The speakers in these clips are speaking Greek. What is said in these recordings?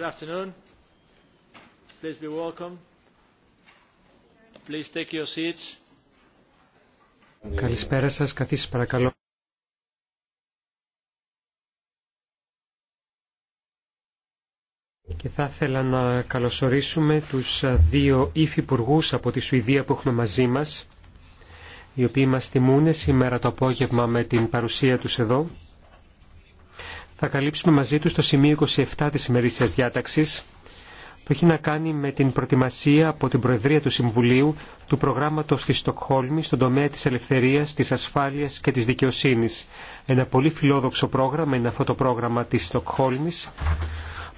Good afternoon. Please be welcome. Καλησπέρα σας. Καθίστε παρακαλώ. Και θα ήθελα να καλωσορίσουμε τους δύο υφυπουργούς από τη Σουηδία που έχουμε μαζί μας, οι οποίοι μας τιμούν σήμερα το απόγευμα με την παρουσία τους εδώ. Θα καλύψουμε μαζί του το σημείο 27 της ημερήσιας διάταξης που έχει να κάνει με την προετοιμασία από την Προεδρία του Συμβουλίου του προγράμματος της Στοκχόλμη στον τομέα της ελευθερίας, της ασφάλειας και της δικαιοσύνης. Ένα πολύ φιλόδοξο πρόγραμμα είναι αυτό το πρόγραμμα της Στοκχόλμης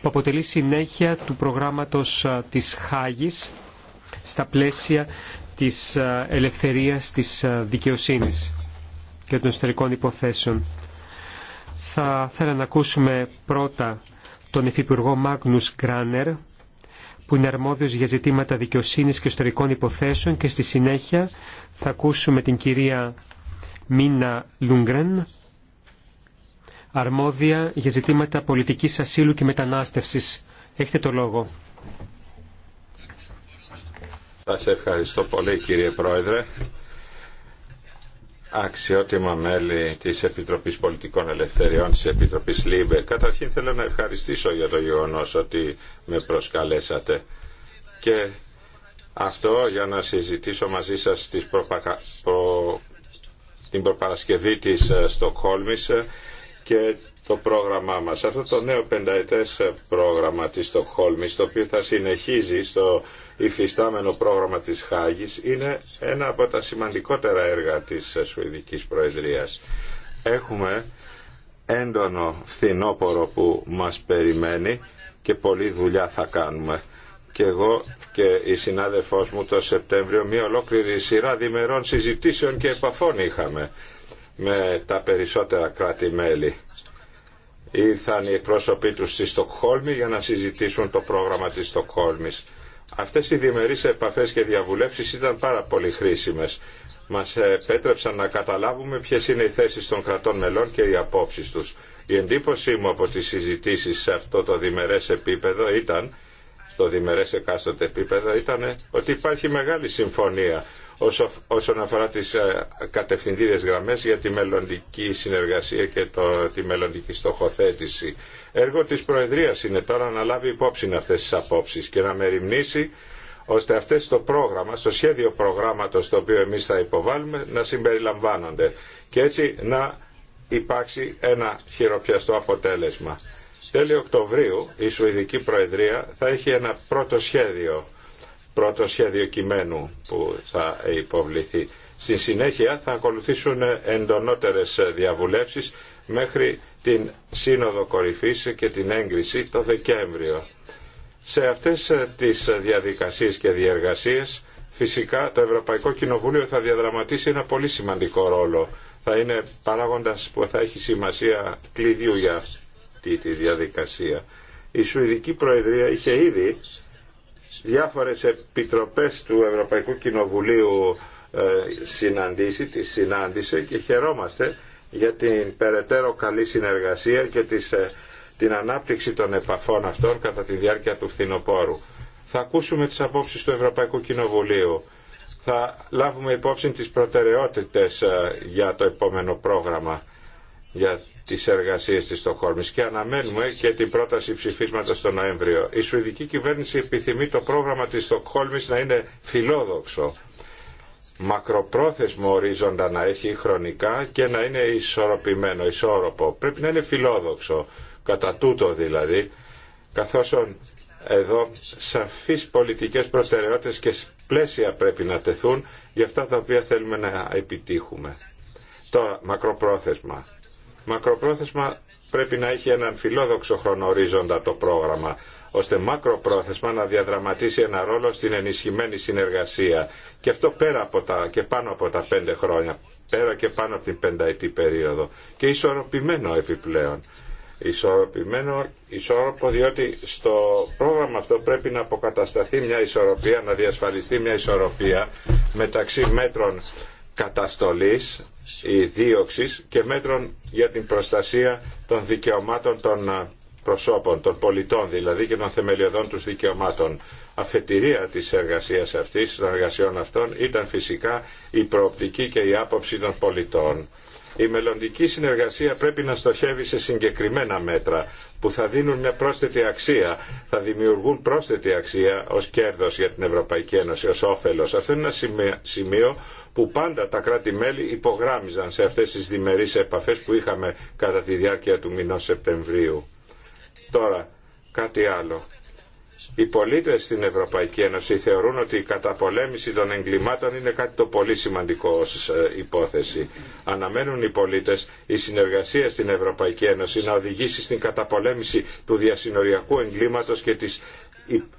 που αποτελεί συνέχεια του προγράμματος της Χάγης στα πλαίσια της ελευθερίας, της δικαιοσύνης και των ιστορικών υποθέσεων. Θα θέλαμε να ακούσουμε πρώτα τον Υφυπουργό Μάγνους Γκράνερ, που είναι αρμόδιος για ζητήματα δικαιοσύνης και ιστορικών υποθέσεων και στη συνέχεια θα ακούσουμε την κυρία Μίνα Λούγκρεν, αρμόδια για ζητήματα πολιτικής ασύλου και μετανάστευσης. Έχετε το λόγο. Σας ευχαριστώ πολύ κύριε Πρόεδρε αξιότιμα μέλη της Επιτροπής Πολιτικών Ελευθεριών της Επιτροπής ΛΥΜΠΕ. Καταρχήν θέλω να ευχαριστήσω για το γεγονός ότι με προσκαλέσατε και αυτό για να συζητήσω μαζί σας προπακα... την προπαρασκευή της ε, Στοκχόλμης ε, και το πρόγραμμά μας. Αυτό το νέο πενταετές πρόγραμμα της Στοκχόλμης, το οποίο θα συνεχίζει στο υφιστάμενο πρόγραμμα της Χάγης, είναι ένα από τα σημαντικότερα έργα της Σουηδικής Προεδρίας. Έχουμε έντονο φθινόπορο που μας περιμένει και πολλή δουλειά θα κάνουμε. Και εγώ και η συνάδελφός μου το Σεπτέμβριο μια ολόκληρη σειρά διμερών συζητήσεων και επαφών είχαμε με τα περισσότερα κράτη-μέλη ήρθαν οι εκπρόσωποι τους στη Στοκχόλμη για να συζητήσουν το πρόγραμμα της Στοκχόλμης. Αυτές οι διμερείς επαφές και διαβουλεύσεις ήταν πάρα πολύ χρήσιμες. Μας επέτρεψαν να καταλάβουμε ποιες είναι οι θέσεις των κρατών μελών και οι απόψεις τους. Η εντύπωσή μου από τις συζητήσεις σε αυτό το διμερές επίπεδο ήταν στο διμερές εκάστοτε επίπεδο ήταν ότι υπάρχει μεγάλη συμφωνία όσον αφορά τις ε, κατευθυντήριες γραμμές για τη μελλοντική συνεργασία και τη μελλοντική στοχοθέτηση. Έργο της Προεδρίας είναι τώρα να λάβει υπόψη αυτές τις απόψεις και να μεριμνήσει ώστε αυτές στο πρόγραμμα, στο σχέδιο προγράμματος το οποίο εμείς θα υποβάλουμε να συμπεριλαμβάνονται και έτσι να υπάρξει ένα χειροπιαστό αποτέλεσμα τέλη Οκτωβρίου η Σουηδική Προεδρία θα έχει ένα πρώτο σχέδιο, πρώτο σχέδιο κειμένου που θα υποβληθεί. Στη συνέχεια θα ακολουθήσουν εντονότερες διαβουλεύσεις μέχρι την Σύνοδο Κορυφής και την έγκριση το Δεκέμβριο. Σε αυτές τις διαδικασίες και διεργασίες φυσικά το Ευρωπαϊκό Κοινοβούλιο θα διαδραματίσει ένα πολύ σημαντικό ρόλο. Θα είναι παράγοντας που θα έχει σημασία κλειδιού για τη διαδικασία. Η Σουηδική Προεδρία είχε ήδη διάφορες επιτροπές του Ευρωπαϊκού Κοινοβουλίου ε, συναντήσει, τις συνάντησε και χαιρόμαστε για την περαιτέρω καλή συνεργασία και τις, ε, την ανάπτυξη των επαφών αυτών κατά τη διάρκεια του φθινοπόρου. Θα ακούσουμε τις απόψεις του Ευρωπαϊκού Κοινοβουλίου. Θα λάβουμε υπόψη τις προτεραιότητες ε, για το επόμενο πρόγραμμα για τις εργασίες τη στοκχόλμη και αναμένουμε και την πρόταση ψηφίσματο τον Νοέμβριο. Η Σουηδική κυβέρνηση επιθυμεί το πρόγραμμα της Στοκχόλμης να είναι φιλόδοξο μακροπρόθεσμο ορίζοντα να έχει χρονικά και να είναι ισορροπημένο, ισόρροπο. Πρέπει να είναι φιλόδοξο, κατά τούτο δηλαδή, καθώς εδώ σαφείς πολιτικές προτεραιότητες και πλαίσια πρέπει να τεθούν για αυτά τα οποία θέλουμε να επιτύχουμε. Τώρα, μακροπρόθεσμα. Μακροπρόθεσμα πρέπει να έχει έναν φιλόδοξο χρονορίζοντα το πρόγραμμα, ώστε μακροπρόθεσμα να διαδραματίσει ένα ρόλο στην ενισχυμένη συνεργασία. Και αυτό πέρα από τα, και πάνω από τα πέντε χρόνια, πέρα και πάνω από την πενταετή περίοδο. Και ισορροπημένο επιπλέον. Ισορροπημένο, ισόρροπο, διότι στο πρόγραμμα αυτό πρέπει να αποκατασταθεί μια ισορροπία, να διασφαλιστεί μια ισορροπία μεταξύ μέτρων καταστολής η δίωξη και μέτρων για την προστασία των δικαιωμάτων των ε, προσώπων, των πολιτών δηλαδή και των θεμελιωδών τους δικαιωμάτων. Αφετηρία της εργασίας αυτής, των εργασιών αυτών, ήταν φυσικά η προοπτική και η άποψη των πολιτών. Η μελλοντική συνεργασία πρέπει να στοχεύει σε συγκεκριμένα μέτρα που θα δίνουν μια πρόσθετη αξία, θα δημιουργούν πρόσθετη αξία ως κέρδος για την Ευρωπαϊκή Ένωση, ως όφελος. Αυτό είναι ένα σημείο που πάντα τα κράτη-μέλη υπογράμμιζαν σε αυτές τις διμερείς επαφές που είχαμε κατά τη διάρκεια του μηνός Σεπτεμβρίου. Τώρα, κάτι άλλο οι πολίτες στην Ευρωπαϊκή Ένωση θεωρούν ότι η καταπολέμηση των εγκλημάτων είναι κάτι το πολύ σημαντικό ως ε, υπόθεση. Αναμένουν οι πολίτες η συνεργασία στην Ευρωπαϊκή Ένωση να οδηγήσει στην καταπολέμηση του διασυνοριακού εγκλήματος και της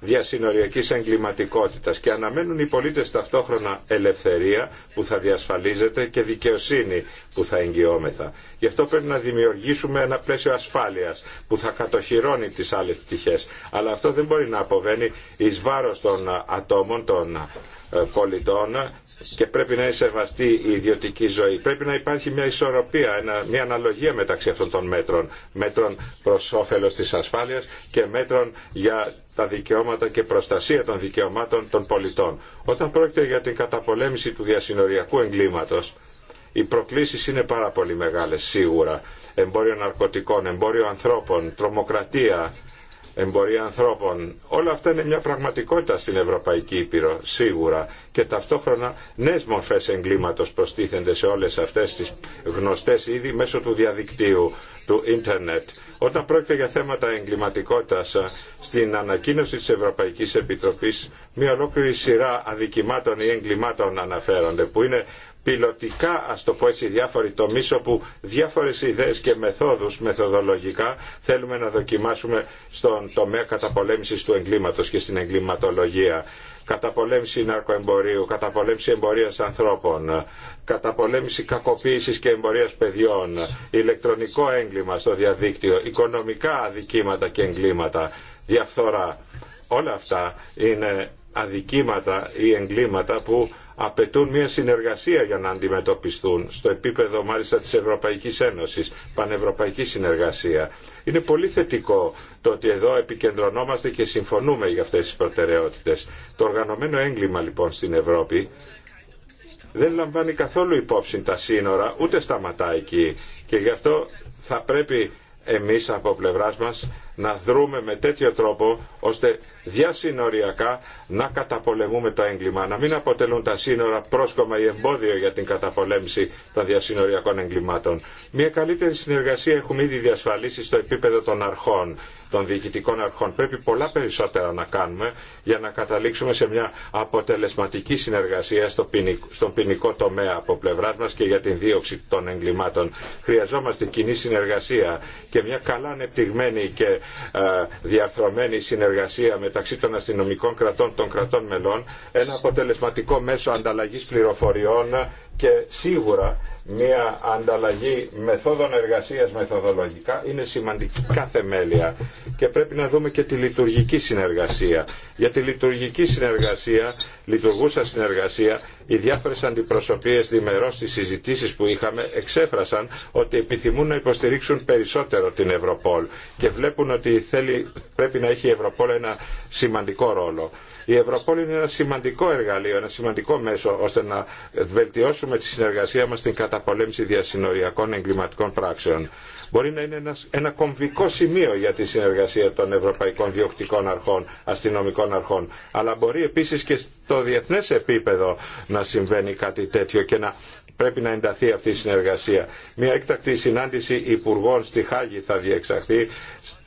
διασυνοριακή εγκληματικότητα και αναμένουν οι πολίτες ταυτόχρονα ελευθερία που θα διασφαλίζεται και δικαιοσύνη που θα εγγυόμεθα. Γι' αυτό πρέπει να δημιουργήσουμε ένα πλαίσιο ασφάλειας που θα κατοχυρώνει τις άλλε πτυχέ. Αλλά αυτό δεν μπορεί να αποβαίνει ει βάρο των ατόμων, των ε, πολιτών και πρέπει να είναι η ιδιωτική ζωή. Πρέπει να υπάρχει μια ισορροπία, μια αναλογία μεταξύ αυτών των μέτρων. Μέτρων προ όφελο τη ασφάλεια και μέτρων για τα δικαιώματα και προστασία των δικαιωμάτων των πολιτών. Όταν πρόκειται για την καταπολέμηση του διασυνοριακού εγκλήματο, οι προκλήσει είναι πάρα πολύ μεγάλε σίγουρα. Εμπόριο ναρκωτικών, εμπόριο ανθρώπων, τρομοκρατία, εμπορία ανθρώπων. Όλα αυτά είναι μια πραγματικότητα στην Ευρωπαϊκή Ήπειρο, σίγουρα. Και ταυτόχρονα νέε μορφέ εγκλήματο προστίθενται σε όλε αυτέ τι γνωστέ ήδη μέσω του διαδικτύου, του ίντερνετ. Όταν πρόκειται για θέματα εγκληματικότητα, στην ανακοίνωση τη Ευρωπαϊκή Επιτροπή μια ολόκληρη σειρά αδικημάτων ή εγκλημάτων αναφέρονται, που είναι πιλωτικά, ας το πω έτσι, διάφοροι τομείς όπου διάφορες ιδέες και μεθόδους μεθοδολογικά θέλουμε να δοκιμάσουμε στον τομέα καταπολέμησης του εγκλήματος και στην εγκληματολογία καταπολέμηση ναρκοεμπορίου, καταπολέμηση εμπορίας ανθρώπων, καταπολέμηση κακοποίησης και εμπορίας παιδιών, ηλεκτρονικό έγκλημα στο διαδίκτυο, οικονομικά αδικήματα και εγκλήματα, διαφθορά. Όλα αυτά είναι αδικήματα ή εγκλήματα που απαιτούν μια συνεργασία για να αντιμετωπιστούν στο επίπεδο μάλιστα της Ευρωπαϊκής Ένωσης, πανευρωπαϊκή συνεργασία. Είναι πολύ θετικό το ότι εδώ επικεντρωνόμαστε και συμφωνούμε για αυτές τις προτεραιότητες. Το οργανωμένο έγκλημα λοιπόν στην Ευρώπη δεν λαμβάνει καθόλου υπόψη τα σύνορα, ούτε σταματά εκεί. Και γι' αυτό θα πρέπει εμείς από πλευράς μας να δρούμε με τέτοιο τρόπο ώστε διασυνοριακά να καταπολεμούμε το έγκλημα. Να μην αποτελούν τα σύνορα πρόσκομα ή εμπόδιο για την καταπολέμηση των διασυνοριακών εγκλημάτων. Μια καλύτερη συνεργασία έχουμε ήδη διασφαλίσει στο επίπεδο των αρχών, των διοικητικών αρχών. Πρέπει πολλά περισσότερα να κάνουμε για να καταλήξουμε σε μια αποτελεσματική συνεργασία στον ποινικό τομέα από πλευρά μα και για την δίωξη των εγκλημάτων. Χρειαζόμαστε κοινή συνεργασία και μια καλά ανεπτυγμένη και ε, διαρθρωμένη συνεργασία μεταξύ των αστυνομικών κρατών των κρατών μελών, ένα αποτελεσματικό μέσο ανταλλαγής πληροφοριών και σίγουρα μια ανταλλαγή μεθόδων εργασίας μεθοδολογικά είναι σημαντικά θεμέλια και πρέπει να δούμε και τη λειτουργική συνεργασία. Για τη λειτουργική συνεργασία, λειτουργούσα συνεργασία, οι διάφορες αντιπροσωπείες διμερώς στις συζητήσεις που είχαμε εξέφρασαν ότι επιθυμούν να υποστηρίξουν περισσότερο την Ευρωπόλ και βλέπουν ότι πρέπει να έχει η Ευρωπόλ ένα σημαντικό ρόλο. Η Ευρωπόλ είναι ένα σημαντικό εργαλείο, ένα σημαντικό μέσο ώστε να με τη συνεργασία μας στην καταπολέμηση διασυνοριακών εγκληματικών πράξεων. Μπορεί να είναι ένα κομβικό σημείο για τη συνεργασία των ευρωπαϊκών διοκτικών αρχών, αστυνομικών αρχών. Αλλά μπορεί επίσης και στο διεθνές επίπεδο να συμβαίνει κάτι τέτοιο και να πρέπει να ενταθεί αυτή η συνεργασία. Μια έκτακτη συνάντηση υπουργών στη Χάγη θα διεξαχθεί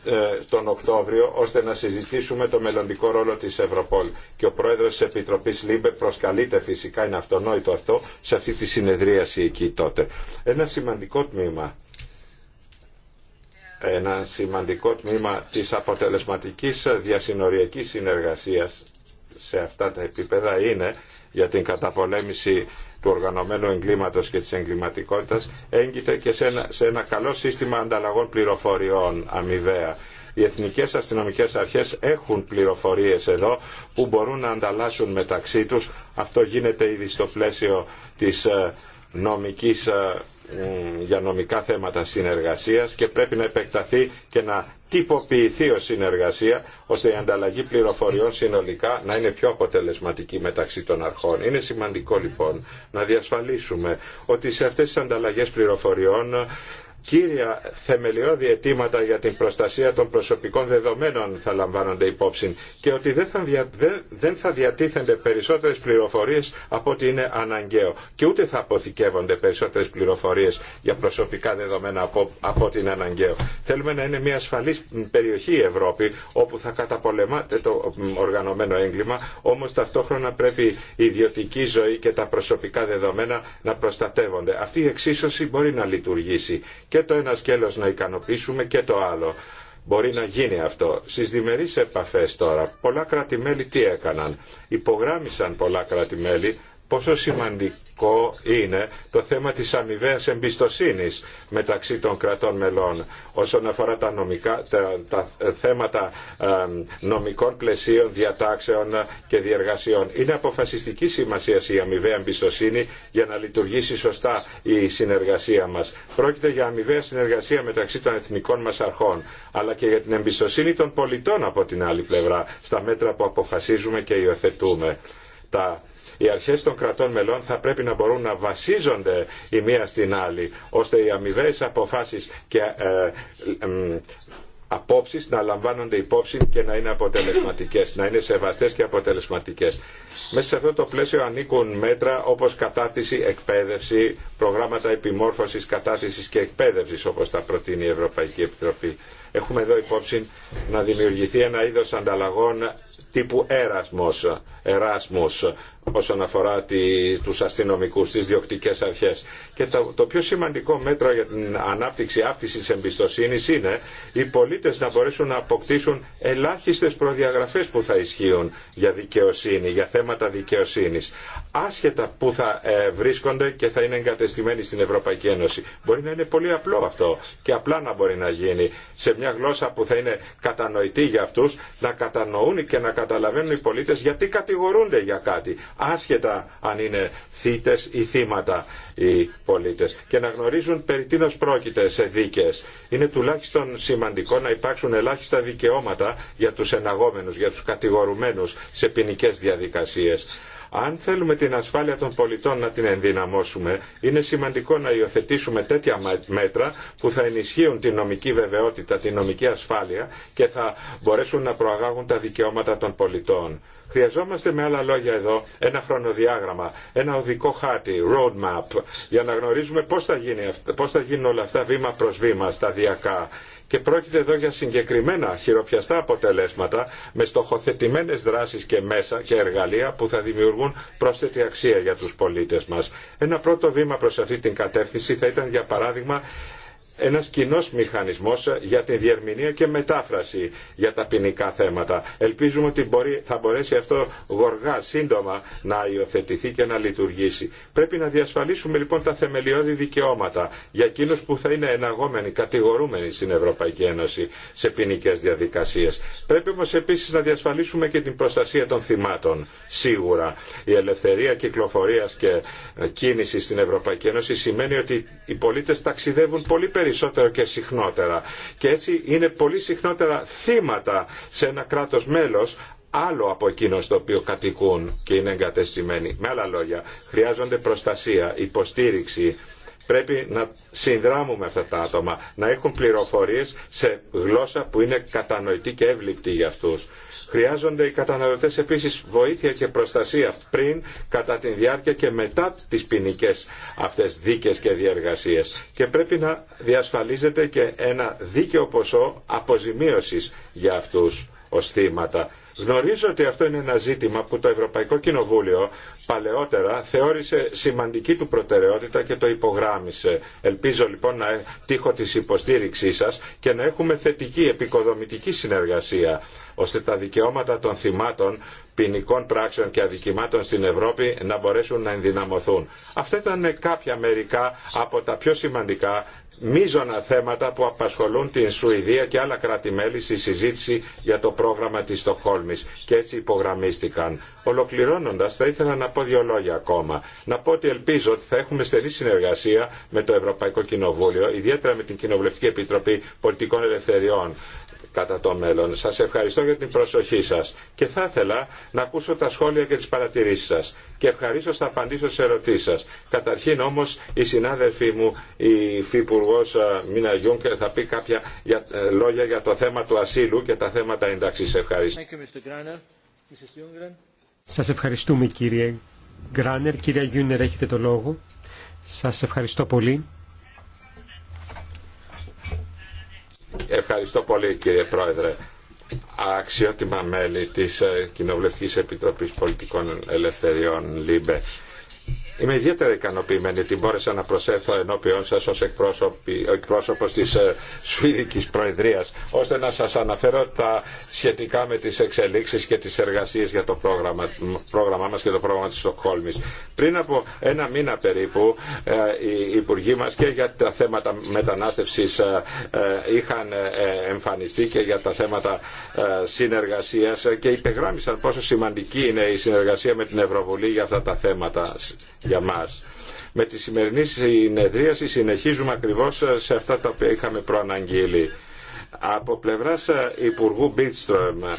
ε, τον Οκτώβριο ώστε να συζητήσουμε το μελλοντικό ρόλο της Ευρωπόλ. Και ο πρόεδρος της Επιτροπής Λίμπε προσκαλείται φυσικά, είναι αυτονόητο αυτό, σε αυτή τη συνεδρίαση εκεί τότε. Ένα σημαντικό τμήμα ένα σημαντικό τμήμα της αποτελεσματικής διασυνοριακής συνεργασίας σε αυτά τα επίπεδα είναι για την καταπολέμηση του οργανωμένου εγκλήματο και της εγκληματικότητα, έγκυται και σε ένα, σε ένα καλό σύστημα ανταλλαγών πληροφοριών αμοιβαία. Οι εθνικές αστυνομικέ αρχές έχουν πληροφορίες εδώ που μπορούν να ανταλλάσσουν μεταξύ τους. Αυτό γίνεται ήδη στο πλαίσιο της ε, νομικής ε, ε, για νομικά θέματα συνεργασίας και πρέπει να επεκταθεί και να τυποποιηθεί ως συνεργασία ώστε η ανταλλαγή πληροφοριών συνολικά να είναι πιο αποτελεσματική μεταξύ των αρχών. Είναι σημαντικό λοιπόν να διασφαλίσουμε ότι σε αυτές τις ανταλλαγές πληροφοριών κύρια θεμελιώδη αιτήματα για την προστασία των προσωπικών δεδομένων θα λαμβάνονται υπόψη και ότι δεν θα, δεν θα διατίθενται περισσότερες πληροφορίες από ότι είναι αναγκαίο και ούτε θα αποθηκεύονται περισσότερες πληροφορίες για προσωπικά δεδομένα από, ότι είναι αναγκαίο. Θέλουμε να είναι μια ασφαλής περιοχή η Ευρώπη όπου θα καταπολεμάται το οργανωμένο έγκλημα όμως ταυτόχρονα πρέπει η ιδιωτική ζωή και τα προσωπικά δεδομένα να προστατεύονται. Αυτή η εξίσωση μπορεί να λειτουργήσει και το ένα σκέλος να ικανοποιήσουμε και το άλλο. Μπορεί να γίνει αυτό. Στις διμερείς επαφές τώρα, πολλά κράτη-μέλη τι έκαναν. Υπογράμμισαν πολλά κράτη-μέλη πόσο σημαντικό σημαντικό είναι το θέμα της αμοιβαίας εμπιστοσύνης μεταξύ των κρατών μελών όσον αφορά τα, νομικά, τα, θέματα ε, νομικών πλαισίων, διατάξεων και διεργασιών. Είναι αποφασιστική σημασία η αμοιβαία εμπιστοσύνη για να λειτουργήσει σωστά η συνεργασία μας. Πρόκειται για αμοιβαία συνεργασία μεταξύ των εθνικών μας αρχών, αλλά και για την εμπιστοσύνη των πολιτών από την άλλη πλευρά, στα μέτρα που αποφασίζουμε και υιοθετούμε. Τα οι αρχέ των κρατών μελών θα πρέπει να μπορούν να βασίζονται η μία στην άλλη, ώστε οι αμοιβέ αποφάσει και ε, να λαμβάνονται υπόψη και να είναι αποτελεσματικέ, να είναι σεβαστέ και αποτελεσματικέ. Μέσα σε αυτό το πλαίσιο ανήκουν μέτρα όπως κατάρτιση, εκπαίδευση, προγράμματα επιμόρφωση κατάρτισης και εκπαίδευση, όπω τα προτείνει η Ευρωπαϊκή Επιτροπή. Έχουμε εδώ υπόψη να δημιουργηθεί ένα είδο ανταλλαγών τύπου έρασμος, όσον αφορά τη, τους αστυνομικούς, τις διοκτικές αρχές. Και το, το πιο σημαντικό μέτρο για την ανάπτυξη αύξηση της εμπιστοσύνης είναι οι πολίτες να μπορέσουν να αποκτήσουν ελάχιστες προδιαγραφές που θα ισχύουν για δικαιοσύνη, για θέματα δικαιοσύνης. Άσχετα που θα ε, βρίσκονται και θα είναι εγκατεστημένοι στην Ευρωπαϊκή Ένωση. Μπορεί να είναι πολύ απλό αυτό και απλά να μπορεί να γίνει σε μια γλώσσα που θα είναι κατανοητή για αυτούς, να κατανοούν και να καταλαβαίνουν οι πολίτες γιατί κατηγορούνται για κάτι άσχετα αν είναι θύτες ή θύματα οι πολίτες και να γνωρίζουν περί τίνος πρόκειται σε δίκες. Είναι τουλάχιστον σημαντικό να υπάρξουν ελάχιστα δικαιώματα για τους εναγόμενους, για τους κατηγορουμένους σε ποινικέ διαδικασίες. Αν θέλουμε την ασφάλεια των πολιτών να την ενδυναμώσουμε, είναι σημαντικό να υιοθετήσουμε τέτοια μέτρα που θα ενισχύουν την νομική βεβαιότητα, την νομική ασφάλεια και θα μπορέσουν να προαγάγουν τα δικαιώματα των πολιτών. Χρειαζόμαστε με άλλα λόγια εδώ ένα χρονοδιάγραμμα, ένα οδικό χάρτη, roadmap, για να γνωρίζουμε πώς θα, γίνει, πώς θα γίνουν όλα αυτά βήμα προς βήμα, σταδιακά και πρόκειται εδώ για συγκεκριμένα χειροπιαστά αποτελέσματα με στοχοθετημένες δράσεις και μέσα και εργαλεία που θα δημιουργούν πρόσθετη αξία για τους πολίτες μας. Ένα πρώτο βήμα προς αυτή την κατεύθυνση θα ήταν για παράδειγμα ένας κοινό μηχανισμός για την διερμηνία και μετάφραση για τα ποινικά θέματα. Ελπίζουμε ότι θα μπορέσει αυτό γοργά, σύντομα να υιοθετηθεί και να λειτουργήσει. Πρέπει να διασφαλίσουμε λοιπόν τα θεμελιώδη δικαιώματα για εκείνους που θα είναι εναγόμενοι, κατηγορούμενοι στην Ευρωπαϊκή Ένωση σε ποινικέ διαδικασίες. Πρέπει όμως επίσης να διασφαλίσουμε και την προστασία των θυμάτων. Σίγουρα η ελευθερία κυκλοφορίας και ε, κίνησης στην Ευρωπαϊκή Ένωση σημαίνει ότι οι πολίτες ταξιδεύουν πολύ περισσότερο περισσότερο και συχνότερα. Και έτσι είναι πολύ συχνότερα θύματα σε ένα κράτος μέλος άλλο από εκείνο στο οποίο κατοικούν και είναι εγκατεστημένοι. Με άλλα λόγια, χρειάζονται προστασία, υποστήριξη, Πρέπει να συνδράμουμε αυτά τα άτομα, να έχουν πληροφορίες σε γλώσσα που είναι κατανοητή και εύληπτη για αυτούς. Χρειάζονται οι καταναλωτές επίσης βοήθεια και προστασία πριν, κατά τη διάρκεια και μετά τις ποινικέ αυτές δίκες και διεργασίες. Και πρέπει να διασφαλίζεται και ένα δίκαιο ποσό αποζημίωσης για αυτούς ως θύματα Γνωρίζω ότι αυτό είναι ένα ζήτημα που το Ευρωπαϊκό Κοινοβούλιο παλαιότερα θεώρησε σημαντική του προτεραιότητα και το υπογράμμισε. Ελπίζω λοιπόν να τύχω τη υποστήριξή σας και να έχουμε θετική επικοδομητική συνεργασία ώστε τα δικαιώματα των θυμάτων ποινικών πράξεων και αδικημάτων στην Ευρώπη να μπορέσουν να ενδυναμωθούν. Αυτά ήταν κάποια μερικά από τα πιο σημαντικά μείζωνα θέματα που απασχολούν την Σουηδία και άλλα κράτη-μέλη στη συζήτηση για το πρόγραμμα της Στοκχόλμης και έτσι υπογραμμίστηκαν. Ολοκληρώνοντας θα ήθελα να πω δύο λόγια ακόμα. Να πω ότι ελπίζω ότι θα έχουμε στενή συνεργασία με το Ευρωπαϊκό Κοινοβούλιο, ιδιαίτερα με την Κοινοβουλευτική Επιτροπή Πολιτικών Ελευθεριών κατά το μέλλον. Σας ευχαριστώ για την προσοχή σας και θα ήθελα να ακούσω τα σχόλια και τις παρατηρήσεις σας και ευχαρίστω θα απαντήσω σε ερωτήσεις σας. Καταρχήν όμως η συνάδελφή μου, η Υφυπουργό ε, Μίνα Γιούνκερ θα πει κάποια ε, λόγια για το θέμα του ασύλου και τα θέματα ενταξής. Ευχαριστώ. Σας ευχαριστούμε κύριε Γκράνερ. Κυρία Γιούνερ έχετε το λόγο. Σας ευχαριστώ πολύ. Ευχαριστώ πολύ κύριε Πρόεδρε. Αξιότιμα μέλη της ε, Κοινοβουλευτικής Επιτροπής Πολιτικών Ελευθεριών ΛΥΜΠΕ. Είμαι ιδιαίτερα ικανοποιημένη ότι μπόρεσα να προσέλθω ενώπιον σας ως εκπρόσωπος της ε, Σουηδικής Προεδρίας ώστε να σας αναφέρω τα σχετικά με τις εξελίξεις και τις εργασίες για το πρόγραμμα, πρόγραμμά μας και το πρόγραμμα της Στοκχόλμης. Πριν από ένα μήνα περίπου ε, οι υπουργοί μας και για τα θέματα μετανάστευσης ε, είχαν εμφανιστεί και για τα θέματα συνεργασίας και υπεγράμμισαν πόσο σημαντική είναι η συνεργασία με την Ευρωβουλή για αυτά τα θέματα για Με τη σημερινή συνεδρίαση συνεχίζουμε ακριβώς σε αυτά τα οποία είχαμε προαναγγείλει. Από πλευρά ε, Υπουργού Μπίτστρομ ε,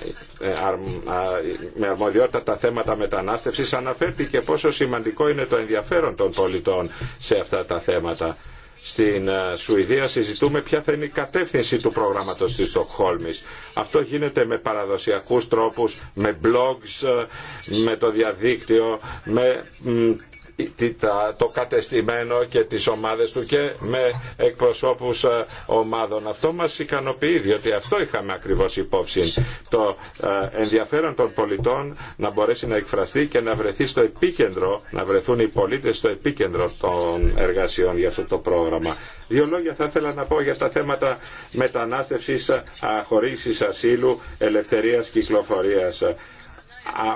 με αρμοδιότητα τα θέματα μετανάστευση, αναφέρθηκε πόσο σημαντικό είναι το ενδιαφέρον των πολιτών σε αυτά τα θέματα. Στην ε, Σουηδία συζητούμε ποια θα είναι η κατεύθυνση του προγράμματος της Στοκχόλμης. Αυτό γίνεται με παραδοσιακούς τρόπους, με blogs, με το διαδίκτυο, με το κατεστημένο και τις ομάδες του και με εκπροσώπους ε, ομάδων. Αυτό μας ικανοποιεί διότι αυτό είχαμε ακριβώς υπόψη το ε, ενδιαφέρον των πολιτών να μπορέσει να εκφραστεί και να βρεθεί στο επίκεντρο, να βρεθούν οι πολίτες στο επίκεντρο των εργασιών για αυτό το πρόγραμμα. Δύο λόγια θα ήθελα να πω για τα θέματα μετανάστευσης, ε, χορήγησης ασύλου, ελευθερίας κυκλοφορίας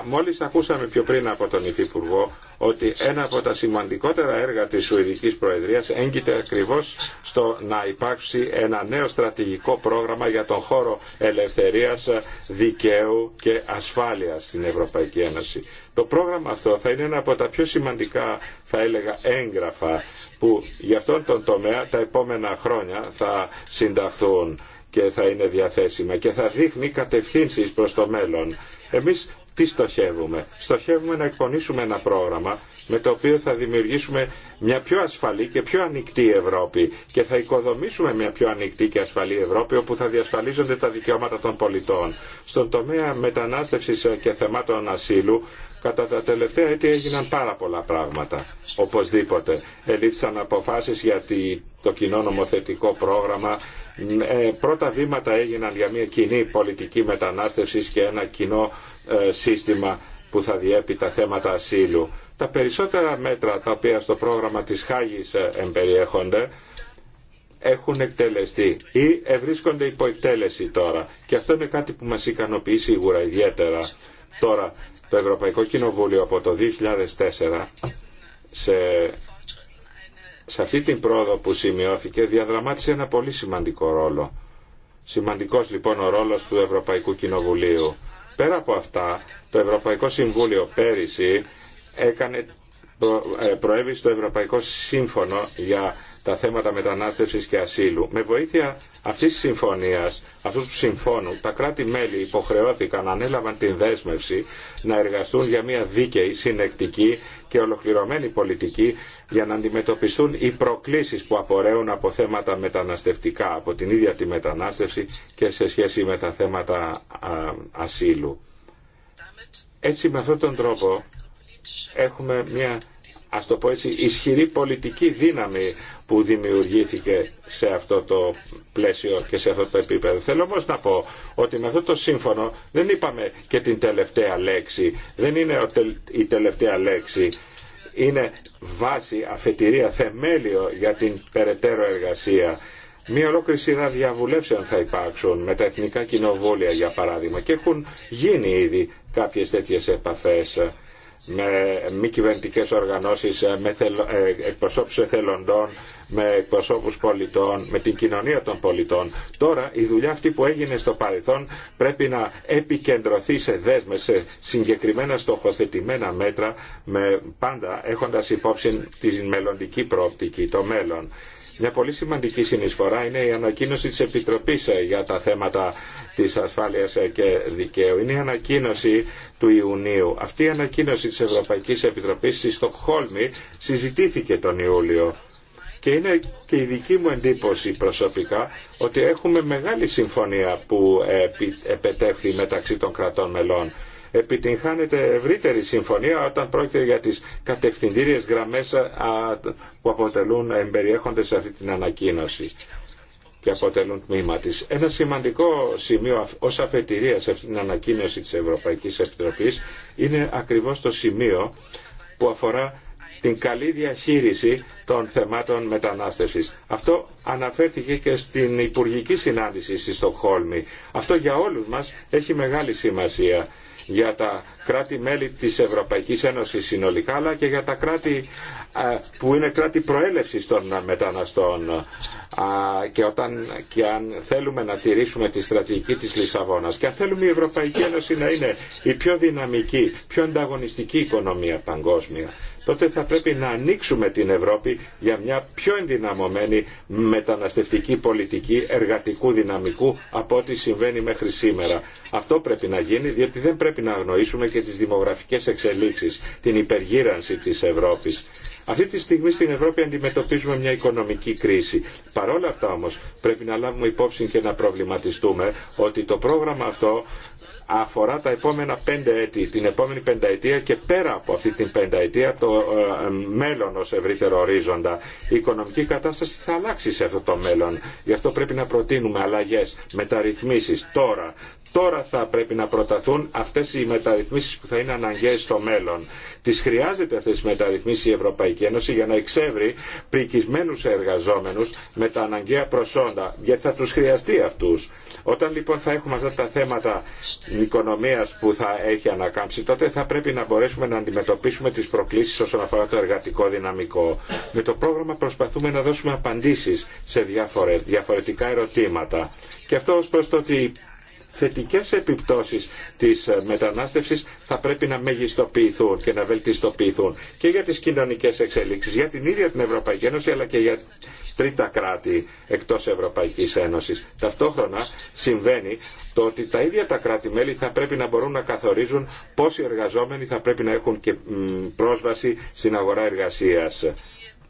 μόλις ακούσαμε πιο πριν από τον Υφυπουργό ότι ένα από τα σημαντικότερα έργα της Σουηδικής Προεδρίας έγκυται ακριβώς στο να υπάρξει ένα νέο στρατηγικό πρόγραμμα για τον χώρο ελευθερίας, δικαίου και ασφάλειας στην Ευρωπαϊκή Ένωση. Το πρόγραμμα αυτό θα είναι ένα από τα πιο σημαντικά, θα έλεγα, έγγραφα που για αυτόν τον τομέα τα επόμενα χρόνια θα συνταχθούν και θα είναι διαθέσιμα και θα δείχνει κατευθύνσεις προς το μέλλον. Εμείς τι στοχεύουμε. Στοχεύουμε να εκπονήσουμε ένα πρόγραμμα με το οποίο θα δημιουργήσουμε μια πιο ασφαλή και πιο ανοιχτή Ευρώπη και θα οικοδομήσουμε μια πιο ανοιχτή και ασφαλή Ευρώπη όπου θα διασφαλίζονται τα δικαιώματα των πολιτών. Στον τομέα μετανάστευσης και θεμάτων ασύλου Κατά τα τελευταία έτη έγιναν πάρα πολλά πράγματα, οπωσδήποτε. Ελήφθησαν αποφάσεις για το κοινό νομοθετικό πρόγραμμα. Ε, πρώτα βήματα έγιναν για μια κοινή πολιτική μετανάστευσης και ένα κοινό ε, σύστημα που θα διέπει τα θέματα ασύλου. Τα περισσότερα μέτρα τα οποία στο πρόγραμμα της Χάγης ε, εμπεριέχονται έχουν εκτελεστεί ή ευρίσκονται υπό εκτέλεση τώρα. Και αυτό είναι κάτι που μας ικανοποιεί σίγουρα ιδιαίτερα. Τώρα, το Ευρωπαϊκό Κοινοβούλιο από το 2004 σε, αυτή την πρόοδο που σημειώθηκε διαδραμάτισε ένα πολύ σημαντικό ρόλο. Σημαντικός λοιπόν ο ρόλος του Ευρωπαϊκού Κοινοβουλίου Πέρα από αυτά, το Ευρωπαϊκό Συμβούλιο πέρυσι έκανε ε, προέβη στο Ευρωπαϊκό Σύμφωνο για τα θέματα μετανάστευσης και ασύλου. Με βοήθεια αυτής της συμφωνίας, αυτού του συμφώνου, τα κράτη-μέλη υποχρεώθηκαν, ανέλαβαν την δέσμευση να εργαστούν για μια δίκαιη, συνεκτική και ολοκληρωμένη πολιτική για να αντιμετωπιστούν οι προκλήσεις που απορρέουν από θέματα μεταναστευτικά, από την ίδια τη μετανάστευση και σε σχέση με τα θέματα ασύλου. Έτσι με αυτόν τον τρόπο έχουμε μια ας το πω έτσι, ισχυρή πολιτική δύναμη που δημιουργήθηκε σε αυτό το πλαίσιο και σε αυτό το επίπεδο. Θέλω όμως να πω ότι με αυτό το σύμφωνο δεν είπαμε και την τελευταία λέξη. Δεν είναι η τελευταία λέξη. Είναι βάση, αφετηρία, θεμέλιο για την περαιτέρω εργασία. Μία ολόκληρη σειρά διαβουλεύσεων θα υπάρξουν με τα εθνικά κοινοβούλια για παράδειγμα και έχουν γίνει ήδη κάποιες τέτοιες επαφές με μη κυβερνητικέ οργανώσεις, ε, με ε, εκπροσώπους εθελοντών, με εκπροσώπους πολιτών, με την κοινωνία των πολιτών. Τώρα η δουλειά αυτή που έγινε στο παρελθόν πρέπει να επικεντρωθεί σε δέσμες, σε συγκεκριμένα στοχοθετημένα μέτρα, με πάντα έχοντας υπόψη τη μελλοντική προοπτική, το μέλλον. Μια πολύ σημαντική συνεισφορά είναι η ανακοίνωση της Επιτροπής ε, για τα θέματα της ασφάλειας και δικαίου. Είναι η ανακοίνωση του Ιουνίου. Αυτή η ανακοίνωση της Ευρωπαϊκής Επιτροπής στη Στοκχόλμη συζητήθηκε τον Ιούλιο. Και είναι και η δική μου εντύπωση προσωπικά ότι έχουμε μεγάλη συμφωνία που επετεύχθη μεταξύ των κρατών μελών. Επιτυγχάνεται ευρύτερη συμφωνία όταν πρόκειται για τις κατευθυντήριες γραμμές που αποτελούν, εμπεριέχονται σε αυτή την ανακοίνωση και αποτελούν τμήμα της. Ένα σημαντικό σημείο ως αφετηρία σε αυτήν την ανακοίνωση της Ευρωπαϊκής Επιτροπής είναι ακριβώς το σημείο που αφορά την καλή διαχείριση των θεμάτων μετανάστευσης. Αυτό αναφέρθηκε και στην Υπουργική Συνάντηση στη Στοκχόλμη. Αυτό για όλους μας έχει μεγάλη σημασία για τα κράτη-μέλη της Ευρωπαϊκής Ένωσης συνολικά αλλά και για τα κράτη που είναι κράτη προέλευσης των μεταναστών και, όταν, και αν θέλουμε να τηρήσουμε τη στρατηγική της Λισαβόνας και αν θέλουμε η Ευρωπαϊκή Ένωση να είναι η πιο δυναμική, πιο ανταγωνιστική οικονομία παγκόσμια τότε θα πρέπει να ανοίξουμε την Ευρώπη για μια πιο ενδυναμωμένη μεταναστευτική πολιτική εργατικού δυναμικού από ό,τι συμβαίνει μέχρι σήμερα. Αυτό πρέπει να γίνει, διότι δεν πρέπει να αγνοήσουμε και τις δημογραφικές εξελίξεις, την υπεργύρανση της Ευρώπης. Αυτή τη στιγμή στην Ευρώπη αντιμετωπίζουμε μια οικονομική κρίση. Παρόλα αυτά όμως πρέπει να λάβουμε υπόψη και να προβληματιστούμε ότι το πρόγραμμα αυτό αφορά τα επόμενα πέντε έτη, την επόμενη πενταετία και πέρα από αυτή την πενταετία το ε, μέλλον ως ευρύτερο ορίζοντα. Η οικονομική κατάσταση θα αλλάξει σε αυτό το μέλλον. Γι' αυτό πρέπει να προτείνουμε αλλαγές, μεταρρυθμίσεις τώρα. Τώρα θα πρέπει να προταθούν αυτές οι μεταρρυθμίσεις που θα είναι αναγκαίες στο μέλλον. Τις χρειάζεται αυτές τις μεταρρυθμίσεις η Ευρωπαϊκή Ένωση για να εξεύρει πρικισμένους εργαζόμενους με τα αναγκαία προσόντα, γιατί θα τους χρειαστεί αυτούς. Όταν λοιπόν θα έχουμε αυτά τα θέματα οικονομίας που θα έχει ανακάμψει, τότε θα πρέπει να μπορέσουμε να αντιμετωπίσουμε τις προκλήσεις όσον αφορά το εργατικό δυναμικό. Με το πρόγραμμα προσπαθούμε να δώσουμε απαντήσεις σε διαφορετικά ερωτήματα. Και αυτό ως προς το ότι θετικές επιπτώσεις της μετανάστευσης θα πρέπει να μεγιστοποιηθούν και να βελτιστοποιηθούν και για τις κοινωνικές εξελίξεις, για την ίδια την Ευρωπαϊκή Ένωση αλλά και για τρίτα κράτη εκτός Ευρωπαϊκής Ένωσης. Ταυτόχρονα συμβαίνει το ότι τα ίδια τα κράτη-μέλη θα πρέπει να μπορούν να καθορίζουν πόσοι εργαζόμενοι θα πρέπει να έχουν και πρόσβαση στην αγορά εργασίας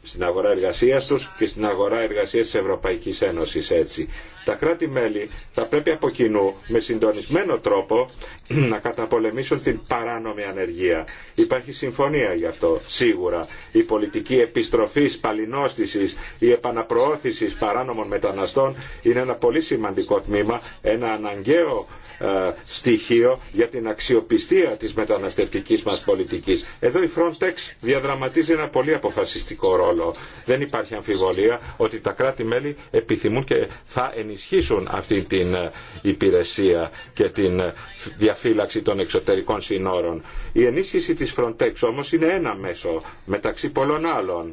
στην αγορά εργασίας τους και στην αγορά εργασίας της Ευρωπαϊκής Ένωσης έτσι. Τα κράτη-μέλη θα πρέπει από κοινού με συντονισμένο τρόπο να καταπολεμήσουν την παράνομη ανεργία. Υπάρχει συμφωνία γι' αυτό, σίγουρα. Η πολιτική επιστροφής, παλινόστησης, η επαναπροώθηση παράνομων μεταναστών είναι ένα πολύ σημαντικό τμήμα, ένα αναγκαίο ε, στοιχείο για την αξιοπιστία της μεταναστευτικής μας πολιτικής. Εδώ η Frontex διαδραματίζει ένα πολύ αποφασιστικό ρόλο. Δεν υπάρχει αμφιβολία ότι τα κράτη-μέλη επιθυμούν και θα ενισχύσουν αυτή την ε, υπηρεσία και την ε, διαφύλαξη των εξωτερικών συνόρων. Η ενίσχυση της Frontex όμως είναι ένα μέσο μεταξύ πολλών άλλων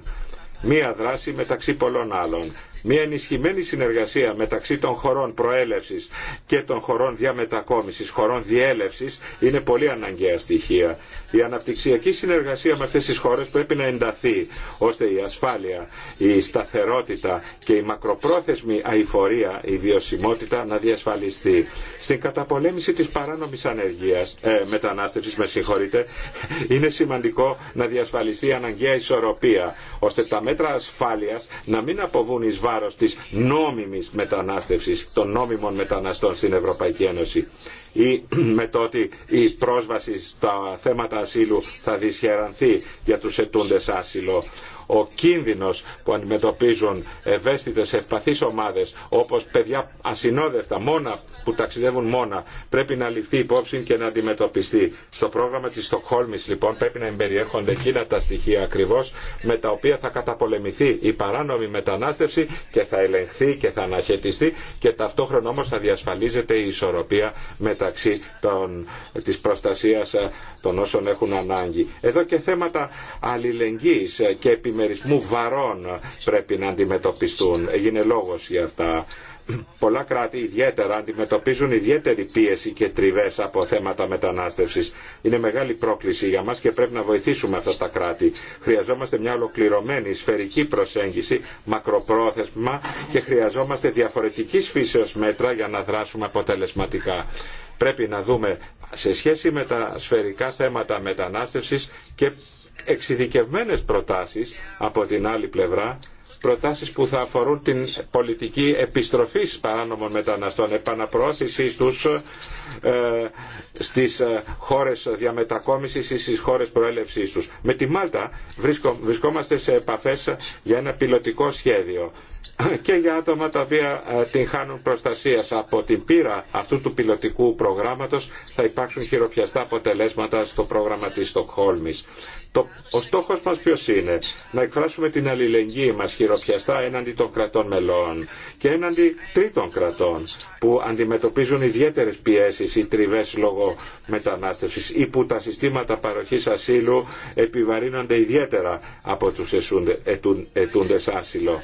μία δράση μεταξύ πολλών άλλων. Μία ενισχυμένη συνεργασία μεταξύ των χωρών προέλευσης και των χωρών διαμετακόμισης, χωρών διέλευσης, είναι πολύ αναγκαία στοιχεία. Η αναπτυξιακή συνεργασία με αυτές τις χώρες πρέπει να ενταθεί, ώστε η ασφάλεια, η σταθερότητα και η μακροπρόθεσμη αηφορία, η βιωσιμότητα να διασφαλιστεί. Στην καταπολέμηση της παράνομης ανεργίας, ε, μετανάστευσης, με συγχωρείτε, είναι σημαντικό να διασφαλιστεί η αναγκαία ισορροπία, ώστε τα μέτρα ασφάλειας να μην αποβούν εις βάρος της νόμιμης μετανάστευσης, των νόμιμων μεταναστών στην Ευρωπαϊκή Ένωση ή με το ότι η πρόσβαση στα θέματα ασύλου θα δυσχερανθεί για τους ετούντες άσυλο ο κίνδυνος που αντιμετωπίζουν ευαίσθητες ευπαθείς ομάδες όπως παιδιά ασυνόδευτα που ταξιδεύουν μόνα πρέπει να ληφθεί υπόψη και να αντιμετωπιστεί. Στο πρόγραμμα της Στοκχόλμης λοιπόν πρέπει να εμπεριέχονται εκείνα τα στοιχεία ακριβώς με τα οποία θα καταπολεμηθεί η παράνομη μετανάστευση και θα ελεγχθεί και θα αναχαιτιστεί και ταυτόχρονα όμως θα διασφαλίζεται η ισορροπία μεταξύ των, της προστασίας των όσων έχουν ανάγκη. Εδώ και θέματα αλληλεγγύης και επιμερισμού βαρών πρέπει να αντιμετωπιστούν. Έγινε λόγος για αυτά. Πολλά κράτη ιδιαίτερα αντιμετωπίζουν ιδιαίτερη πίεση και τριβές από θέματα μετανάστευσης. Είναι μεγάλη πρόκληση για μας και πρέπει να βοηθήσουμε αυτά τα κράτη. Χρειαζόμαστε μια ολοκληρωμένη σφαιρική προσέγγιση, μακροπρόθεσμα και χρειαζόμαστε διαφορετικής φύσεως μέτρα για να δράσουμε αποτελεσματικά. Πρέπει να δούμε σε σχέση με τα σφαιρικά θέματα μετανάστευσης και εξειδικευμένες προτάσεις από την άλλη πλευρά προτάσεις που θα αφορούν την πολιτική επιστροφής παράνομων μεταναστών, επαναπροώθησής τους ε, στις ε, χώρες διαμετακόμισης ή στις χώρες προέλευσής τους. Με τη Μάλτα βρισκόμαστε σε επαφές για ένα πιλωτικό σχέδιο και για άτομα τα οποία ε, την χάνουν προστασίας από την πείρα αυτού του πιλωτικού προγράμματος θα υπάρξουν χειροπιαστά αποτελέσματα στο πρόγραμμα της Στοκχόλμης. Το, ο στόχος μας ποιος είναι, να εκφράσουμε την αλληλεγγύη μα χειροπιαστά έναντι των κρατών μελών και έναντι τρίτων κρατών που αντιμετωπίζουν ιδιαίτερες πιέσεις ή τριβές λόγω μετανάστευσης ή που τα συστήματα παροχής ασύλου επιβαρύνονται ιδιαίτερα από τους ετούντε άσυλο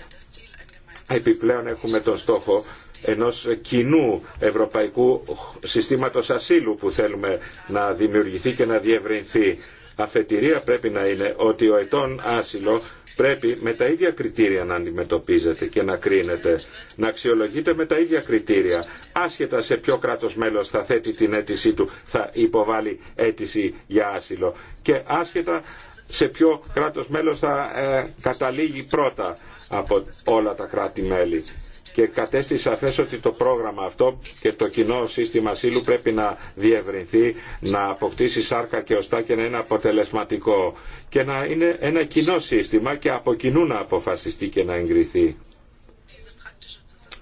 Επιπλέον έχουμε τον στόχο ενός κοινού ευρωπαϊκού συστήματος ασύλου που θέλουμε να δημιουργηθεί και να διευρυνθεί. Αφετηρία πρέπει να είναι ότι ο ετών άσυλο πρέπει με τα ίδια κριτήρια να αντιμετωπίζεται και να κρίνεται, να αξιολογείται με τα ίδια κριτήρια. Άσχετα σε ποιο κράτος μέλος θα θέτει την αίτησή του, θα υποβάλει αίτηση για άσυλο και άσχετα σε ποιο κράτος μέλος θα ε, καταλήγει πρώτα από όλα τα κράτη-μέλη και κατέστη σαφές ότι το πρόγραμμα αυτό και το κοινό σύστημα ασύλου πρέπει να διευρυνθεί, να αποκτήσει σάρκα και οστά και να είναι αποτελεσματικό και να είναι ένα κοινό σύστημα και από κοινού να αποφασιστεί και να εγκριθεί.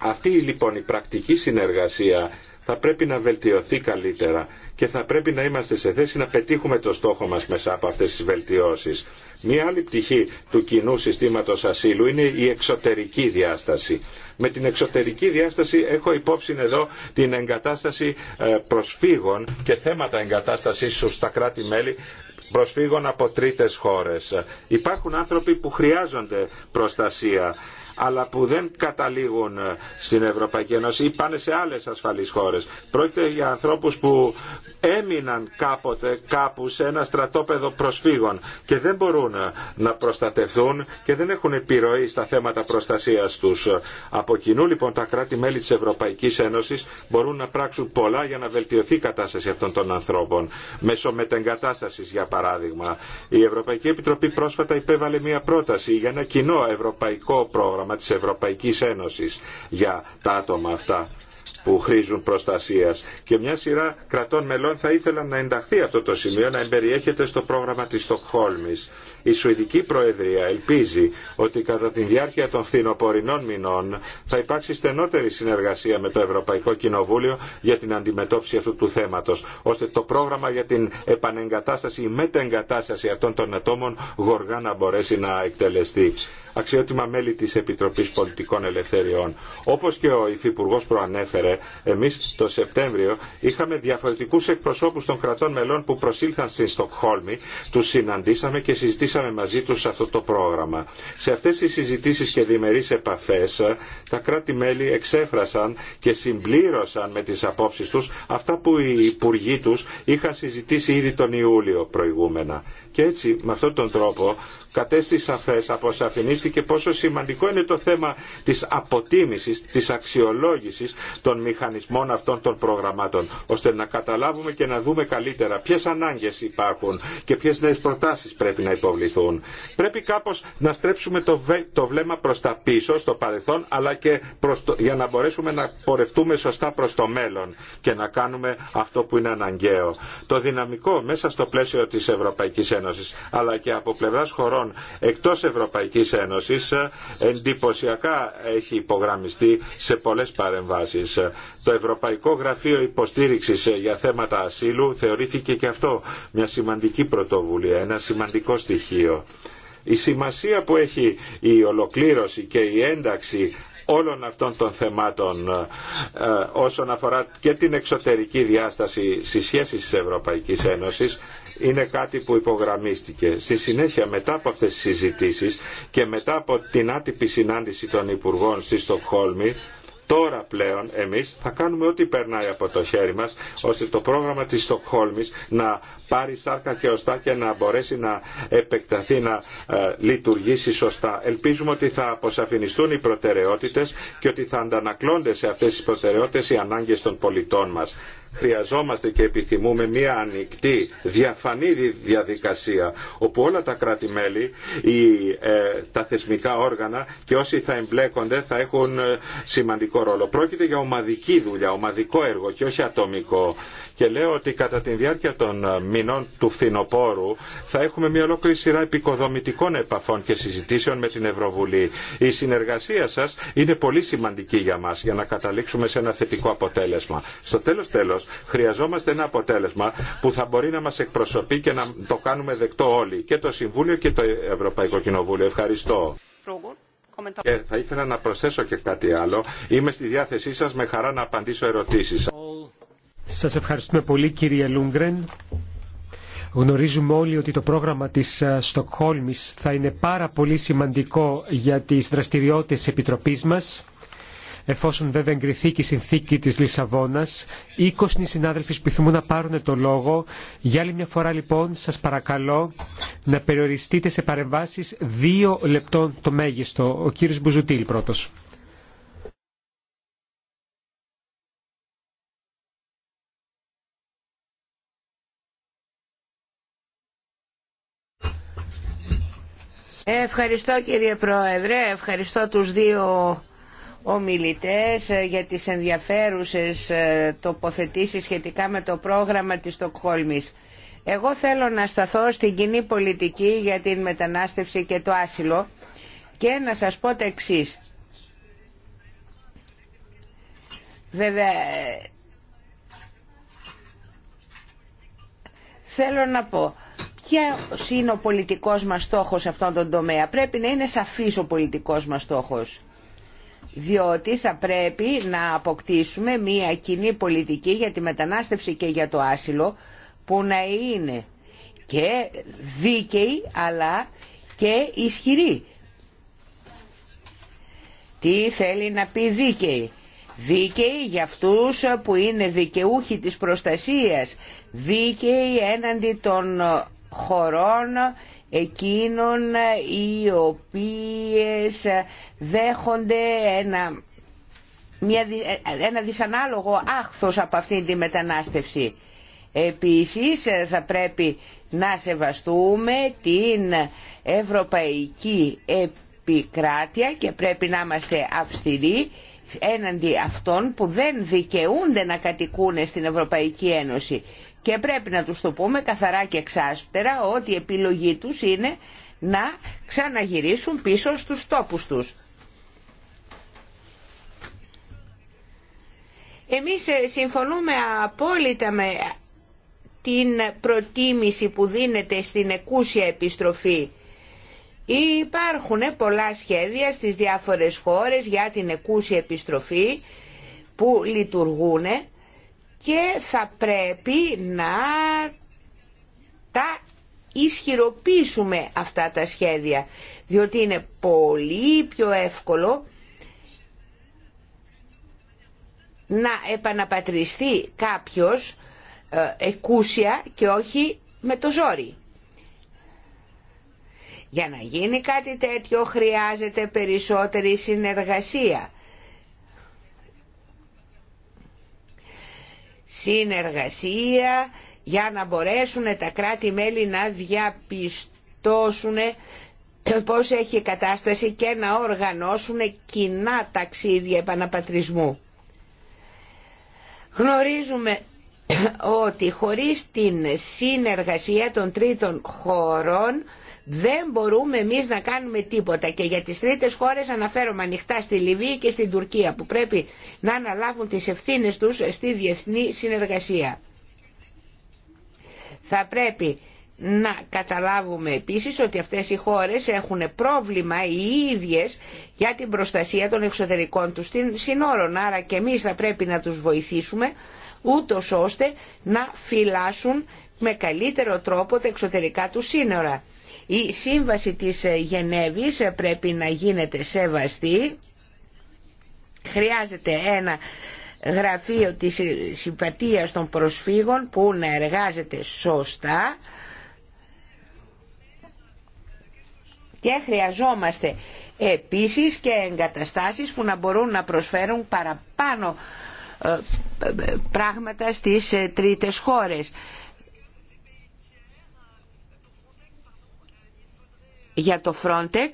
Αυτή λοιπόν η πρακτική συνεργασία θα πρέπει να βελτιωθεί καλύτερα και θα πρέπει να είμαστε σε θέση να πετύχουμε το στόχο μας μέσα από αυτές τις βελτιώσεις. Μία άλλη πτυχή του κοινού συστήματος ασύλου είναι η εξωτερική διάσταση. Με την εξωτερική διάσταση έχω υπόψη εδώ την εγκατάσταση ε, προσφύγων και θέματα εγκατάστασης στα κράτη-μέλη προσφύγων από τρίτες χώρες. Υπάρχουν άνθρωποι που χρειάζονται προστασία αλλά που δεν καταλήγουν ε, στην Ευρωπαϊκή Ένωση ή πάνε σε άλλες ασφαλείς χώρες. Πρόκειται για ανθρώπους που έμειναν κάποτε κάπου σε ένα στρατόπεδο προσφύγων και δεν μπορούν ε, να προστατευθούν και δεν έχουν επιρροή στα θέματα προστασίας τους. Από κοινού λοιπόν τα κράτη-μέλη της Ευρωπαϊκής Ένωσης μπορούν να πράξουν πολλά για να βελτιωθεί η κατάσταση αυτών των ανθρώπων. Μέσω μετεγκατάστασης για παράδειγμα. Η Ευρωπαϊκή Επιτροπή πρόσφατα υπέβαλε μια πρόταση για ένα κοινό ευρωπαϊκό πρόγραμμα πρόγραμμα της Ευρωπαϊκής Ένωσης για τα άτομα αυτά που χρήζουν προστασίας. Και μια σειρά κρατών μελών θα ήθελαν να ενταχθεί αυτό το σημείο, να εμπεριέχεται στο πρόγραμμα της Στοκχόλμης. Η Σουηδική Προεδρία ελπίζει ότι κατά τη διάρκεια των φθινοπορεινών μηνών θα υπάρξει στενότερη συνεργασία με το Ευρωπαϊκό Κοινοβούλιο για την αντιμετώπιση αυτού του θέματος, ώστε το πρόγραμμα για την επανεγκατάσταση ή μετεγκατάσταση αυτών των ατόμων γοργά να μπορέσει να εκτελεστεί. Αξιότιμα μέλη της Επιτροπής Πολιτικών Ελευθεριών. Όπως και ο Υφυπουργός προανέφερε, εμείς το Σεπτέμβριο είχαμε διαφορετικού εκπροσώπου των κρατών μελών που προσήλθαν στην Στοκχόλμη, τους συναντήσαμε και συζητήσαμε συζητήσαμε μαζί τους αυτό το πρόγραμμα. Σε αυτές τις συζητήσεις και διμερείς επαφές ε, τα κράτη-μέλη εξέφρασαν και συμπλήρωσαν με τις απόψεις τους αυτά που οι υπουργοί τους είχαν συζητήσει ήδη τον Ιούλιο προηγούμενα. Και έτσι με αυτόν τον τρόπο κατέστη σαφές, αποσαφηνίστηκε πόσο σημαντικό είναι το θέμα της αποτίμησης, της αξιολόγησης των μηχανισμών αυτών των προγραμμάτων, ώστε να καταλάβουμε και να δούμε καλύτερα ποιες ανάγκες υπάρχουν και ποιες νέες προτάσεις πρέπει να υποβληθούν. Πρέπει κάπως να στρέψουμε το, το βλέμμα προς τα πίσω, στο παρελθόν, αλλά και για να μπορέσουμε να πορευτούμε σωστά προς το μέλλον και να κάνουμε αυτό που είναι αναγκαίο. Το δυναμικό μέσα στο πλαίσιο της Ευρωπαϊκής Ένωσης, αλλά και από πλευρά χωρών χωρών λοιπόν, εκτός Ευρωπαϊκής Ένωσης ε, εντυπωσιακά έχει υπογραμμιστεί σε πολλές παρεμβάσεις. Το Ευρωπαϊκό Γραφείο Υποστήριξης ε, για θέματα ασύλου θεωρήθηκε και αυτό μια σημαντική πρωτοβουλία, ένα σημαντικό στοιχείο. Η σημασία που έχει η ολοκλήρωση και η ένταξη όλων αυτών των θεμάτων ε, όσον αφορά και την εξωτερική διάσταση στις σχέσεις της Ευρωπαϊκής Ένωσης είναι κάτι που υπογραμμίστηκε. Στη συνέχεια μετά από αυτές τις συζητήσεις και μετά από την άτυπη συνάντηση των Υπουργών στη Στοκχόλμη Τώρα πλέον εμείς θα κάνουμε ό,τι περνάει από το χέρι μας ώστε το πρόγραμμα της Στοκχόλμης να πάρει σάρκα και οστά και να μπορέσει να επεκταθεί, να ε, λειτουργήσει σωστά. Ελπίζουμε ότι θα αποσαφινιστούν οι προτεραιότητες και ότι θα αντανακλώνται σε αυτές τις προτεραιότητες οι ανάγκες των πολιτών μας χρειαζόμαστε και επιθυμούμε μια ανοιχτή, διαφανή διαδικασία όπου όλα τα κράτη-μέλη, ε, τα θεσμικά όργανα και όσοι θα εμπλέκονται θα έχουν ε, σημαντικό ρόλο. Πρόκειται για ομαδική δουλειά, ομαδικό έργο και όχι ατομικό. Και λέω ότι κατά τη διάρκεια των ε, μηνών του φθινοπόρου θα έχουμε μια ολόκληρη σειρά επικοδομητικών επαφών και συζητήσεων με την Ευρωβουλή. Η συνεργασία σας είναι πολύ σημαντική για μας για να καταλήξουμε σε ένα θετικό αποτέλεσμα. Στο τέλος τέλος Χρειαζόμαστε ένα αποτέλεσμα που θα μπορεί να μα εκπροσωπεί και να το κάνουμε δεκτό όλοι. Και το Συμβούλιο και το Ευρωπαϊκό Κοινοβούλιο. Ευχαριστώ. Και θα ήθελα να προσθέσω και κάτι άλλο. Είμαι στη διάθεσή σας με χαρά να απαντήσω ερωτήσεις σας. Σας ευχαριστούμε πολύ κύριε Λούγκρεν. Γνωρίζουμε όλοι ότι το πρόγραμμα της ε, Στοκχόλμης θα είναι πάρα πολύ σημαντικό για τις δραστηριότητες επιτροπής μας εφόσον βέβαια εγκριθεί και η συνθήκη της Λισαβόνας. 20 συνάδελφοι που να πάρουν το λόγο. Για άλλη μια φορά λοιπόν σας παρακαλώ να περιοριστείτε σε παρεμβάσεις δύο λεπτών το μέγιστο. Ο κύριος Μπουζουτήλ πρώτος. Ευχαριστώ κύριε Πρόεδρε, ευχαριστώ τους δύο ομιλητές ε, για τις ενδιαφέρουσες ε, τοποθετήσεις σχετικά με το πρόγραμμα της Στοκχόλμης. Εγώ θέλω να σταθώ στην κοινή πολιτική για την μετανάστευση και το άσυλο και να σας πω τα εξή. Βέβαια, θέλω να πω, ποιο είναι ο πολιτικός μας στόχος σε αυτόν τον τομέα. Πρέπει να είναι σαφής ο πολιτικός μας στόχος διότι θα πρέπει να αποκτήσουμε μία κοινή πολιτική για τη μετανάστευση και για το άσυλο που να είναι και δίκαιη αλλά και ισχυρή. Τι θέλει να πει δίκαιη. Δίκαιη για αυτούς που είναι δικαιούχοι της προστασίας. Δίκαιη έναντι των χωρών εκείνων οι οποίες δέχονται ένα, μια, ένα δυσανάλογο άχθος από αυτήν τη μετανάστευση. Επίσης θα πρέπει να σεβαστούμε την ευρωπαϊκή επικράτεια και πρέπει να είμαστε αυστηροί έναντι αυτών που δεν δικαιούνται να κατοικούν στην Ευρωπαϊκή Ένωση. Και πρέπει να τους το πούμε καθαρά και εξάσπτερα ότι η επιλογή τους είναι να ξαναγυρίσουν πίσω στους τόπους τους. Εμείς ε, συμφωνούμε απόλυτα με την προτίμηση που δίνεται στην εκούσια επιστροφή Υπάρχουν πολλά σχέδια στις διάφορες χώρες για την εκούσια επιστροφή που λειτουργούν και θα πρέπει να τα ισχυροποιήσουμε αυτά τα σχέδια διότι είναι πολύ πιο εύκολο να επαναπατριστεί κάποιος ε, εκούσια και όχι με το ζόρι. Για να γίνει κάτι τέτοιο χρειάζεται περισσότερη συνεργασία. Συνεργασία για να μπορέσουν τα κράτη-μέλη να διαπιστώσουν πώς έχει κατάσταση και να οργανώσουν κοινά ταξίδια επαναπατρισμού. Γνωρίζουμε ότι χωρίς την συνεργασία των τρίτων χωρών δεν μπορούμε εμεί να κάνουμε τίποτα και για τις τρίτε χώρες αναφέρομαι ανοιχτά στη Λιβύη και στην Τουρκία που πρέπει να αναλάβουν τις ευθύνες τους στη διεθνή συνεργασία. Θα πρέπει να καταλάβουμε επίσης ότι αυτές οι χώρες έχουν πρόβλημα οι ίδιες για την προστασία των εξωτερικών τους συνόρων. Άρα και εμείς θα πρέπει να τους βοηθήσουμε ούτω ώστε να φυλάσσουν με καλύτερο τρόπο τα εξωτερικά του σύνορα. Η σύμβαση της ε, Γενέβης ε, πρέπει να γίνεται σεβαστή. Χρειάζεται ένα γραφείο της ε, συμπατίας των προσφύγων που να εργάζεται σωστά και χρειαζόμαστε επίσης και εγκαταστάσεις που να μπορούν να προσφέρουν παραπάνω πράγματα στις τρίτες χώρες για το Frontex.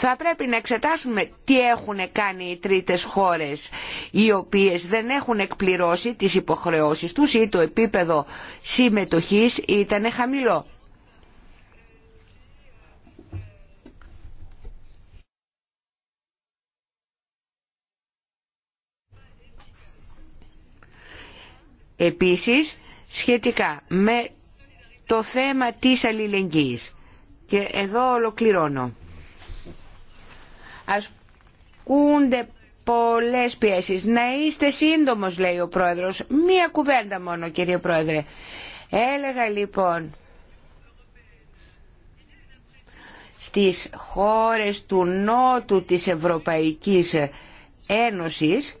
Θα πρέπει να εξετάσουμε τι έχουν κάνει οι τρίτες χώρες οι οποίες δεν έχουν εκπληρώσει τις υποχρεώσεις τους ή το επίπεδο συμμετοχής ήταν χαμηλό. Επίσης, σχετικά με το θέμα της αλληλεγγύης. Και εδώ ολοκληρώνω. Ασκούνται πολλές πιέσεις. Να είστε σύντομος λέει ο πρόεδρος. Μία κουβέντα μόνο κύριε πρόεδρε. Έλεγα λοιπόν στις χώρες του νότου της Ευρωπαϊκής Ένωσης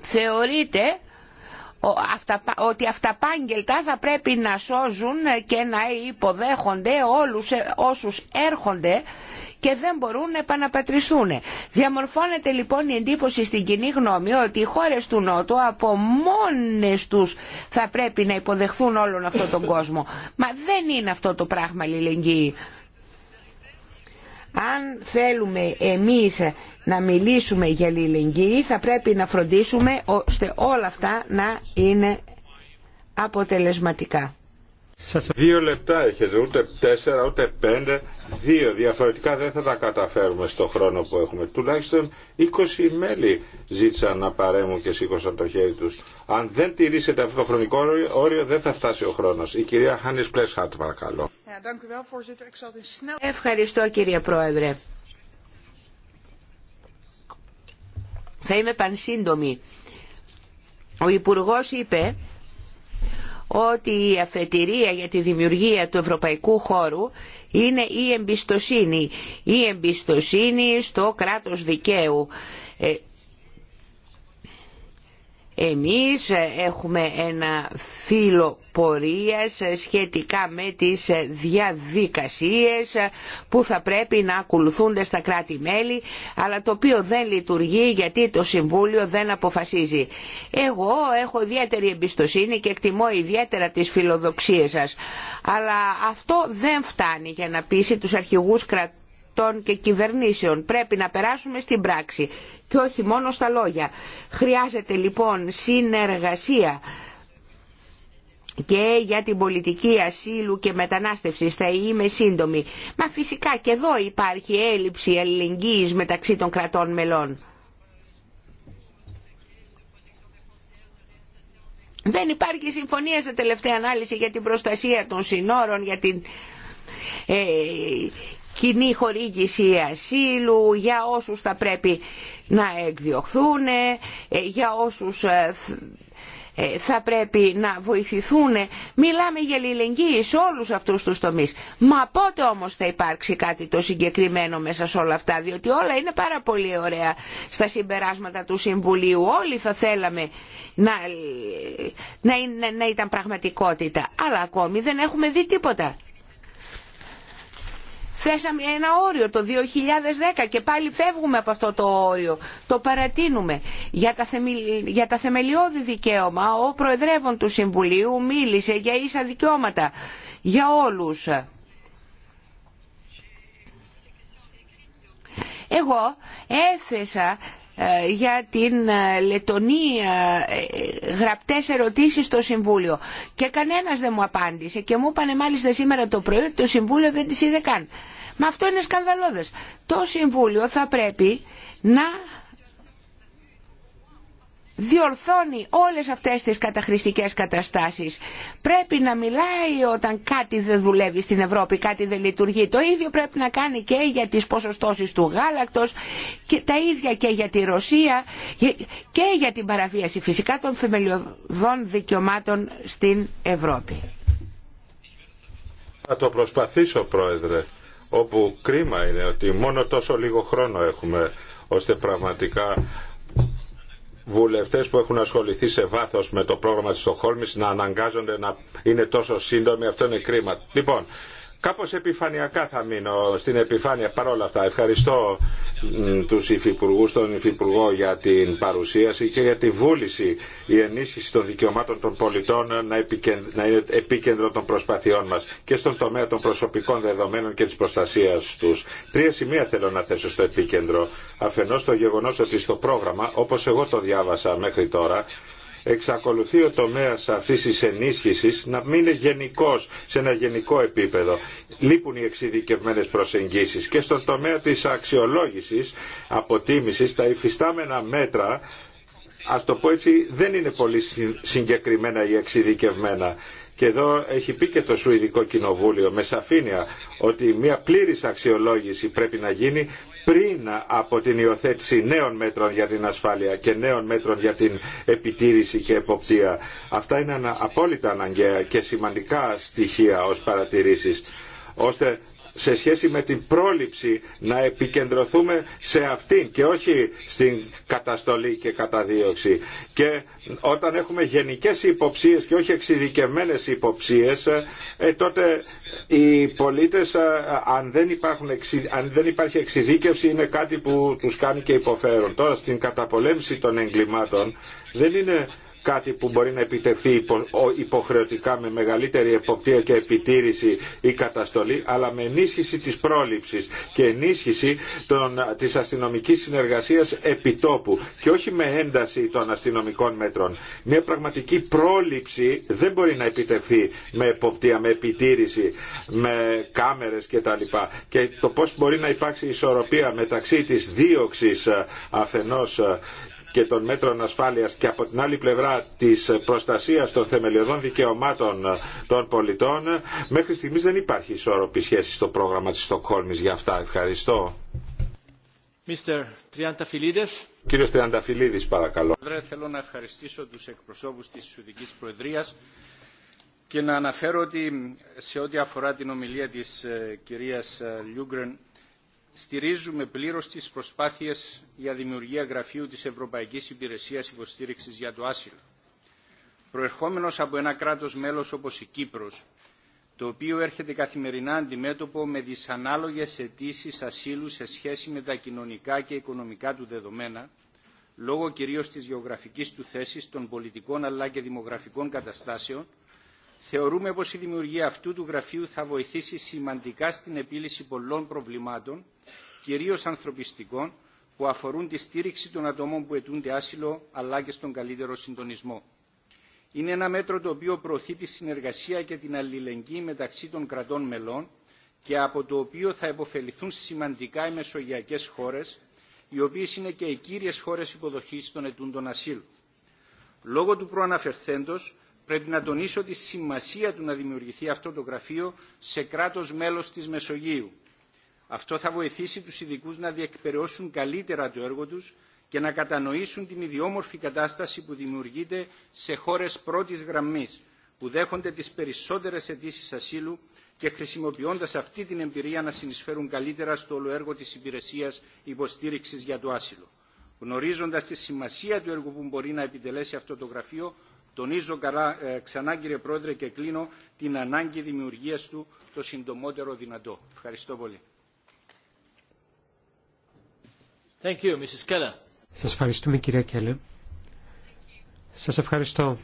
θεωρείται ότι αυταπάγγελτα θα πρέπει να σώζουν και να υποδέχονται όλους ε, όσους έρχονται και δεν μπορούν να επαναπατριστούν. Διαμορφώνεται λοιπόν η εντύπωση στην κοινή γνώμη ότι οι χώρες του Νότου από μόνες τους θα πρέπει να υποδεχθούν όλον αυτόν τον κόσμο. Μα δεν είναι αυτό το πράγμα αλληλεγγύη. Αν θέλουμε εμείς να μιλήσουμε για αλληλεγγύη θα πρέπει να φροντίσουμε ώστε όλα αυτά να είναι αποτελεσματικά. Σας... Δύο λεπτά έχετε, ούτε τέσσερα ούτε πέντε, δύο. Διαφορετικά δεν θα τα καταφέρουμε στο χρόνο που έχουμε. Τουλάχιστον 20 μέλη ζήτησαν να παρέμουν και σήκωσαν το χέρι τους. Αν δεν τηρήσετε αυτό το χρονικό όριο δεν θα φτάσει ο χρόνος. Η κυρία Χάνης Πλέσχατ παρακαλώ. Ευχαριστώ κύριε Πρόεδρε. Θα είμαι πανσύντομη. Ο Υπουργός είπε ότι η αφετηρία για τη δημιουργία του ευρωπαϊκού χώρου είναι η εμπιστοσύνη. Η εμπιστοσύνη στο κράτος δικαίου. Ε, εμείς έχουμε ένα φύλλο πορείας σχετικά με τις διαδικασίες που θα πρέπει να ακολουθούνται στα κράτη-μέλη αλλά το οποίο δεν λειτουργεί γιατί το Συμβούλιο δεν αποφασίζει. Εγώ έχω ιδιαίτερη εμπιστοσύνη και εκτιμώ ιδιαίτερα τις φιλοδοξίες σας αλλά αυτό δεν φτάνει για να πείσει τους αρχηγούς κρατών κρατών και κυβερνήσεων. Πρέπει να περάσουμε στην πράξη και όχι μόνο στα λόγια. Χρειάζεται λοιπόν συνεργασία και για την πολιτική ασύλου και μετανάστευσης θα είμαι σύντομη. Μα φυσικά και εδώ υπάρχει έλλειψη αλληλεγγύης μεταξύ των κρατών μελών. Δεν υπάρχει συμφωνία σε τελευταία ανάλυση για την προστασία των συνόρων, για την... Ε, κοινή χορήγηση ασύλου για όσους θα πρέπει να εκδιωχθούν, ε, για όσους ε, ε, θα πρέπει να βοηθηθούν. Μιλάμε για αλληλεγγύη σε όλους αυτούς τους τομείς. Μα πότε όμως θα υπάρξει κάτι το συγκεκριμένο μέσα σε όλα αυτά, διότι όλα είναι πάρα πολύ ωραία στα συμπεράσματα του Συμβουλίου. Όλοι θα θέλαμε να, να, να ήταν πραγματικότητα, αλλά ακόμη δεν έχουμε δει τίποτα θέσαμε ένα όριο το 2010 και πάλι φεύγουμε από αυτό το όριο. Το παρατείνουμε. Για τα, για τα θεμελιώδη δικαίωμα ο Προεδρεύων του Συμβουλίου μίλησε για ίσα δικαιώματα για όλους. Εγώ έθεσα ε, για την ε, Λετωνία ε, γραπτές ερωτήσεις στο Συμβούλιο και κανένας δεν μου απάντησε και μου είπανε μάλιστα σήμερα το πρωί ότι το Συμβούλιο δεν τις είδε καν. Μα αυτό είναι σκανδαλώδες. Το Συμβούλιο θα πρέπει να διορθώνει όλες αυτές τις καταχρηστικές καταστάσεις. Πρέπει να μιλάει όταν κάτι δεν δουλεύει στην Ευρώπη, κάτι δεν λειτουργεί. Το ίδιο πρέπει να κάνει και για τις ποσοστώσεις του γάλακτος, και τα ίδια και για τη Ρωσία και για την παραβίαση φυσικά των θεμελιωδών δικαιωμάτων στην Ευρώπη. Θα το προσπαθήσω, Πρόεδρε όπου κρίμα είναι ότι μόνο τόσο λίγο χρόνο έχουμε ώστε πραγματικά βουλευτές που έχουν ασχοληθεί σε βάθος με το πρόγραμμα της Στοχόλμης να αναγκάζονται να είναι τόσο σύντομοι. Αυτό είναι κρίμα. Λοιπόν, Κάπως επιφανειακά θα μείνω στην επιφάνεια παρόλα αυτά. Ευχαριστώ τους υφυπουργούς, τον υφυπουργό για την παρουσίαση και για τη βούληση η ενίσχυση των δικαιωμάτων των πολιτών να, είναι επίκεντρο των προσπαθειών μας και στον τομέα των προσωπικών δεδομένων και της προστασίας τους. Τρία σημεία θέλω να θέσω στο επίκεντρο. Αφενός το γεγονός ότι στο πρόγραμμα, όπως εγώ το διάβασα μέχρι τώρα, εξακολουθεί ο τομέας αυτής της ενίσχυσης να μην είναι γενικός, σε ένα γενικό επίπεδο. Λείπουν οι εξειδικευμένε προσεγγίσεις και στον τομέα της αξιολόγησης, αποτίμηση, τα υφιστάμενα μέτρα α το πω έτσι, δεν είναι πολύ συγκεκριμένα ή εξειδικευμένα. Και εδώ έχει πει και το Σουηδικό Κοινοβούλιο με σαφήνεια ότι μια πλήρης αξιολόγηση πρέπει να γίνει πριν από την υιοθέτηση νέων μέτρων για την ασφάλεια και νέων μέτρων για την επιτήρηση και εποπτεία. Αυτά είναι απόλυτα αναγκαία και σημαντικά στοιχεία ως παρατηρήσεις ώστε σε σχέση με την πρόληψη να επικεντρωθούμε σε αυτήν και όχι στην καταστολή και καταδίωξη. Και όταν έχουμε γενικές υποψίες και όχι εξειδικευμένες υποψίες, ε, τότε οι πολίτες ε, αν δεν, υπάρχουν, αν δεν υπάρχει εξειδίκευση είναι κάτι που τους κάνει και υποφέρουν. Τώρα στην καταπολέμηση των εγκλημάτων δεν είναι κάτι που μπορεί να επιτευχθεί υποχρεωτικά με μεγαλύτερη εποπτεία και επιτήρηση ή καταστολή, αλλά με ενίσχυση της πρόληψης και ενίσχυση των, της αστυνομικής συνεργασίας επιτόπου και όχι με ένταση των αστυνομικών μέτρων. Μια πραγματική πρόληψη δεν μπορεί να επιτευχθεί με εποπτεία, με επιτήρηση, με κάμερες κτλ. Και το πώς μπορεί να υπάρξει ισορροπία μεταξύ της δίωξης ε, αφενός ε, και των μέτρων ασφάλειας και από την άλλη πλευρά της προστασίας των θεμελιωδών δικαιωμάτων των πολιτών μέχρι στιγμής δεν υπάρχει ισόρροπη σχέση στο πρόγραμμα της Στοκχόλμης για αυτά. Ευχαριστώ. Mr. τριανταφυλλίδη Κύριος Τριανταφυλλίδης παρακαλώ. Θέλω να ευχαριστήσω τους εκπροσώπους της Σουδικής Προεδρία και να αναφέρω ότι σε ό,τι αφορά την ομιλία της ε, κυρίας Λιούγκρεν στηρίζουμε πλήρως τις προσπάθειες για δημιουργία γραφείου της Ευρωπαϊκής Υπηρεσίας Υποστήριξης για το Άσυλο. Προερχόμενος από ένα κράτος μέλος όπως η Κύπρος, το οποίο έρχεται καθημερινά αντιμέτωπο με δυσανάλογες αιτήσει ασύλου σε σχέση με τα κοινωνικά και οικονομικά του δεδομένα, λόγω κυρίως της γεωγραφικής του θέσης, των πολιτικών αλλά και δημογραφικών καταστάσεων, θεωρούμε πως η δημιουργία αυτού του γραφείου θα βοηθήσει σημαντικά στην επίλυση πολλών προβλημάτων, κυρίως ανθρωπιστικών, που αφορούν τη στήριξη των ατόμων που αιτούνται άσυλο, αλλά και στον καλύτερο συντονισμό. Είναι ένα μέτρο το οποίο προωθεί τη συνεργασία και την αλληλεγγύη μεταξύ των κρατών μελών και από το οποίο θα επωφεληθούν σημαντικά οι μεσογειακές χώρες, οι οποίες είναι και οι κύριες χώρες υποδοχής των ετούντων ασύλου. Λόγω του προαναφερθέντος, πρέπει να τονίσω τη σημασία του να δημιουργηθεί αυτό το γραφείο σε κράτος μέλος της Μεσογείου. Αυτό θα βοηθήσει τους ειδικού να διεκπαιρεώσουν καλύτερα το έργο τους και να κατανοήσουν την ιδιόμορφη κατάσταση που δημιουργείται σε χώρες πρώτης γραμμής, που δέχονται τις περισσότερες αιτήσει ασύλου και χρησιμοποιώντας αυτή την εμπειρία να συνεισφέρουν καλύτερα στο όλο έργο της υπηρεσίας υποστήριξης για το άσυλο. Γνωρίζοντας τη σημασία του έργου που μπορεί να επιτελέσει αυτό το γραφείο, Τονίζω καλά, ε, ξανά κύριε Πρόεδρε και κλείνω την ανάγκη δημιουργίας του το συντομότερο δυνατό. Ευχαριστώ πολύ. Thank Σας ευχαριστούμε κυρία Κέλλε. Σας ευχαριστώ.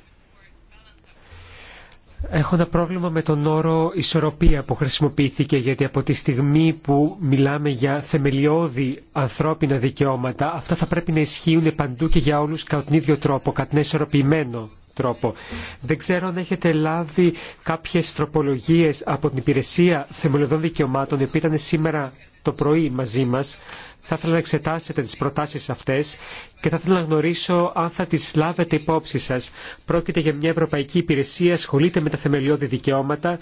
Έχω ένα πρόβλημα με τον όρο ισορροπία που χρησιμοποιήθηκε γιατί από τη στιγμή που μιλάμε για θεμελιώδη ανθρώπινα δικαιώματα αυτά θα πρέπει να ισχύουν παντού και για όλους κατά τον ίδιο τρόπο, κατά ένα ισορροπημένο τρόπο. Δεν ξέρω αν έχετε λάβει κάποιες τροπολογίες από την Υπηρεσία Θεμελιωδών Δικαιωμάτων, οι ήταν σήμερα το πρωί μαζί μας. Θα ήθελα να εξετάσετε τις προτάσεις αυτές και θα ήθελα να γνωρίσω αν θα τις λάβετε υπόψη σας. Πρόκειται για μια Ευρωπαϊκή Υπηρεσία, ασχολείται με τα θεμελιώδη δικαιώματα.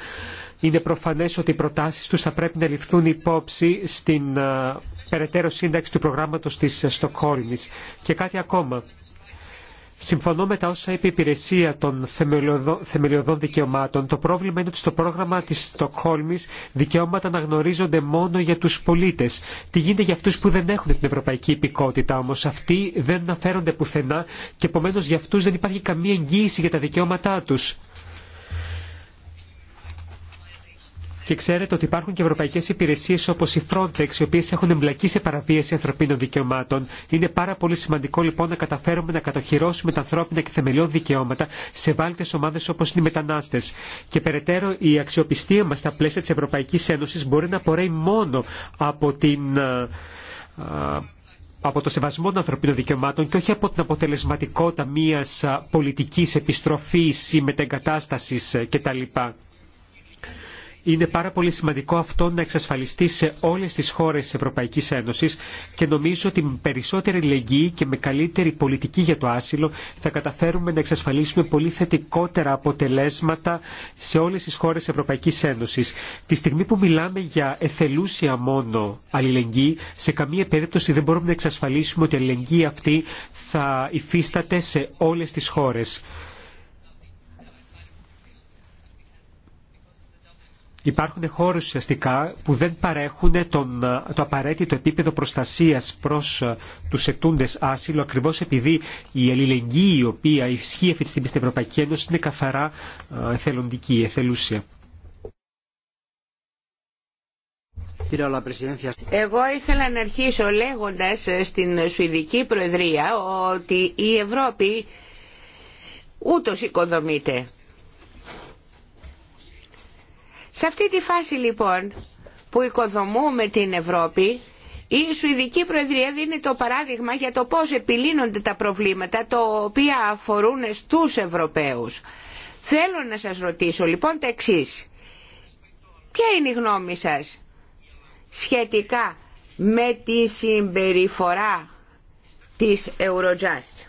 Είναι προφανές ότι οι προτάσεις τους θα πρέπει να ληφθούν υπόψη στην ε, περαιτέρω σύνταξη του προγράμματος της Στοκχόλμης. Και κάτι ακόμα. Συμφωνώ με τα όσα είπε η Υπηρεσία των Θεμελιωδών Δικαιωμάτων. Το πρόβλημα είναι ότι στο πρόγραμμα της Στοκχόλμης δικαιώματα αναγνωρίζονται μόνο για τους πολίτες. Τι γίνεται για αυτούς που δεν έχουν την ευρωπαϊκή υπηκότητα όμως. Αυτοί δεν αναφέρονται πουθενά και επομένως για αυτούς δεν υπάρχει καμία εγγύηση για τα δικαιώματά τους. Και ξέρετε ότι υπάρχουν και ευρωπαϊκέ υπηρεσίε όπω η Frontex, οι οποίε έχουν εμπλακεί σε παραβίαση ανθρωπίνων δικαιωμάτων. Είναι πάρα πολύ σημαντικό λοιπόν να καταφέρουμε να κατοχυρώσουμε τα ανθρώπινα και θεμελιώδη δικαιώματα σε βάλτε ομάδε όπω είναι οι μετανάστε. Και περαιτέρω η αξιοπιστία μα στα πλαίσια τη Ευρωπαϊκή Ένωση μπορεί να απορρέει μόνο από την από το σεβασμό των ανθρωπίνων δικαιωμάτων και όχι από την αποτελεσματικότητα μιας πολιτικής επιστροφής ή μετεγκατάστασης ε, κτλ. Είναι πάρα πολύ σημαντικό αυτό να εξασφαλιστεί σε όλες τις χώρες της Ευρωπαϊκής Ένωσης και νομίζω ότι με περισσότερη λεγγύη και με καλύτερη πολιτική για το άσυλο θα καταφέρουμε να εξασφαλίσουμε πολύ θετικότερα αποτελέσματα σε όλες τις χώρες της Ευρωπαϊκής Ένωσης. Τη στιγμή που μιλάμε για εθελούσια μόνο αλληλεγγύη, σε καμία περίπτωση δεν μπορούμε να εξασφαλίσουμε ότι η αλληλεγγύη αυτή θα υφίσταται σε όλες τις χώρες. Υπάρχουν χώρες ουσιαστικά που δεν παρέχουν τον, το απαραίτητο επίπεδο προστασίας προς ε, τους ετούντες άσυλο ακριβώς επειδή η αλληλεγγύη η οποία ισχύει αυτή τη στιγμή στην Ευρωπαϊκή Ένωση είναι καθαρά ε, εθελοντική, εθελούσια. Εγώ ήθελα να αρχίσω λέγοντας ε, στην Σουηδική Προεδρία ότι η Ευρώπη ούτως οικοδομείται σε αυτή τη φάση λοιπόν που οικοδομούμε την Ευρώπη, η Σουηδική Προεδρία δίνει το παράδειγμα για το πώς επιλύνονται τα προβλήματα τα οποία αφορούν στους Ευρωπαίους. Θέλω να σας ρωτήσω λοιπόν τα εξή. Ποια είναι η γνώμη σας σχετικά με τη συμπεριφορά της Eurojust.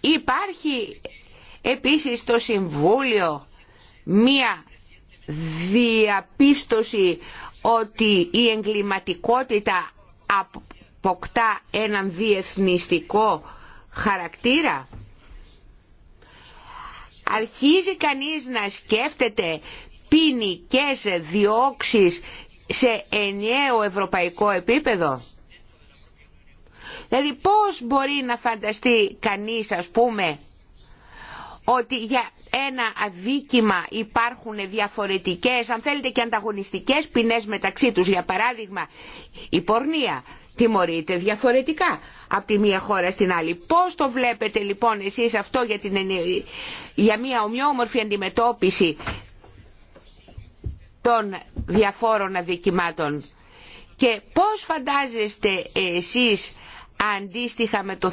Υπάρχει Επίσης το Συμβούλιο μία διαπίστωση ότι η εγκληματικότητα αποκτά έναν διεθνιστικό χαρακτήρα. Αρχίζει κανείς να σκέφτεται ποινικέ διώξεις σε ενιαίο ευρωπαϊκό επίπεδο. Δηλαδή πώς μπορεί να φανταστεί κανείς ας πούμε ότι για ένα αδίκημα υπάρχουν διαφορετικές, αν θέλετε και ανταγωνιστικές ποινές μεταξύ τους. Για παράδειγμα, η πορνεία τιμωρείται διαφορετικά από τη μία χώρα στην άλλη. Πώς το βλέπετε λοιπόν εσείς αυτό για, την, για μια ομοιόμορφη αντιμετώπιση των διαφόρων αδικημάτων και πώς φαντάζεστε εσείς αντίστοιχα με το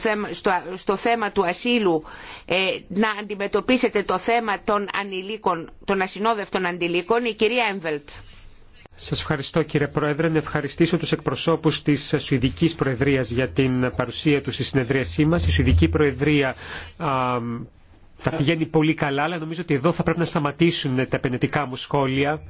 στο, θέμα του ασύλου ε, να αντιμετωπίσετε το θέμα των των ασυνόδευτων αντιλήκων, η κυρία Έμβελτ. Σας ευχαριστώ κύριε Πρόεδρε. Να ευχαριστήσω τους εκπροσώπους της Σουηδικής Προεδρίας για την παρουσία τους στη συνεδρίασή μας. Η Σουηδική Προεδρία α, τα πηγαίνει πολύ καλά, αλλά νομίζω ότι εδώ θα πρέπει να σταματήσουν τα επενετικά μου σχόλια.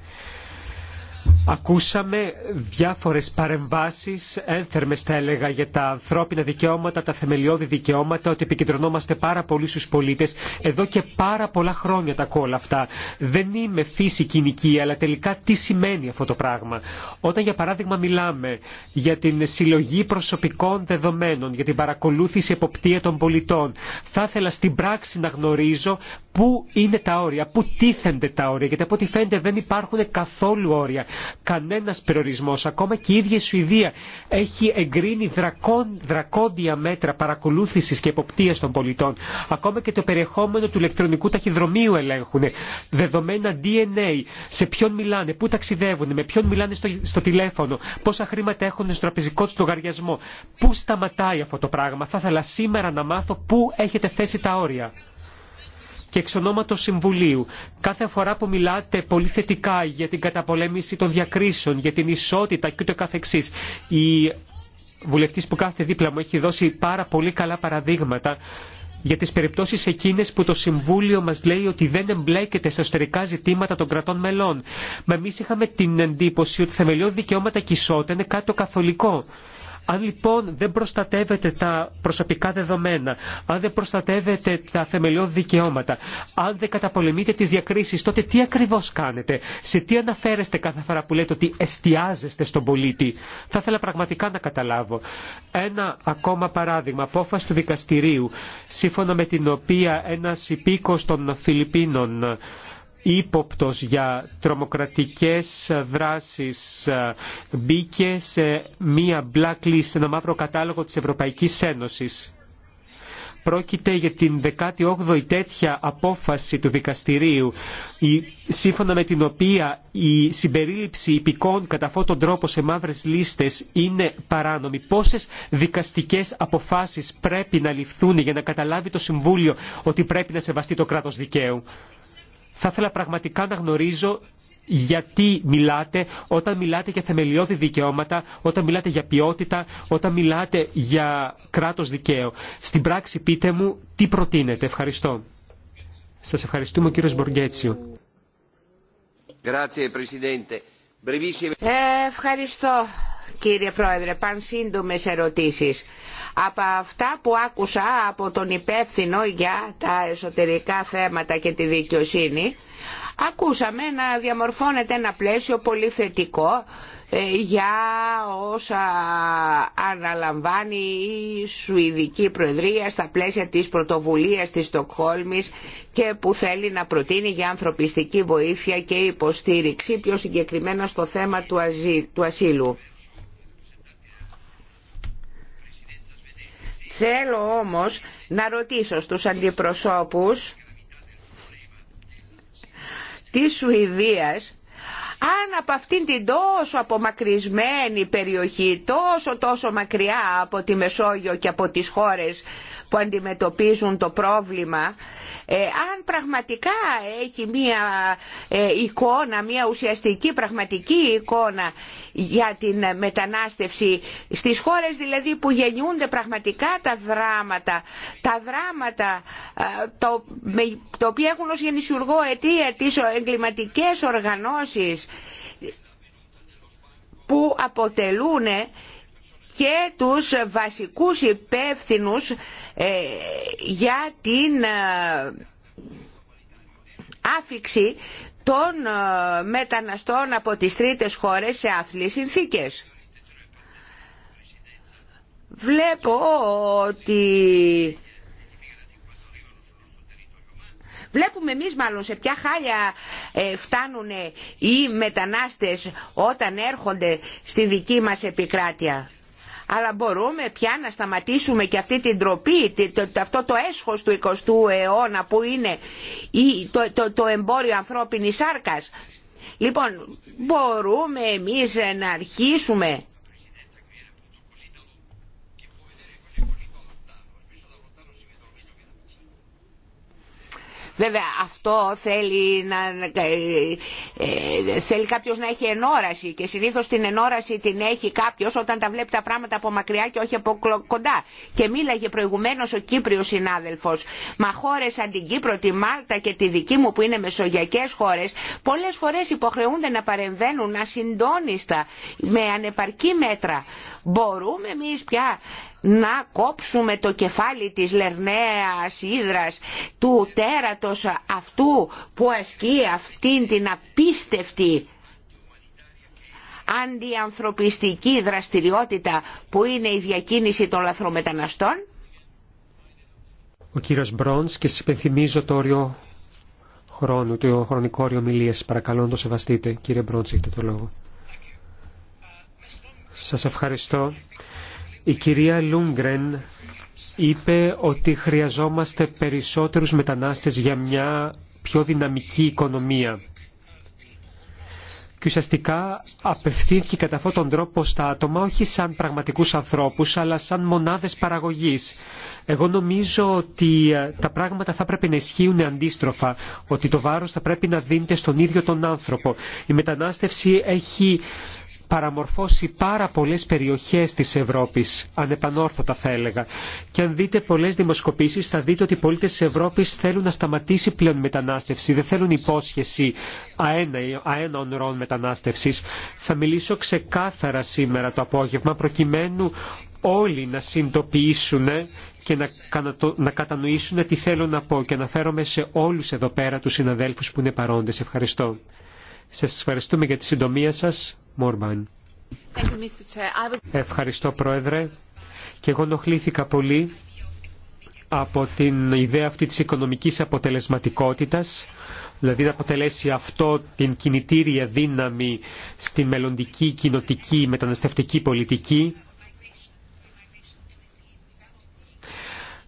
Ακούσαμε διάφορες παρεμβάσεις, ένθερμες θα έλεγα, για τα ανθρώπινα δικαιώματα, τα θεμελιώδη δικαιώματα, ότι επικεντρωνόμαστε πάρα πολύ στους πολίτες. Εδώ και πάρα πολλά χρόνια τα όλα αυτά. Δεν είμαι φύση κοινική, αλλά τελικά τι σημαίνει αυτό το πράγμα. Όταν για παράδειγμα μιλάμε για την συλλογή προσωπικών δεδομένων, για την παρακολούθηση εποπτεία των πολιτών, θα ήθελα στην πράξη να γνωρίζω πού είναι τα όρια, πού τίθενται τα όρια, γιατί από ό,τι φαίνεται δεν υπάρχουν καθόλου όρια Κανένα περιορισμό, Ακόμα και η ίδια η Σουηδία έχει εγκρίνει δρακόντια μέτρα παρακολούθηση και εποπτείας των πολιτών. Ακόμα και το περιεχόμενο του ηλεκτρονικού ταχυδρομείου ελέγχουν. Δεδομένα DNA, σε ποιον μιλάνε, πού ταξιδεύουν, με ποιον μιλάνε στο, τηλέφωνο, πόσα χρήματα έχουν στο τραπεζικό του λογαριασμό. Πού σταματάει αυτό το πράγμα. Θα ήθελα σήμερα να μάθω πού έχετε θέσει τα όρια και εξ ονόματος Συμβουλίου. Κάθε φορά που μιλάτε πολύ θετικά για την καταπολέμηση των διακρίσεων, για την ισότητα και ούτε καθεξής, η βουλευτής που κάθεται δίπλα μου έχει δώσει πάρα πολύ καλά παραδείγματα για τις περιπτώσεις εκείνες που το Συμβούλιο μας λέει ότι δεν εμπλέκεται στα εσωτερικά ζητήματα των κρατών μελών. με εμεί είχαμε την εντύπωση ότι θεμελιώδη δικαιώματα και ισότητα είναι κάτι το καθολικό. Αν λοιπόν δεν προστατεύετε τα προσωπικά δεδομένα, αν δεν προστατεύετε τα θεμελιώδη δικαιώματα, αν δεν καταπολεμείτε τις διακρίσεις, τότε τι ακριβώς κάνετε, σε τι αναφέρεστε κάθε φορά που λέτε ότι εστιάζεστε στον πολίτη. Θα ήθελα πραγματικά να καταλάβω. Ένα ακόμα παράδειγμα, απόφαση του δικαστηρίου, σύμφωνα με την οποία ένας υπήκος των Φιλιππίνων ύποπτος για τρομοκρατικές δράσεις ε, μπήκε σε μία blacklist, σε ένα μαύρο κατάλογο της Ευρωπαϊκής Ένωσης. Πρόκειται για την 18η τέτοια απόφαση του δικαστηρίου, η, σύμφωνα με την οποία η συμπερίληψη υπηκών κατά αυτόν τον τρόπο σε μαύρες λίστες είναι παράνομη. Πόσες δικαστικές αποφάσεις πρέπει να ληφθούν για να καταλάβει το Συμβούλιο ότι πρέπει να σεβαστεί το κράτος δικαίου. Θα ήθελα πραγματικά να γνωρίζω γιατί μιλάτε όταν μιλάτε για θεμελιώδη δικαιώματα, όταν μιλάτε για ποιότητα, όταν μιλάτε για κράτος δικαίου. Στην πράξη πείτε μου τι προτείνετε. Ευχαριστώ. Σας ευχαριστούμε ο κύριος Μποργέτσιου. Ε, ευχαριστώ κύριε Πρόεδρε, παν σύντομες ερωτήσεις. Από αυτά που άκουσα από τον υπεύθυνο για τα εσωτερικά θέματα και τη δικαιοσύνη, ακούσαμε να διαμορφώνεται ένα πλαίσιο πολύ θετικό ε, για όσα αναλαμβάνει η Σουηδική Προεδρία στα πλαίσια της πρωτοβουλίας της Στοκχόλμης και που θέλει να προτείνει για ανθρωπιστική βοήθεια και υποστήριξη πιο συγκεκριμένα στο θέμα του ασύλου. Θέλω όμως να ρωτήσω στους αντιπροσώπους της Σουηδίας αν από αυτήν την τόσο απομακρυσμένη περιοχή, τόσο τόσο μακριά από τη Μεσόγειο και από τις χώρες που αντιμετωπίζουν το πρόβλημα, ε, αν πραγματικά έχει μία ε, εικόνα, μία ουσιαστική πραγματική εικόνα για την μετανάστευση στις χώρες δηλαδή που γεννιούνται πραγματικά τα δράματα, τα δράματα ε, τα οποία έχουν ως γεννησιουργό αιτία τις εγκληματικές οργανώσεις που αποτελούν και τους βασικούς υπεύθυνους ε, για την ε, άφηξη των ε, μεταναστών από τις τρίτες χώρες σε άθλιες συνθήκες. Βλέπω ότι... Βλέπουμε εμείς μάλλον σε ποια χάλια φτάνουν οι μετανάστες όταν έρχονται στη δική μας επικράτεια αλλά μπορούμε πια να σταματήσουμε και αυτή την τροπή, αυτό το έσχος του 20ου αιώνα που είναι το, το εμπόριο ανθρώπινης σάρκας. Λοιπόν, μπορούμε εμείς να αρχίσουμε Βέβαια αυτό θέλει, να, ε, θέλει κάποιος να έχει ενόραση και συνήθως την ενόραση την έχει κάποιος όταν τα βλέπει τα πράγματα από μακριά και όχι από κοντά. Και μίλαγε προηγουμένως ο Κύπριος συνάδελφος. Μα χώρες σαν την Κύπρο, τη Μάλτα και τη δική μου που είναι μεσογειακές χώρες πολλές φορές υποχρεούνται να παρεμβαίνουν ασυντόνιστα με ανεπαρκή μέτρα. Μπορούμε εμείς πια να κόψουμε το κεφάλι της λερναίας ύδρας του τέρατος αυτού που ασκεί αυτήν την απίστευτη αντιανθρωπιστική δραστηριότητα που είναι η διακίνηση των λαθρομεταναστών. Ο κύριος Μπρόνς και σας υπενθυμίζω το όριο χρόνου, το χρονικό όριο μιλίες. Παρακαλώ να το σεβαστείτε. Κύριε Μπρόντς, έχετε το λόγο. Σας ευχαριστώ. Η κυρία Λούγκρεν είπε ότι χρειαζόμαστε περισσότερους μετανάστες για μια πιο δυναμική οικονομία. Και ουσιαστικά απευθύνθηκε κατά αυτόν τον τρόπο στα άτομα όχι σαν πραγματικούς ανθρώπους αλλά σαν μονάδες παραγωγής. Εγώ νομίζω ότι ε, τα πράγματα θα πρέπει να ισχύουν αντίστροφα, ότι το βάρος θα πρέπει να δίνεται στον ίδιο τον άνθρωπο. Η μετανάστευση έχει παραμορφώσει πάρα πολλές περιοχές της Ευρώπης, ανεπανόρθωτα θα έλεγα. Και αν δείτε πολλές δημοσκοπήσεις θα δείτε ότι οι πολίτες της Ευρώπης θέλουν να σταματήσει πλέον μετανάστευση, δεν θέλουν υπόσχεση αένα, αένα ονρών μετανάστευσης. Θα μιλήσω ξεκάθαρα σήμερα το απόγευμα προκειμένου όλοι να συντοποιήσουν και να κατανοήσουν τι θέλω να πω και αναφέρομαι σε όλους εδώ πέρα τους συναδέλφους που είναι παρόντες. Ευχαριστώ. Σας ευχαριστούμε για τη συντομία σας. Ευχαριστώ Πρόεδρε. Και εγώ ενοχλήθηκα πολύ από την ιδέα αυτή της οικονομικής αποτελεσματικότητας, δηλαδή να αποτελέσει αυτό την κινητήρια δύναμη στη μελλοντική κοινοτική μεταναστευτική πολιτική,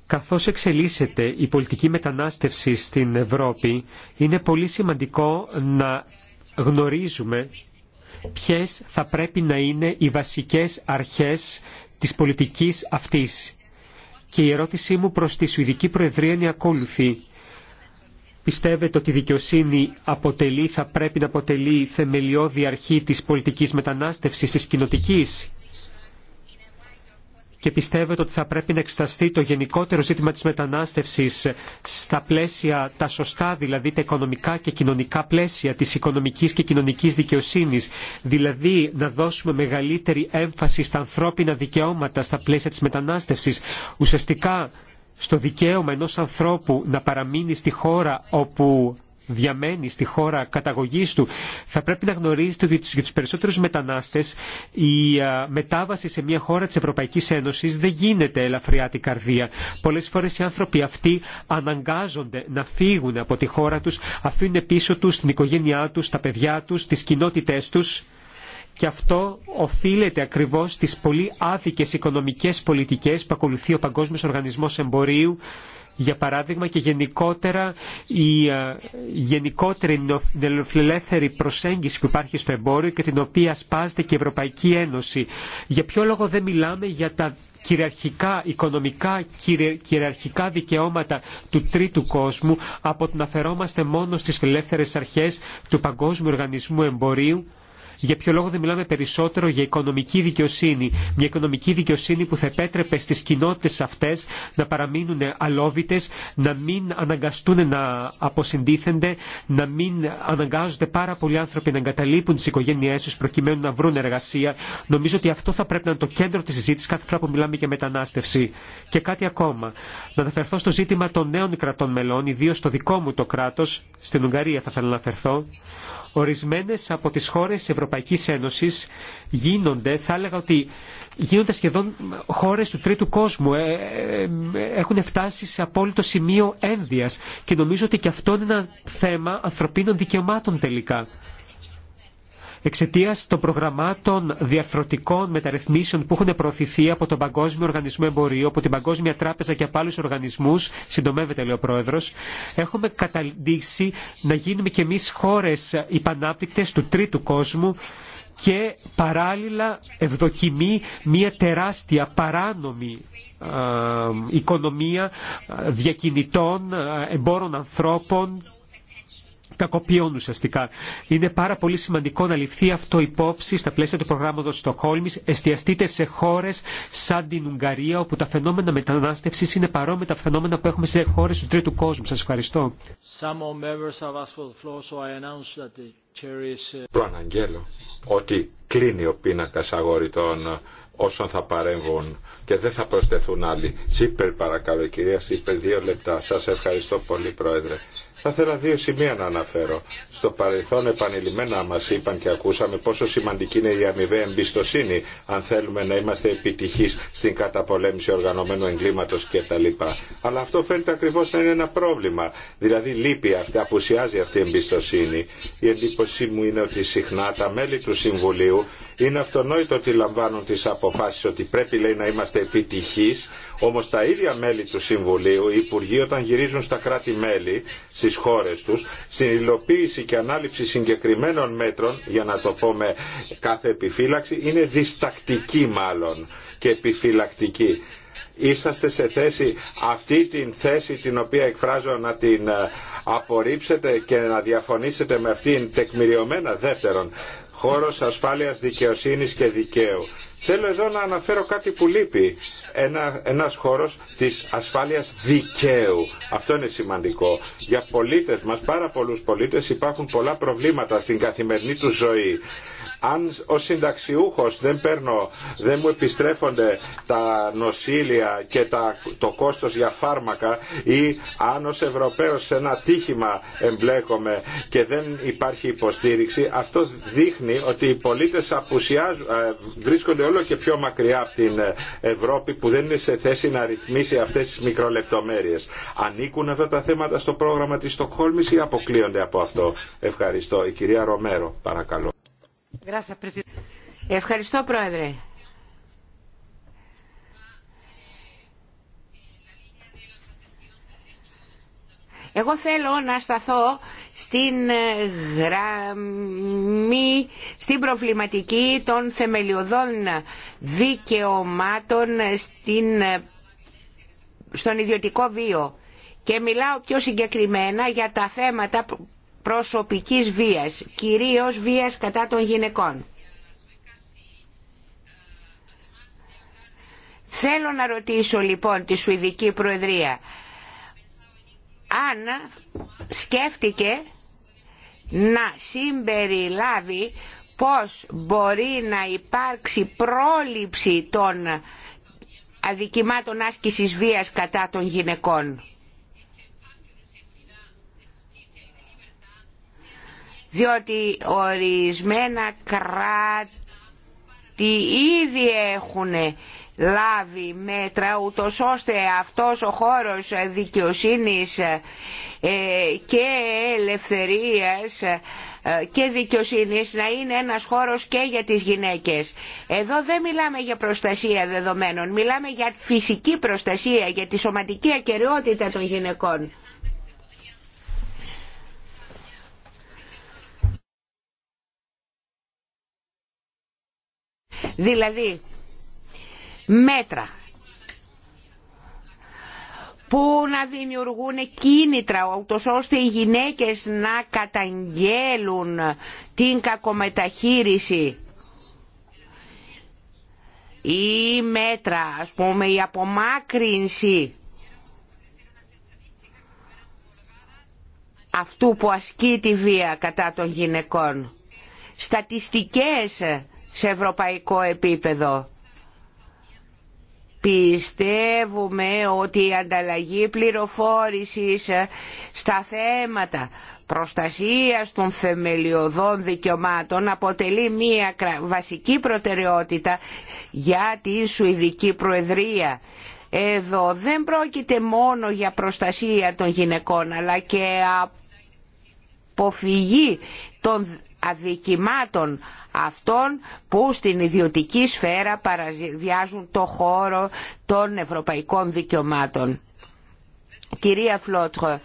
Καθώς εξελίσσεται η πολιτική μετανάστευση στην Ευρώπη, είναι πολύ σημαντικό να γνωρίζουμε ποιες θα πρέπει να είναι οι βασικές αρχές της πολιτικής αυτής. Και η ερώτησή μου προς τη Σουηδική Προεδρία είναι ακόλουθη. Πιστεύετε ότι η δικαιοσύνη αποτελεί, θα πρέπει να αποτελεί θεμελιώδη αρχή της πολιτικής μετανάστευσης, της κοινοτικής και πιστεύετε ότι θα πρέπει να εξεταστεί το γενικότερο ζήτημα της μετανάστευσης στα πλαίσια τα σωστά, δηλαδή τα οικονομικά και κοινωνικά πλαίσια της οικονομικής και κοινωνικής δικαιοσύνης, δηλαδή να δώσουμε μεγαλύτερη έμφαση στα ανθρώπινα δικαιώματα στα πλαίσια της μετανάστευσης. Ουσιαστικά στο δικαίωμα ενός ανθρώπου να παραμείνει στη χώρα όπου διαμένει στη χώρα καταγωγής του. Θα πρέπει να γνωρίζετε ότι για τους περισσότερους μετανάστες η μετάβαση σε μια χώρα της Ευρωπαϊκής Ένωσης δεν γίνεται ελαφριά την καρδία. Πολλές φορές οι άνθρωποι αυτοί αναγκάζονται να φύγουν από τη χώρα τους, αφήνουν πίσω τους την οικογένειά τους, τα παιδιά τους, τις κοινότητές τους και αυτό οφείλεται ακριβώς στις πολύ άδικες οικονομικές πολιτικές που ακολουθεί ο Παγκόσμιος Οργανισμός Εμπορίου για παράδειγμα και γενικότερα η ε, γενικότερη νεοφιλελεύθερη προσέγγιση που υπάρχει στο εμπόριο και την οποία σπάζεται και η Ευρωπαϊκή Ένωση. Για ποιο λόγο δεν μιλάμε για τα κυριαρχικά οικονομικά κυριαρχικά δικαιώματα του τρίτου κόσμου από το να φερόμαστε μόνο στις φιλελεύθερες αρχές του Παγκόσμιου Οργανισμού Εμπορίου για ποιο λόγο δεν μιλάμε περισσότερο για οικονομική δικαιοσύνη. Μια οικονομική δικαιοσύνη που θα επέτρεπε στι κοινότητε αυτέ να παραμείνουν αλόβητε, να μην αναγκαστούν να αποσυντήθενται, να μην αναγκάζονται πάρα πολλοί άνθρωποι να εγκαταλείπουν τι οικογένειέ του προκειμένου να βρουν εργασία. Νομίζω ότι αυτό θα πρέπει να είναι το κέντρο τη συζήτηση κάθε φορά που μιλάμε για μετανάστευση. Και κάτι ακόμα. Να αναφερθώ στο ζήτημα των νέων κρατών μελών, ιδίω στο δικό μου το κράτο, στην Ουγγαρία θα ήθελα να αναφερθώ, Ορισμένες από τις χώρες Ευρωπαϊκής Ένωσης γίνονται, θα έλεγα ότι γίνονται σχεδόν χώρες του τρίτου κόσμου. Ε, ε, ε, έχουν φτάσει σε απόλυτο σημείο ένδυας και νομίζω ότι και αυτό είναι ένα θέμα ανθρωπίνων δικαιωμάτων τελικά εξαιτία των προγραμμάτων διαρθρωτικών μεταρρυθμίσεων που έχουν προωθηθεί από τον Παγκόσμιο Οργανισμό Εμπορίου, από την Παγκόσμια Τράπεζα και από άλλου οργανισμού, συντομεύεται λέει ο Πρόεδρο, έχουμε καταλήξει να γίνουμε κι εμεί χώρε υπανάπτυκτε του τρίτου κόσμου και παράλληλα ευδοκιμεί μια τεράστια παράνομη ε, οικονομία ε, διακινητών ε, εμπόρων ανθρώπων κακοποιών ουσιαστικά. Είναι πάρα πολύ σημαντικό να ληφθεί αυτό υπόψη στα πλαίσια του προγράμματο Στοχόλμη. Εστιαστείτε σε χώρε σαν την Ουγγαρία όπου τα φαινόμενα μετανάστευση είναι παρόμοια τα φαινόμενα που έχουμε σε χώρε του τρίτου κόσμου. Σα ευχαριστώ. Προαναγγέλλω uh, ότι κλείνει ο πίνακα αγοριτών όσων θα παρέμβουν και δεν θα προσθεθούν άλλοι. Σύπερ παρακαλώ κυρία Σύπερ δύο λεπτά. Σας ευχαριστώ πολύ πρόεδρε. Θα ήθελα δύο σημεία να αναφέρω. Στο παρελθόν επανειλημμένα μας είπαν και ακούσαμε πόσο σημαντική είναι η αμοιβαία εμπιστοσύνη αν θέλουμε να είμαστε επιτυχείς στην καταπολέμηση οργανωμένου εγκλήματος κτλ. Αλλά αυτό φαίνεται ακριβώς να είναι ένα πρόβλημα. Δηλαδή λείπει αυτή, απουσιάζει αυτή η εμπιστοσύνη. Η εντύπωσή μου είναι ότι συχνά τα μέλη του Συμβουλίου είναι αυτονόητο ότι λαμβάνουν τις αποφάσεις ότι πρέπει λέει να είμαστε επιτυχείς, όμως τα ίδια μέλη του Συμβουλίου, οι Υπουργοί όταν γυρίζουν στα κράτη-μέλη, στις χώρες τους, στην υλοποίηση και ανάληψη συγκεκριμένων μέτρων, για να το πω με κάθε επιφύλαξη, είναι διστακτική μάλλον και επιφυλακτική είσαστε σε θέση αυτή την θέση την οποία εκφράζω να την ε, απορρίψετε και να διαφωνήσετε με αυτήν τεκμηριωμένα δεύτερον χώρος ασφάλειας δικαιοσύνης και δικαίου. Θέλω εδώ να αναφέρω κάτι που λείπει. Ένα, ένας χώρος της ασφάλειας δικαίου. Αυτό είναι σημαντικό. Για πολίτες μας, πάρα πολλούς πολίτες, υπάρχουν πολλά προβλήματα στην καθημερινή τους ζωή αν ο συνταξιούχο δεν παίρνω, δεν μου επιστρέφονται τα νοσήλια και τα, το κόστο για φάρμακα ή αν ω Ευρωπαίο σε ένα τύχημα εμπλέκομαι και δεν υπάρχει υποστήριξη, αυτό δείχνει ότι οι πολίτε ε, βρίσκονται όλο και πιο μακριά από την Ευρώπη που δεν είναι σε θέση να ρυθμίσει αυτέ τι μικρολεπτομέρειε. Ανήκουν αυτά τα θέματα στο πρόγραμμα τη Στοκχόλμη ή αποκλείονται από αυτό. Ευχαριστώ. Η κυρία Ρομέρο, παρακαλώ. Ευχαριστώ Πρόεδρε. Εγώ θέλω να σταθώ στην ε, γραμμή, στην προβληματική των θεμελιωδών δικαιωμάτων ε, στον ιδιωτικό βίο και μιλάω πιο συγκεκριμένα για τα θέματα προσωπικής βίας, κυρίως βίας κατά των γυναικών. Θέλω να ρωτήσω λοιπόν τη Σουηδική Προεδρία αν σκέφτηκε να συμπεριλάβει πώς μπορεί να υπάρξει πρόληψη των αδικημάτων άσκησης βίας κατά των γυναικών. διότι ορισμένα κράτη ήδη έχουν λάβει μέτρα ούτως ώστε αυτός ο χώρος δικαιοσύνης ε, και ελευθερίας ε, και δικαιοσύνης να είναι ένας χώρος και για τις γυναίκες. Εδώ δεν μιλάμε για προστασία δεδομένων, μιλάμε για φυσική προστασία, για τη σωματική ακεραιότητα των γυναικών. Δηλαδή, μέτρα που να δημιουργούν κίνητρα ούτως ώστε οι γυναίκες να καταγγέλουν την κακομεταχείριση ή μέτρα, ας πούμε, η απομάκρυνση αυτού που ασκεί τη βία κατά των γυναικών. Στατιστικές σε ευρωπαϊκό επίπεδο. Πιστεύουμε ότι η ανταλλαγή πληροφόρησης ε, στα θέματα προστασίας των θεμελιωδών δικαιωμάτων αποτελεί μία βασική προτεραιότητα για τη Σουηδική Προεδρία. Εδώ δεν πρόκειται μόνο για προστασία των γυναικών αλλά και αποφυγή των αδικημάτων αυτών που στην ιδιωτική σφαίρα παραβιάζουν το χώρο των ευρωπαϊκών δικαιωμάτων. Κυρία Φλότρο,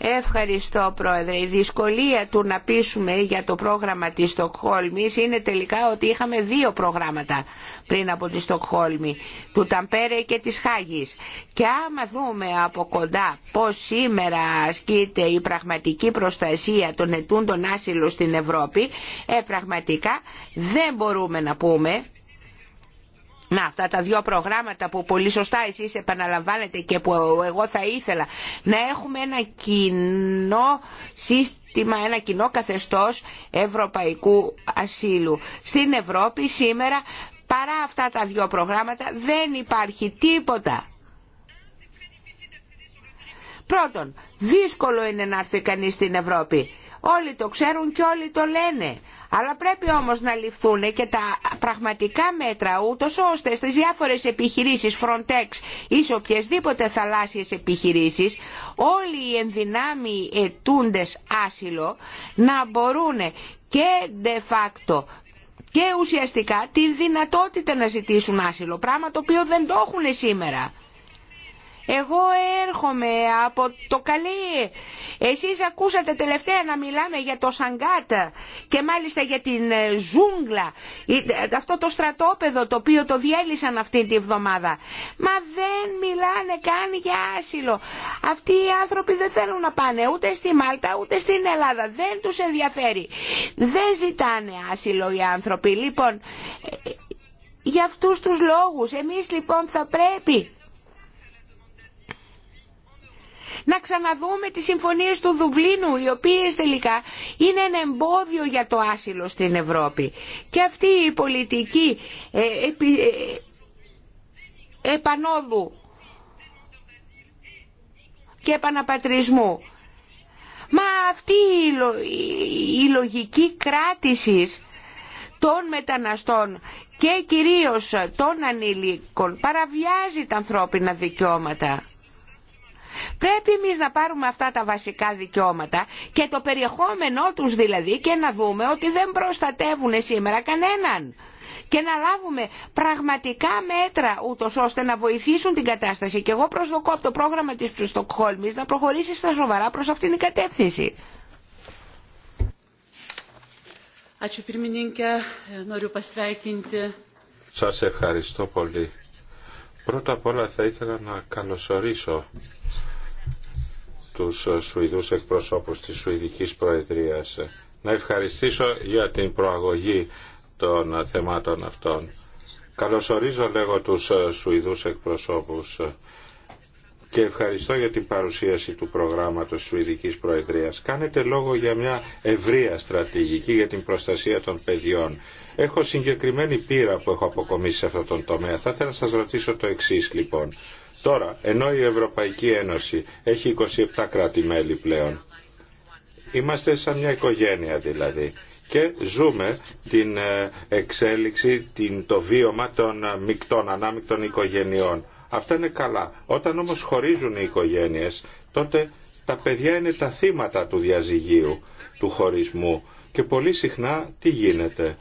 Ευχαριστώ Πρόεδρε. Η δυσκολία του να πείσουμε για το πρόγραμμα της Στοκχόλμης είναι τελικά ότι είχαμε δύο προγράμματα πριν από τη Στοκχόλμη, του Ταμπέρε και της Χάγης. Και άμα δούμε από κοντά πώς σήμερα ασκείται η πραγματική προστασία των ετούντων άσυλων στην Ευρώπη, ε, πραγματικά δεν μπορούμε να πούμε να, αυτά τα δύο προγράμματα που πολύ σωστά εσείς επαναλαμβάνετε και που εγώ θα ήθελα να έχουμε ένα κοινό σύστημα, ένα κοινό καθεστώς ευρωπαϊκού ασύλου. Στην Ευρώπη σήμερα παρά αυτά τα δύο προγράμματα δεν υπάρχει τίποτα. Πρώτον, δύσκολο είναι να έρθει κανείς στην Ευρώπη. Όλοι το ξέρουν και όλοι το λένε. Αλλά πρέπει όμως να ληφθούν και τα πραγματικά μέτρα ούτως ώστε στις διάφορες επιχειρήσεις Frontex ή σε οποιασδήποτε θαλάσσιες επιχειρήσεις όλοι οι ενδυνάμοι ετούντες άσυλο να μπορούν και de facto και ουσιαστικά τη δυνατότητα να ζητήσουν άσυλο πράγμα το οποίο δεν το έχουν σήμερα. Εγώ έρχομαι από το καλή... Εσείς ακούσατε τελευταία να μιλάμε για το Σαγκάτα και μάλιστα για την ε, ζούγκλα, ε, αυτό το στρατόπεδο το οποίο το διέλυσαν αυτή τη εβδομάδα. Μα δεν μιλάνε καν για άσυλο. Αυτοί οι άνθρωποι δεν θέλουν να πάνε ούτε στη Μάλτα ούτε στην Ελλάδα. Δεν τους ενδιαφέρει. Δεν ζητάνε άσυλο οι άνθρωποι. Λοιπόν, ε, για αυτούς τους λόγους εμείς λοιπόν θα πρέπει να ξαναδούμε τις συμφωνίες του Δουβλίνου οι οποίες τελικά είναι ένα εμπόδιο για το άσυλο στην Ευρώπη και αυτή η πολιτική ε, ε, επανόδου και επαναπατρισμού μα αυτή η, λογική κράτησης των μεταναστών και κυρίως των ανήλικων παραβιάζει τα ανθρώπινα δικαιώματα Πρέπει εμεί να πάρουμε αυτά τα βασικά δικαιώματα και το περιεχόμενό τους δηλαδή και να δούμε ότι δεν προστατεύουν σήμερα κανέναν και να λάβουμε πραγματικά μέτρα ούτω ώστε να βοηθήσουν την κατάσταση. Και εγώ προσδοκώ από το πρόγραμμα της Στοκχόλμης να προχωρήσει στα σοβαρά προς αυτήν την κατεύθυνση. Σας ευχαριστώ πολύ. Πρώτα απ' όλα θα ήθελα να καλωσορίσω τους Σουηδούς εκπροσώπους της Σουηδικής Προεδρίας. Να ευχαριστήσω για την προαγωγή των θεμάτων αυτών. Καλωσορίζω λέγω τους Σουηδούς εκπροσώπους και ευχαριστώ για την παρουσίαση του προγράμματος Σουηδικής Προεδρίας. Κάνετε λόγο για μια ευρεία στρατηγική για την προστασία των παιδιών. Έχω συγκεκριμένη πείρα που έχω αποκομίσει σε αυτόν τον τομέα. Θα ήθελα να σας ρωτήσω το εξή λοιπόν. Τώρα, ενώ η Ευρωπαϊκή Ένωση έχει 27 κράτη-μέλη πλέον, είμαστε σαν μια οικογένεια δηλαδή και ζούμε την ε, εξέλιξη, το βίωμα των ε, μεικτών, ανάμεικτων οικογενειών. Αυτά είναι καλά. Όταν όμως χωρίζουν οι οικογένειες, τότε τα παιδιά είναι τα θύματα του διαζυγίου, του χωρισμού. Και πολύ συχνά τι γίνεται.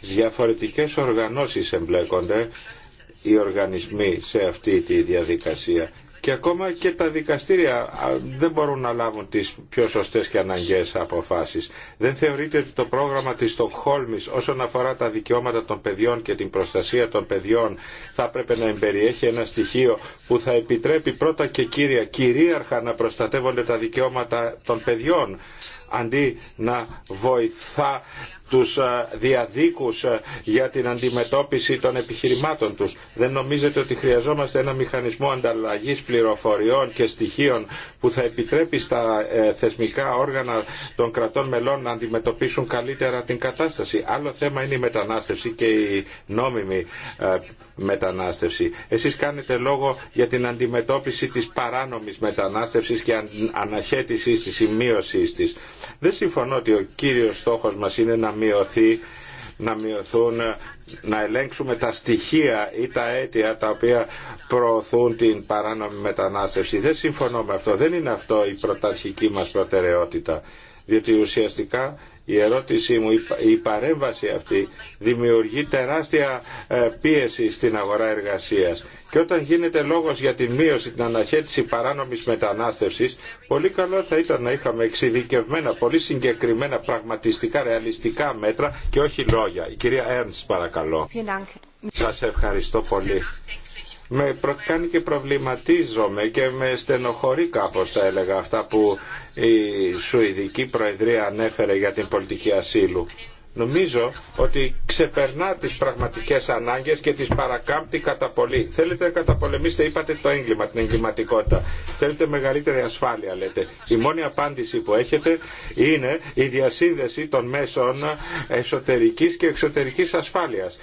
Διαφορετικές οργανώσεις εμπλέκονται οι οργανισμοί σε αυτή τη διαδικασία και ακόμα και τα δικαστήρια δεν μπορούν να λάβουν τις πιο σωστές και αναγκαίες αποφάσεις. Δεν θεωρείτε ότι το πρόγραμμα της Στοκχόλμης όσον αφορά τα δικαιώματα των παιδιών και την προστασία των παιδιών θα έπρεπε να εμπεριέχει ένα στοιχείο που θα επιτρέπει πρώτα και κύρια, κυρίαρχα να προστατεύονται τα δικαιώματα των παιδιών αντί να βοηθά τους διαδίκους για την αντιμετώπιση των επιχειρημάτων τους. Δεν νομίζετε ότι χρειαζόμαστε ένα μηχανισμό ανταλλαγής πληροφοριών και στοιχείων που θα επιτρέπει στα ε, θεσμικά όργανα των κρατών μελών να αντιμετωπίσουν καλύτερα την κατάσταση. Άλλο θέμα είναι η μετανάστευση και η νόμιμη ε, μετανάστευση. Εσείς κάνετε λόγο για την αντιμετώπιση της παράνομης μετανάστευσης και αναχέτησης της σημείωσής της. Δεν συμφωνώ ότι ο κύριος στόχος μας είναι να μειωθεί να μειωθούν, να ελέγξουμε τα στοιχεία ή τα αίτια τα οποία προωθούν την παράνομη μετανάστευση. Δεν συμφωνώ με αυτό. Δεν είναι αυτό η πρωταρχική μας προτεραιότητα. Διότι ουσιαστικά η ερώτησή μου, η παρέμβαση αυτή δημιουργεί τεράστια ε, πίεση στην αγορά εργασίας. Και όταν γίνεται λόγος για την μείωση, την αναχέτηση παράνομης μετανάστευσης, πολύ καλό θα ήταν να είχαμε εξειδικευμένα, πολύ συγκεκριμένα, πραγματιστικά, ρεαλιστικά μέτρα και όχι λόγια. Η κυρία Έρντς παρακαλώ. Σας ευχαριστώ πολύ με κάνει και προβληματίζομαι και με στενοχωρεί κάπως θα έλεγα αυτά που η Σουηδική Προεδρία ανέφερε για την πολιτική ασύλου. Νομίζω ότι ξεπερνά τις πραγματικές ανάγκες και τις παρακάμπτει κατά πολύ. Θέλετε να καταπολεμήσετε, είπατε το έγκλημα, την εγκληματικότητα. Θέλετε μεγαλύτερη ασφάλεια, λέτε. Η μόνη απάντηση που έχετε είναι η διασύνδεση των μέσων εσωτερικής και εξωτερικής ασφάλειας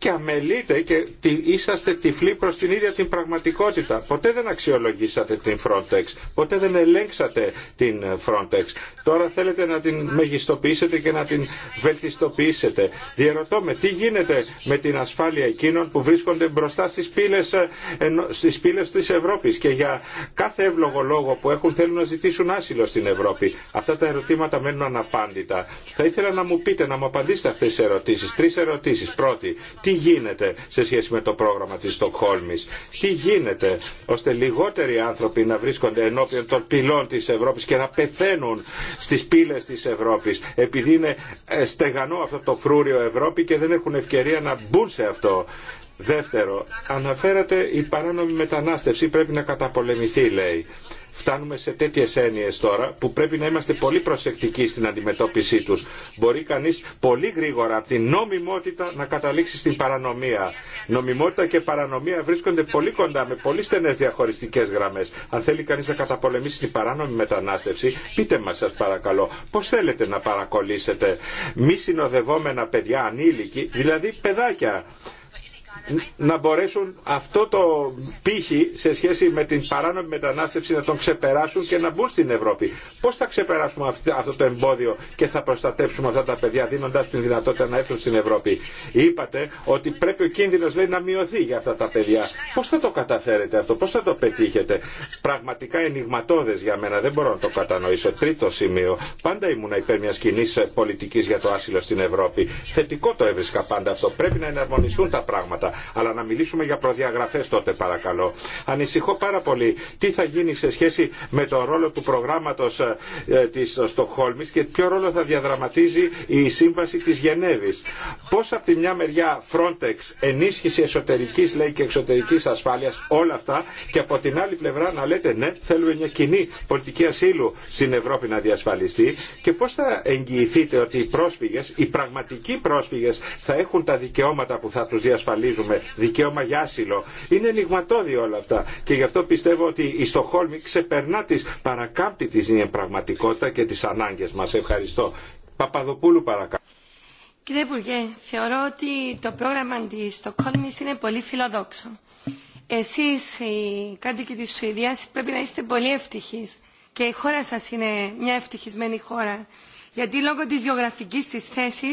και αμελείτε και είσαστε τυφλοί προς την ίδια την πραγματικότητα. Ποτέ δεν αξιολογήσατε την Frontex, ποτέ δεν ελέγξατε την ε, Frontex. Τώρα θέλετε να την μεγιστοποιήσετε και να την βελτιστοποιήσετε. Διερωτώ με τι γίνεται με την ασφάλεια εκείνων που βρίσκονται μπροστά στις πύλες, ε, στις πύλες της Ευρώπης και για κάθε εύλογο λόγο που έχουν θέλουν να ζητήσουν άσυλο στην Ευρώπη. Αυτά τα ερωτήματα μένουν αναπάντητα. Θα ήθελα να μου πείτε, να μου απαντήσετε αυτές τις ερωτήσεις. Τρεις ερωτήσεις. Πρώτη, τι γίνεται σε σχέση με το πρόγραμμα της Στοκχόλμης. Τι γίνεται ώστε λιγότεροι άνθρωποι να βρίσκονται ενώπιον των πυλών της Ευρώπης και να πεθαίνουν στις πύλες της Ευρώπης επειδή είναι ε, στεγανό αυτό το φρούριο Ευρώπη και δεν έχουν ευκαιρία να μπουν σε αυτό. Δεύτερο, αναφέρατε η παράνομη μετανάστευση πρέπει να καταπολεμηθεί λέει φτάνουμε σε τέτοιε έννοιες τώρα που πρέπει να είμαστε πολύ προσεκτικοί στην αντιμετώπιση τους. Μπορεί κανείς πολύ γρήγορα από την νομιμότητα να καταλήξει στην παρανομία. Νομιμότητα και παρανομία βρίσκονται πολύ κοντά με πολύ στενές διαχωριστικές γραμμές. Αν θέλει κανείς να καταπολεμήσει την παράνομη μετανάστευση, πείτε μα σα παρακαλώ Πώ θέλετε να παρακολύσετε μη συνοδευόμενα παιδιά ανήλικοι, δηλαδή παιδάκια να μπορέσουν αυτό το πύχη σε σχέση με την παράνομη μετανάστευση να τον ξεπεράσουν και να μπουν στην Ευρώπη. Πώς θα ξεπεράσουμε αυτό το εμπόδιο και θα προστατεύσουμε αυτά τα παιδιά δίνοντας την δυνατότητα να έρθουν στην Ευρώπη. Είπατε ότι πρέπει ο κίνδυνος λέει να μειωθεί για αυτά τα παιδιά. Πώς θα το καταφέρετε αυτό, πώς θα το πετύχετε. Πραγματικά ενηγματώδες για μένα, δεν μπορώ να το κατανοήσω. Τρίτο σημείο, πάντα ήμουν υπέρ μιας κοινή πολιτικής για το άσυλο στην Ευρώπη. Θετικό το έβρισκα πάντα αυτό. Πρέπει να εναρμονιστούν τα πράγματα. Αλλά να μιλήσουμε για προδιαγραφές τότε παρακαλώ. Ανησυχώ πάρα πολύ τι θα γίνει σε σχέση με τον ρόλο του προγράμματος ε, της Στοκχόλμης και ποιο ρόλο θα διαδραματίζει η σύμβαση της Γενέβης. Πώς από τη μια μεριά Frontex, ενίσχυση εσωτερικής λέει και εξωτερικής ασφάλειας, όλα αυτά και από την άλλη πλευρά να λέτε ναι θέλουμε μια κοινή πολιτική ασύλου στην Ευρώπη να διασφαλιστεί και πώς θα εγγυηθείτε ότι οι πρόσφυγες, οι πραγματικοί πρόσφυγες θα έχουν τα δικαιώματα που θα τους διασφαλίζουν δικαίωμα για άσυλο. Είναι ενηγματώδη όλα αυτά και γι' αυτό πιστεύω ότι η Στοχόλμη ξεπερνά τις παρακάμπτει τη πραγματικότητα και τις ανάγκες μας. Ευχαριστώ. Παπαδοπούλου παρακάτω. Κύριε Υπουργέ, θεωρώ ότι το πρόγραμμα τη Στοχόλμη είναι πολύ φιλοδόξο. Εσεί, οι κάτοικοι τη Σουηδία πρέπει να είστε πολύ ευτυχεί. και η χώρα σα είναι μια ευτυχισμένη χώρα. Γιατί λόγω τη γεωγραφική τη θέση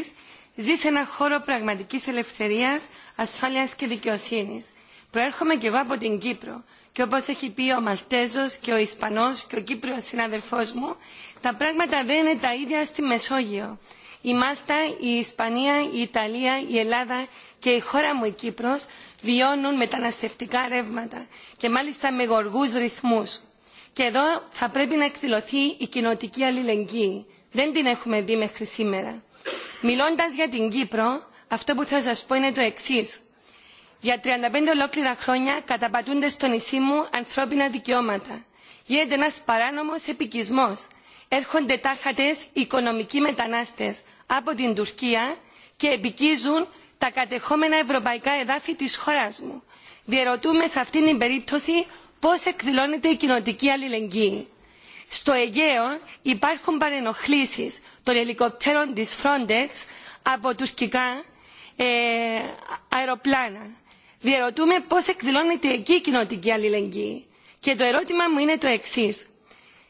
ζει σε ένα χώρο πραγματικής ελευθερίας, ασφάλειας και δικαιοσύνης. Προέρχομαι κι εγώ από την Κύπρο και όπως έχει πει ο Μαλτέζος και ο Ισπανός και ο Κύπριος συναδελφός μου, τα πράγματα δεν είναι τα ίδια στη Μεσόγειο. Η Μάλτα, η Ισπανία, η Ιταλία, η Ελλάδα και η χώρα μου η Κύπρος βιώνουν μεταναστευτικά ρεύματα και μάλιστα με γοργούς ρυθμούς. Και εδώ θα πρέπει να εκδηλωθεί η κοινοτική αλληλεγγύη. Δεν την έχουμε δει μέχρι σήμερα. Μιλώντας για την Κύπρο, αυτό που θέλω να σας πω είναι το εξής. Για 35 ολόκληρα χρόνια καταπατούνται στο νησί μου ανθρώπινα δικαιώματα. Γίνεται ένας παράνομος επικισμός. Έρχονται τάχατες οικονομικοί μετανάστες από την Τουρκία και επικίζουν τα κατεχόμενα ευρωπαϊκά εδάφη της χώρας μου. Διερωτούμε σε αυτήν την περίπτωση πώς εκδηλώνεται η κοινοτική αλληλεγγύη στο Αιγαίο υπάρχουν παρενοχλήσεις των ελικοπτέρων της Frontex από τουρκικά ε, αεροπλάνα. Διερωτούμε πώς εκδηλώνεται εκεί η κοινωτική αλληλεγγύη. Και το ερώτημα μου είναι το εξή.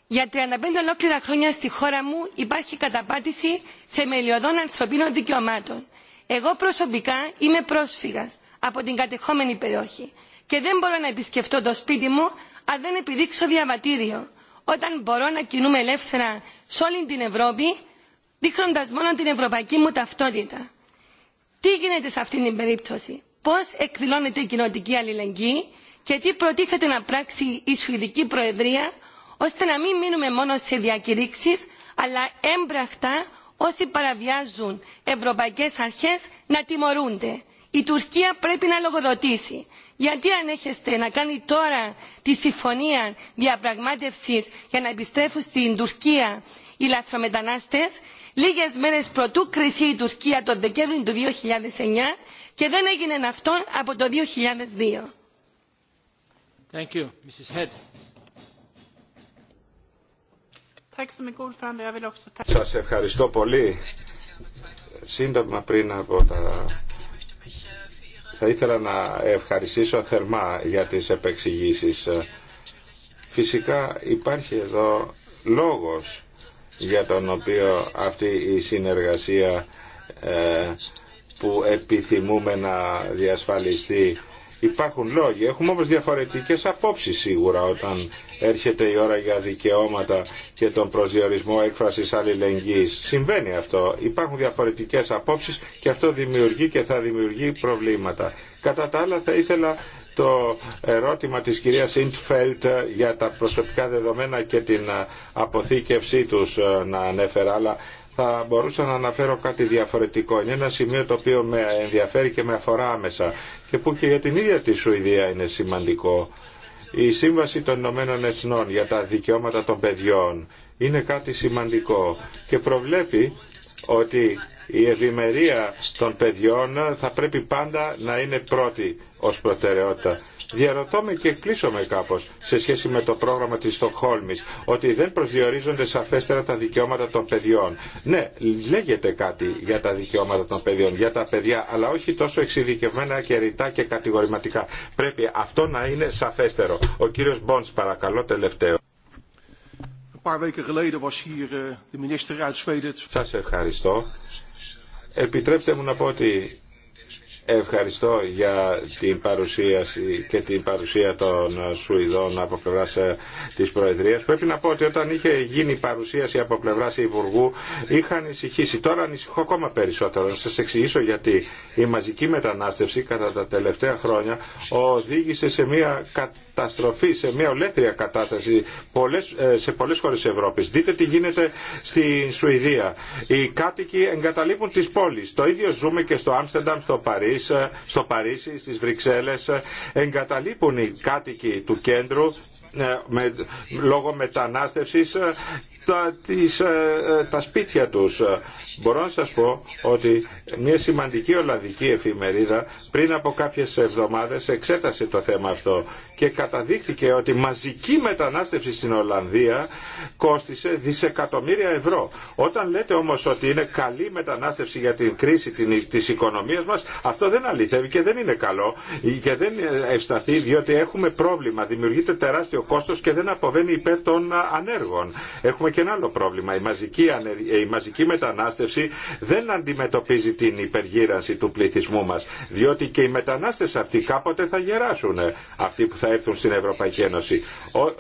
Για 35 ολόκληρα χρόνια στη χώρα μου υπάρχει καταπάτηση θεμελιωδών ανθρωπίνων δικαιωμάτων. Εγώ προσωπικά είμαι πρόσφυγας από την κατεχόμενη περιοχή και δεν μπορώ να επισκεφτώ το σπίτι μου αν δεν επιδείξω διαβατήριο όταν μπορώ να κινούμαι ελεύθερα σε όλη την Ευρώπη, δείχνοντα μόνο την ευρωπαϊκή μου ταυτότητα. Τι γίνεται σε αυτήν την περίπτωση, πώ εκδηλώνεται η κοινοτική αλληλεγγύη και τι προτίθεται να πράξει η Σουηδική Προεδρία, ώστε να μην μείνουμε μόνο σε διακηρύξει, αλλά έμπραχτα όσοι παραβιάζουν ευρωπαϊκές αρχές να τιμωρούνται. Η Τουρκία πρέπει να λογοδοτήσει γιατί ανέχεστε να κάνει τώρα τη συμφωνία διαπραγματεύση για να επιστρέφουν στην Τουρκία οι λαθρομετανάστε, λίγε μέρε προτού κρυθεί η Τουρκία το Δεκέμβριο του 2009 και δεν έγινε αυτό από το 2002. Σας ευχαριστώ πολύ. Σύντομα πριν από τα θα ήθελα να ευχαριστήσω θερμά για τις επεξηγήσεις. Φυσικά υπάρχει εδώ λόγος για τον οποίο αυτή η συνεργασία ε, που επιθυμούμε να διασφαλιστεί. Υπάρχουν λόγοι, έχουμε όμως διαφορετικές απόψεις σίγουρα όταν έρχεται η ώρα για δικαιώματα και τον προσδιορισμό έκφραση αλληλεγγύης. Συμβαίνει αυτό. Υπάρχουν διαφορετικές απόψεις και αυτό δημιουργεί και θα δημιουργεί προβλήματα. Κατά τα άλλα θα ήθελα το ερώτημα της κυρίας Ιντφέλτ για τα προσωπικά δεδομένα και την αποθήκευσή τους ε, να ανέφερα, αλλά θα μπορούσα να αναφέρω κάτι διαφορετικό. Είναι ένα σημείο το οποίο με ενδιαφέρει και με αφορά άμεσα και που και για την ίδια τη Σουηδία είναι σημαντικό η Σύμβαση των Ηνωμένων Εθνών για τα Δικαιώματα των Παιδιών είναι κάτι σημαντικό και προβλέπει ότι η ευημερία των παιδιών θα πρέπει πάντα να είναι πρώτη ως προτεραιότητα. Διαρωτώ με και με κάπως σε σχέση με το πρόγραμμα της Στοκχόλμης ότι δεν προσδιορίζονται σαφέστερα τα δικαιώματα των παιδιών. Ναι, λέγεται κάτι για τα δικαιώματα των παιδιών, για τα παιδιά, αλλά όχι τόσο εξειδικευμένα και ρητά και κατηγορηματικά. Πρέπει αυτό να είναι σαφέστερο. Ο κύριος Μπόντς παρακαλώ τελευταίο. Eh, Σας ευχαριστώ επιτρέψτε μου να πω ότι Ευχαριστώ για την παρουσίαση και την παρουσία των Σουηδών από πλευρά ε, τη Προεδρία. Πρέπει να πω ότι όταν είχε γίνει παρουσίαση από πλευρά Υπουργού είχα ανησυχήσει. Τώρα ανησυχώ ακόμα περισσότερο. Να σα εξηγήσω γιατί. Η μαζική μετανάστευση κατά τα τελευταία χρόνια οδήγησε σε μια καταστροφή, σε μια ολέθρια κατάσταση ε, σε πολλέ χώρε τη Ευρώπη. Δείτε τι γίνεται στην Σουηδία. Οι κάτοικοι εγκαταλείπουν τι πόλει. Το ίδιο ζούμε και στο Άμστερνταμ, στο Παρίσι ε, στο Παρίσι, στις Βρυξέλλες ε, εγκαταλείπουν οι κάτοικοι του κέντρου ε, λόγω μετανάστευσης τα, τις, ε, ε, τα σπίτια τους. Μπορώ να σας πω ότι μια σημαντική Ολλανδική εφημερίδα πριν από κάποιες εβδομάδες εξέτασε το θέμα αυτό και καταδείχθηκε ότι μαζική μετανάστευση στην Ολλανδία κόστησε δισεκατομμύρια ευρώ. Όταν λέτε όμως ότι είναι καλή μετανάστευση για την κρίση της οικονομίας μας, αυτό δεν αληθεύει και δεν είναι καλό και δεν ευσταθεί διότι έχουμε πρόβλημα, δημιουργείται τεράστιο κόστος και δεν αποβαίνει υπέρ των ανέργων. Έχουμε και ένα άλλο πρόβλημα. Η μαζική, η μαζική μετανάστευση δεν αντιμετωπίζει την υπεργύρανση του πληθυσμού μας, διότι και οι μετανάστες αυτοί κάποτε θα γεράσουν, αυτοί που θα έρθουν στην Ευρωπαϊκή Ένωση.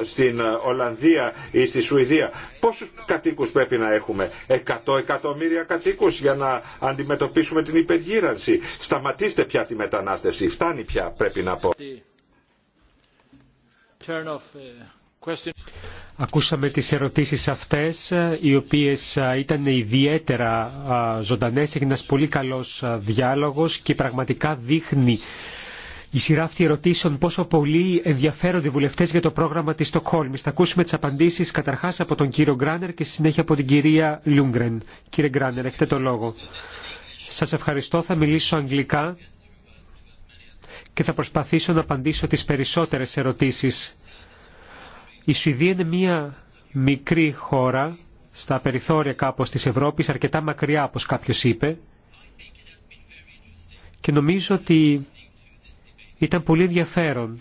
στην ε, Ολλανδία ή στη Σουηδία πόσους κατοίκους πρέπει να έχουμε, Εκατό εκατομμύρια κατοίκους για να αντιμετωπίσουμε την υπεργύρανση. Σταματήστε πια τη μετανάστευση, φτάνει πια πρέπει να πω. Ε, Ακούσαμε τις ερωτήσεις αυτές, ε, οι οποίες ε, ήταν ιδιαίτερα ε, ζωντανές. Έγινε ένας πολύ καλός διάλογος και πραγματικά δείχνει η σειρά αυτή ερωτήσεων πόσο πολύ ενδιαφέρονται οι βουλευτές για το πρόγραμμα της Στοκχόλμης. Θα ακούσουμε τις απαντήσεις καταρχάς από τον κύριο Γκράνερ και συνέχεια από την κυρία Λούγκρεν. Κύριε Γκράνερ, έχετε το λόγο. Σας ευχαριστώ, θα μιλήσω αγγλικά και θα προσπαθήσω να απαντήσω τις περισσότερες ερωτήσεις η Σουηδία είναι μια μικρή χώρα στα περιθώρια κάπως της Ευρώπης, αρκετά μακριά όπως κάποιος είπε και νομίζω ότι ήταν πολύ ενδιαφέρον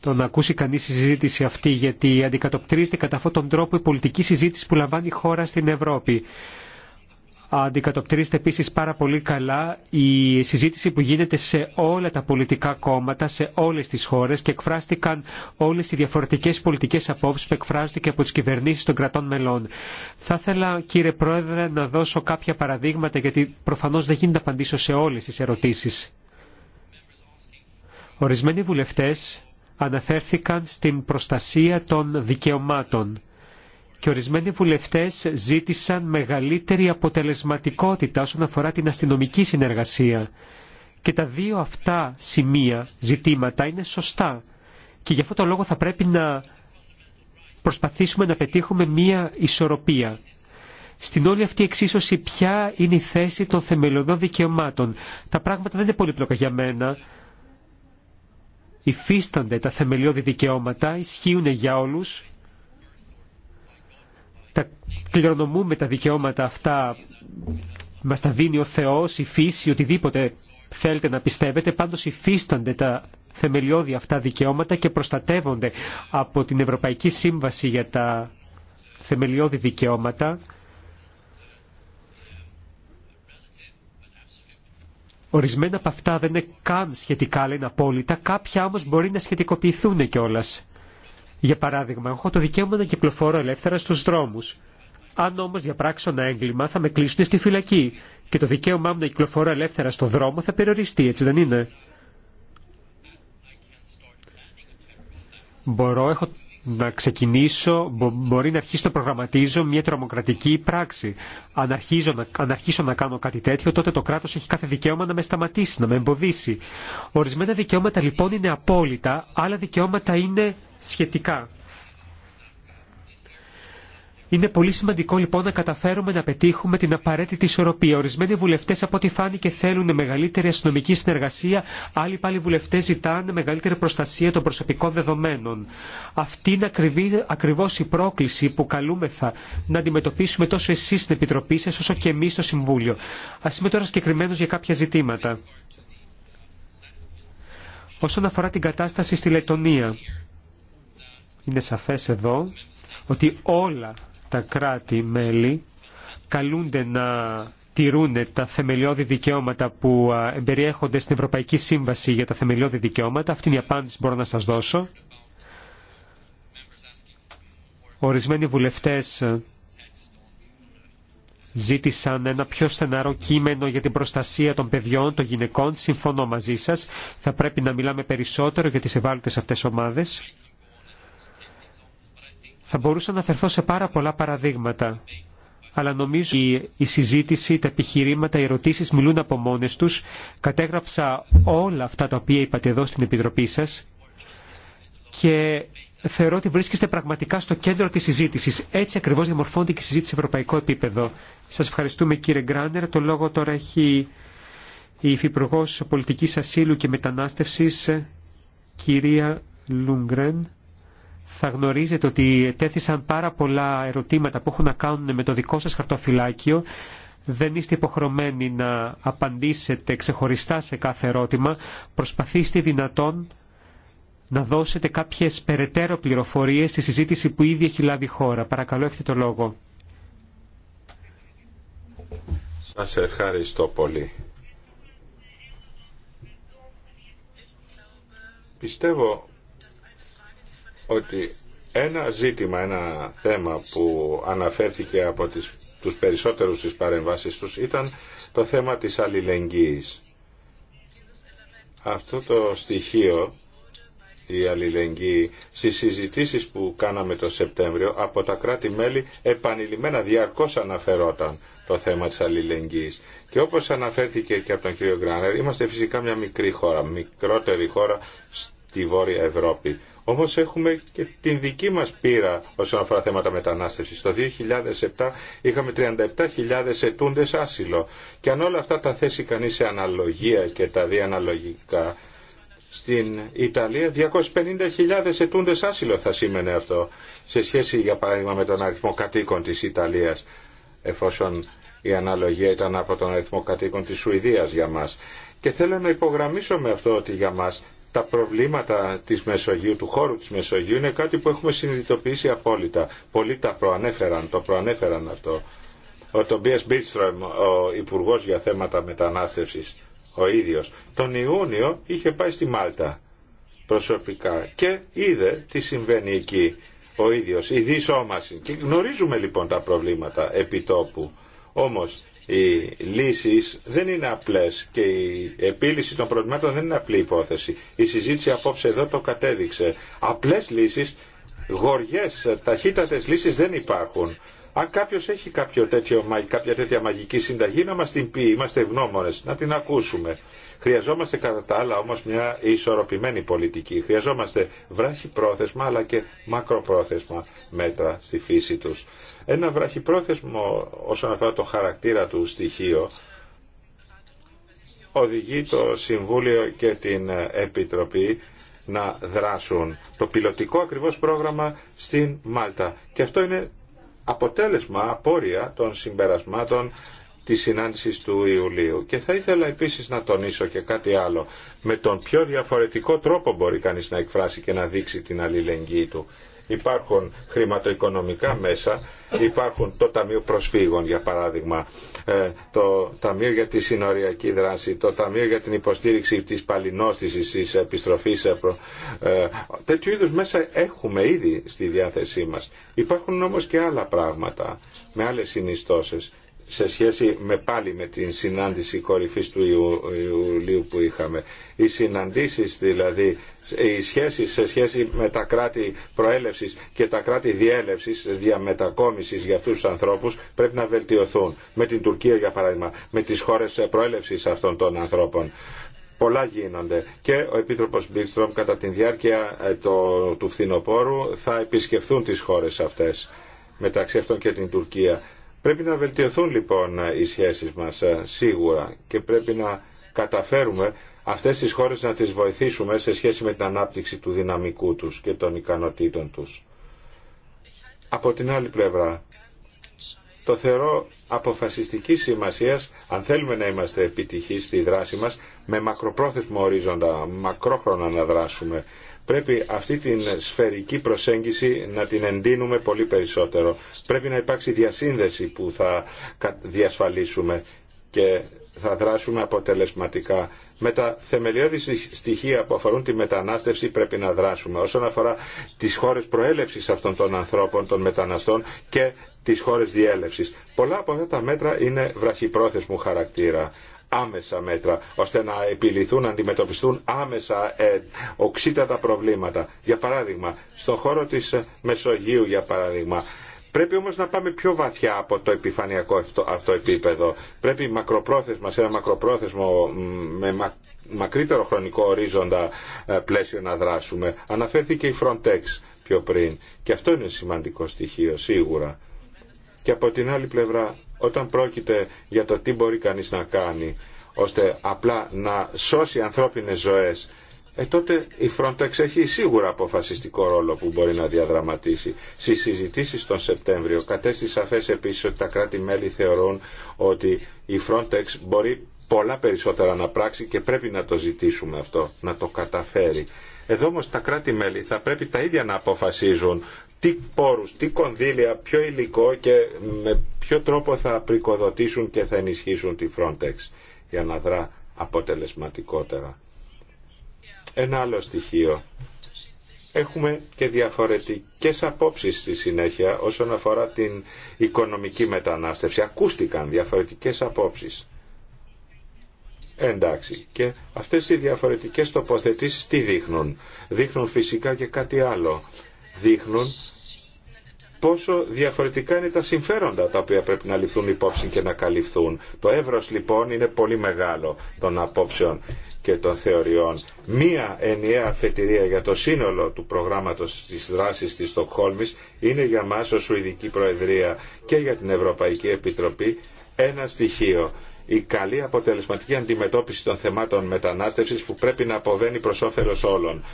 το να ακούσει κανείς η συζήτηση αυτή γιατί αντικατοπτρίζεται κατά αυτόν τον τρόπο η πολιτική συζήτηση που λαμβάνει η χώρα στην Ευρώπη αντικατοπτρίζεται επίσης πάρα πολύ καλά η συζήτηση που γίνεται σε όλα τα πολιτικά κόμματα, σε όλες τις χώρες και εκφράστηκαν όλες οι διαφορετικές πολιτικές απόψεις που εκφράζονται και από τις κυβερνήσεις των κρατών μελών. Θα ήθελα κύριε Πρόεδρε να δώσω κάποια παραδείγματα γιατί προφανώς δεν γίνεται να απαντήσω σε όλες τις ερωτήσεις. Ορισμένοι βουλευτές αναφέρθηκαν στην προστασία των δικαιωμάτων και ορισμένοι βουλευτές ζήτησαν μεγαλύτερη αποτελεσματικότητα όσον αφορά την αστυνομική συνεργασία. Και τα δύο αυτά σημεία, ζητήματα, είναι σωστά. Και γι' αυτό το λόγο θα πρέπει να προσπαθήσουμε να πετύχουμε μία ισορροπία. Στην όλη αυτή εξίσωση ποια είναι η θέση των θεμελιωδών δικαιωμάτων. Τα πράγματα δεν είναι πολύπλοκα για μένα. Υφίστανται τα θεμελιώδη δικαιώματα, ισχύουν για όλους τα κληρονομούμε τα δικαιώματα αυτά, μας τα δίνει ο Θεός, η φύση, οτιδήποτε θέλετε να πιστεύετε, πάντως υφίστανται τα θεμελιώδη αυτά δικαιώματα και προστατεύονται από την Ευρωπαϊκή Σύμβαση για τα θεμελιώδη δικαιώματα. Ορισμένα από αυτά δεν είναι καν σχετικά, λένε απόλυτα, κάποια όμως μπορεί να σχετικοποιηθούν κιόλας. Για παράδειγμα, έχω το δικαίωμα να κυκλοφορώ ελεύθερα στους δρόμους. Αν όμω διαπράξω ένα έγκλημα, θα με κλείσουν στη φυλακή και το δικαίωμά μου να κυκλοφορώ ελεύθερα στον δρόμο θα περιοριστεί, έτσι δεν είναι. Μπορώ, έχω να ξεκινήσω, μπορεί να αρχίσω να προγραμματίζω μια τρομοκρατική πράξη. Αν αρχίσω, να, αρχίσω να κάνω κάτι τέτοιο, τότε το κράτος έχει κάθε δικαίωμα να με σταματήσει, να με εμποδίσει. Ορισμένα δικαιώματα λοιπόν είναι απόλυτα, άλλα δικαιώματα είναι σχετικά. Είναι πολύ σημαντικό λοιπόν να καταφέρουμε να πετύχουμε την απαραίτητη ισορροπία. Ορισμένοι βουλευτέ από ό,τι φάνηκε θέλουν μεγαλύτερη αστυνομική συνεργασία, άλλοι πάλι βουλευτέ ζητάνε μεγαλύτερη προστασία των προσωπικών δεδομένων. Αυτή είναι ακριβώ η πρόκληση που καλούμεθα να αντιμετωπίσουμε τόσο εσεί στην Επιτροπή σα όσο και εμεί στο Συμβούλιο. Α είμαι τώρα συγκεκριμένο για κάποια ζητήματα. Όσον αφορά την κατάσταση στη Λετωνία, είναι σαφές εδώ ότι όλα τα κράτη-μέλη καλούνται να τηρούν τα θεμελιώδη δικαιώματα που περιέχονται στην Ευρωπαϊκή Σύμβαση για τα θεμελιώδη δικαιώματα. Αυτή είναι η απάντηση που μπορώ να σας δώσω. Ορισμένοι βουλευτές ζήτησαν ένα πιο στεναρό κείμενο για την προστασία των παιδιών, των γυναικών. Συμφωνώ μαζί σας. Θα πρέπει να μιλάμε περισσότερο για τις ευάλωτες αυτές ομάδες. Θα μπορούσα να αφαιρθώ σε πάρα πολλά παραδείγματα, αλλά νομίζω ότι η συζήτηση, τα επιχειρήματα, οι ερωτήσεις μιλούν από μόνες τους. Κατέγραψα όλα αυτά τα οποία είπατε εδώ στην Επιτροπή σας και θεωρώ ότι βρίσκεστε πραγματικά στο κέντρο της συζήτησης. Έτσι ακριβώς διαμορφώνεται και η συζήτηση σε ευρωπαϊκό επίπεδο. Σας ευχαριστούμε κύριε Γκράνερ. Το λόγο τώρα έχει η Υφυπουργός Πολιτικής Ασύλου και Μετανάστευση κυρία Λούγκρεν θα γνωρίζετε ότι τέθησαν πάρα πολλά ερωτήματα που έχουν να κάνουν με το δικό σας χαρτοφυλάκιο. Δεν είστε υποχρεωμένοι να απαντήσετε ξεχωριστά σε κάθε ερώτημα. Προσπαθήστε δυνατόν να δώσετε κάποιες περαιτέρω πληροφορίες στη συζήτηση που ήδη έχει λάβει η χώρα. Παρακαλώ, έχετε το λόγο. Σας ευχαριστώ πολύ. Πιστεύω ότι ένα ζήτημα, ένα θέμα που αναφέρθηκε από τις, τους περισσότερους στις παρεμβάσεις τους ήταν το θέμα της αλληλεγγύης. Αυτό το στοιχείο, η αλληλεγγύη, στις συζητήσεις που κάναμε το Σεπτέμβριο από τα κράτη-μέλη επανειλημμένα διαρκώς αναφερόταν το θέμα της αλληλεγγύης. Και όπως αναφέρθηκε και από τον κύριο Γκράνερ, είμαστε φυσικά μια μικρή χώρα, μικρότερη χώρα τη Βόρεια Ευρώπη. Όμως έχουμε και την δική μας πείρα όσον αφορά θέματα μετανάστευσης. Το 2007 είχαμε 37.000 ετούντες άσυλο. Και αν όλα αυτά τα θέσει κανείς σε αναλογία και τα δει αναλογικά, στην Ιταλία 250.000 ετούντες άσυλο θα σήμαινε αυτό σε σχέση για παράδειγμα με τον αριθμό κατοίκων της Ιταλίας εφόσον η αναλογία ήταν από τον αριθμό κατοίκων της Σουηδίας για μας. Και θέλω να υπογραμμίσω με αυτό ότι για μας τα προβλήματα της Μεσογείου, του χώρου της Μεσογείου είναι κάτι που έχουμε συνειδητοποιήσει απόλυτα. Πολλοί τα προανέφεραν, το προανέφεραν αυτό. Ο Τομπίας Μπίτστρομ, ο υπουργό για θέματα μετανάστευσης, ο ίδιος, τον Ιούνιο είχε πάει στη Μάλτα προσωπικά και είδε τι συμβαίνει εκεί ο ίδιος, η δυσόμαση. Και γνωρίζουμε λοιπόν τα προβλήματα επιτόπου. Όμως οι λύσεις δεν είναι απλές και η επίλυση των προβλημάτων δεν είναι απλή υπόθεση. Η συζήτηση απόψε εδώ το κατέδειξε. Απλές λύσεις, γοριέ, ταχύτατες λύσεις δεν υπάρχουν. Αν κάποιο έχει κάποιο τέτοιο, κάποια τέτοια μαγική συνταγή, να μα την πει, είμαστε ευγνώμονε, να την ακούσουμε. Χρειαζόμαστε κατά τα άλλα όμω μια ισορροπημένη πολιτική. Χρειαζόμαστε βράχη πρόθεσμα αλλά και μακροπρόθεσμα μέτρα στη φύση του ένα βραχυπρόθεσμο όσον αφορά το χαρακτήρα του στοιχείο οδηγεί το Συμβούλιο και την Επιτροπή να δράσουν το πιλωτικό ακριβώς πρόγραμμα στην Μάλτα. Και αυτό είναι αποτέλεσμα, απόρρια των συμπερασμάτων της συνάντησης του Ιουλίου. Και θα ήθελα επίσης να τονίσω και κάτι άλλο. Με τον πιο διαφορετικό τρόπο μπορεί κανείς να εκφράσει και να δείξει την αλληλεγγύη του. Υπάρχουν χρηματοοικονομικά μέσα, υπάρχουν το Ταμείο Προσφύγων για παράδειγμα, ε, το Ταμείο για τη Συνοριακή Δράση, το Ταμείο για την Υποστήριξη της Παλινόστησης, της Επιστροφής. Ε, ε, τέτοιου είδους μέσα έχουμε ήδη στη διάθεσή μας. Υπάρχουν όμως και άλλα πράγματα με άλλες συνιστώσεις σε σχέση με πάλι με την συνάντηση κορυφής του Ιουλίου που είχαμε. Οι συναντήσεις δηλαδή οι σχέσεις σε σχέση με τα κράτη προέλευσης και τα κράτη διέλευσης διαμετακόμισης για αυτούς τους ανθρώπους πρέπει να βελτιωθούν. Με την Τουρκία για παράδειγμα, με τις χώρες προέλευσης αυτών των ανθρώπων. Πολλά γίνονται και ο Επίτροπος Μπίλστρομ κατά τη διάρκεια ε, του φθινοπόρου θα επισκεφθούν τις χώρες αυτές, μεταξύ αυτών και την Τουρκία. Πρέπει να βελτιωθούν λοιπόν οι σχέσεις μας ε, σίγουρα και πρέπει να καταφέρουμε αυτές τις χώρες να τις βοηθήσουμε σε σχέση με την ανάπτυξη του δυναμικού τους και των ικανοτήτων τους. Από την άλλη πλευρά, το θεωρώ αποφασιστική σημασία, αν θέλουμε να είμαστε επιτυχεί στη δράση μας, με μακροπρόθεσμο ορίζοντα, μακρόχρονα να δράσουμε. Πρέπει αυτή την σφαιρική προσέγγιση να την εντείνουμε πολύ περισσότερο. Πρέπει να υπάρξει διασύνδεση που θα διασφαλίσουμε και θα δράσουμε αποτελεσματικά με τα θεμελιώδη στοιχεία που αφορούν τη μετανάστευση πρέπει να δράσουμε όσον αφορά τις χώρες προέλευσης αυτών των ανθρώπων, των μεταναστών και τις χώρες διέλευσης. Πολλά από αυτά τα μέτρα είναι βραχυπρόθεσμου χαρακτήρα άμεσα μέτρα ώστε να επιληθούν, να αντιμετωπιστούν άμεσα ε, οξύτατα προβλήματα. Για παράδειγμα, στον χώρο της Μεσογείου, για παράδειγμα, Πρέπει όμως να πάμε πιο βαθιά από το επιφανειακό αυτό επίπεδο. Πρέπει μακροπρόθεσμα, σε ένα μακροπρόθεσμο με μακρύτερο χρονικό ορίζοντα ε, πλαίσιο να δράσουμε. Αναφέρθηκε η Frontex πιο πριν και αυτό είναι σημαντικό στοιχείο σίγουρα. Και από την άλλη πλευρά όταν πρόκειται για το τι μπορεί κανείς να κάνει ώστε απλά να σώσει ανθρώπινες ζωές ε, τότε η Frontex έχει σίγουρα αποφασιστικό ρόλο που μπορεί να διαδραματίσει. Στι συζητήσει τον Σεπτέμβριο κατέστη σαφέ επίση ότι τα κράτη-μέλη θεωρούν ότι η Frontex μπορεί πολλά περισσότερα να πράξει και πρέπει να το ζητήσουμε αυτό, να το καταφέρει. Εδώ όμω τα κράτη-μέλη θα πρέπει τα ίδια να αποφασίζουν τι πόρους, τι κονδύλια, ποιο υλικό και με ποιο τρόπο θα πρικοδοτήσουν και θα ενισχύσουν τη Frontex για να δρά αποτελεσματικότερα. Ένα άλλο στοιχείο. Έχουμε και διαφορετικές απόψεις στη συνέχεια όσον αφορά την οικονομική μετανάστευση. Ακούστηκαν διαφορετικές απόψεις. Εντάξει. Και αυτές οι διαφορετικές τοποθετήσεις τι δείχνουν. Δείχνουν φυσικά και κάτι άλλο. Δείχνουν πόσο διαφορετικά είναι τα συμφέροντα τα οποία πρέπει να ληφθούν υπόψη και να καλυφθούν. Το εύρος λοιπόν είναι πολύ μεγάλο των απόψεων και των θεωριών. Μία ενιαία αφετηρία για το σύνολο του προγράμματος της δράσης της Στοκχόλμης είναι για μας ως Σουηδική Προεδρία και για την Ευρωπαϊκή Επιτροπή ένα στοιχείο η καλή αποτελεσματική αντιμετώπιση των θεμάτων μετανάστευσης που πρέπει να αποβαίνει προς όφελος όλων.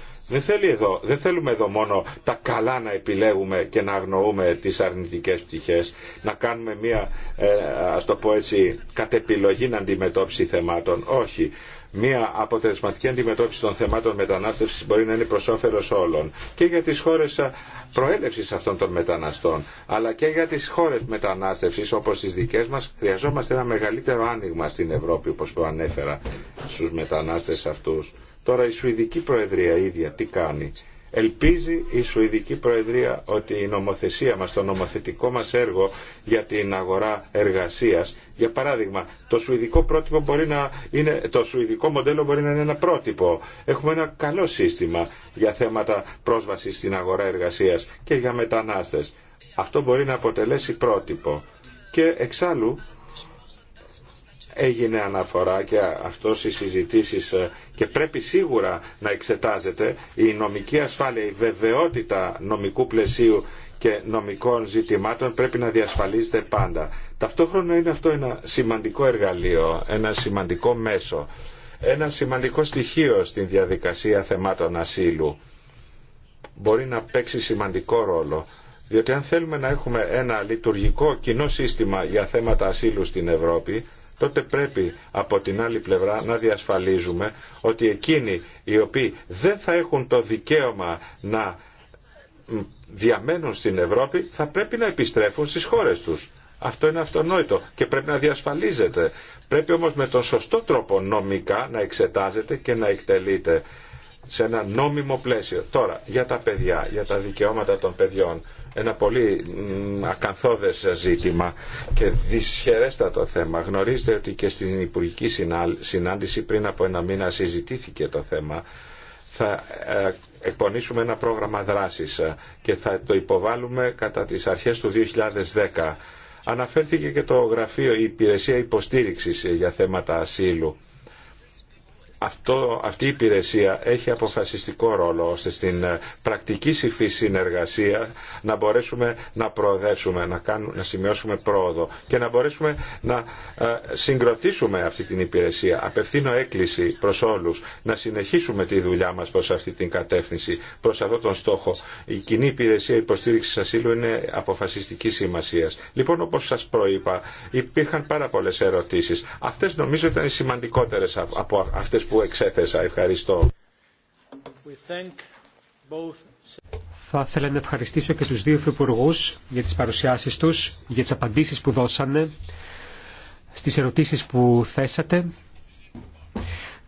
Δεν, θέλουμε εδώ μόνο τα καλά να επιλέγουμε και να αγνοούμε τις αρνητικές πτυχές, να κάνουμε μια, α ε, ας το πω έτσι, κατεπιλογή αντιμετώπιση θεμάτων. Όχι μια αποτελεσματική αντιμετώπιση των θεμάτων μετανάστευσης μπορεί να είναι προς όφελος όλων και για τις χώρες προέλευσης αυτών των μεταναστών αλλά και για τις χώρες μετανάστευσης όπως τις δικές μας χρειαζόμαστε ένα μεγαλύτερο άνοιγμα στην Ευρώπη όπως προανέφερα στους μετανάστες αυτούς. Τώρα η Σουηδική Προεδρία ίδια τι κάνει Ελπίζει η Σουηδική Προεδρία ότι η νομοθεσία μας, το νομοθετικό μας έργο για την αγορά εργασίας, για παράδειγμα, το σουηδικό, πρότυπο μπορεί να είναι, το σουηδικό μοντέλο μπορεί να είναι ένα πρότυπο. Έχουμε ένα καλό σύστημα για θέματα πρόσβασης στην αγορά εργασίας και για μετανάστες. Αυτό μπορεί να αποτελέσει πρότυπο. Και εξάλλου έγινε αναφορά και αυτό οι συζητήσεις ε, και πρέπει σίγουρα να εξετάζεται η νομική ασφάλεια, η βεβαιότητα νομικού πλαισίου και νομικών ζητημάτων πρέπει να διασφαλίζεται πάντα. Ταυτόχρονα είναι αυτό ένα σημαντικό εργαλείο, ένα σημαντικό μέσο, ένα σημαντικό στοιχείο στην διαδικασία θεμάτων ασύλου. Μπορεί να παίξει σημαντικό ρόλο. Διότι αν θέλουμε να έχουμε ένα λειτουργικό κοινό σύστημα για θέματα ασύλου στην Ευρώπη, τότε πρέπει από την άλλη πλευρά να διασφαλίζουμε ότι εκείνοι οι οποίοι δεν θα έχουν το δικαίωμα να διαμένουν στην Ευρώπη θα πρέπει να επιστρέφουν στις χώρες τους. Αυτό είναι αυτονόητο και πρέπει να διασφαλίζεται. Πρέπει όμως με τον σωστό τρόπο νομικά να εξετάζεται και να εκτελείται σε ένα νόμιμο πλαίσιο. Τώρα, για τα παιδιά, για τα δικαιώματα των παιδιών ένα πολύ ακαθόδες ζήτημα και δυσχερέστατο θέμα. Γνωρίζετε ότι και στην Υπουργική Συνάντηση πριν από ένα μήνα συζητήθηκε το θέμα θα ε, εκπονήσουμε ένα πρόγραμμα δράσης ε, και θα το υποβάλουμε κατά τις αρχές του 2010. Αναφέρθηκε και το γραφείο η υπηρεσία υποστήριξης ε, για θέματα ασύλου αυτή η υπηρεσία έχει αποφασιστικό ρόλο ώστε στην ε, πρακτική συμφή συνεργασία να μπορέσουμε να προοδεύσουμε, να, κάνουμε, να σημειώσουμε πρόοδο και να μπορέσουμε να ε, συγκροτήσουμε αυτή την υπηρεσία. Απευθύνω έκκληση προς όλους να συνεχίσουμε τη δουλειά μας προς αυτή την κατεύθυνση, προς αυτόν τον στόχο. Η κοινή υπηρεσία υποστήριξη ασύλου είναι αποφασιστική σημασία. Λοιπόν, όπως σας προείπα, υπήρχαν πάρα πολλές ερωτήσεις. Αυτές νομίζω ήταν οι σημαντικότερες από αυτές που εξέθεσα. Ευχαριστώ. Θα ήθελα να ευχαριστήσω και τους δύο υπουργού για τις παρουσιάσεις τους, για τις απαντήσεις που δώσανε, στις ερωτήσεις που θέσατε.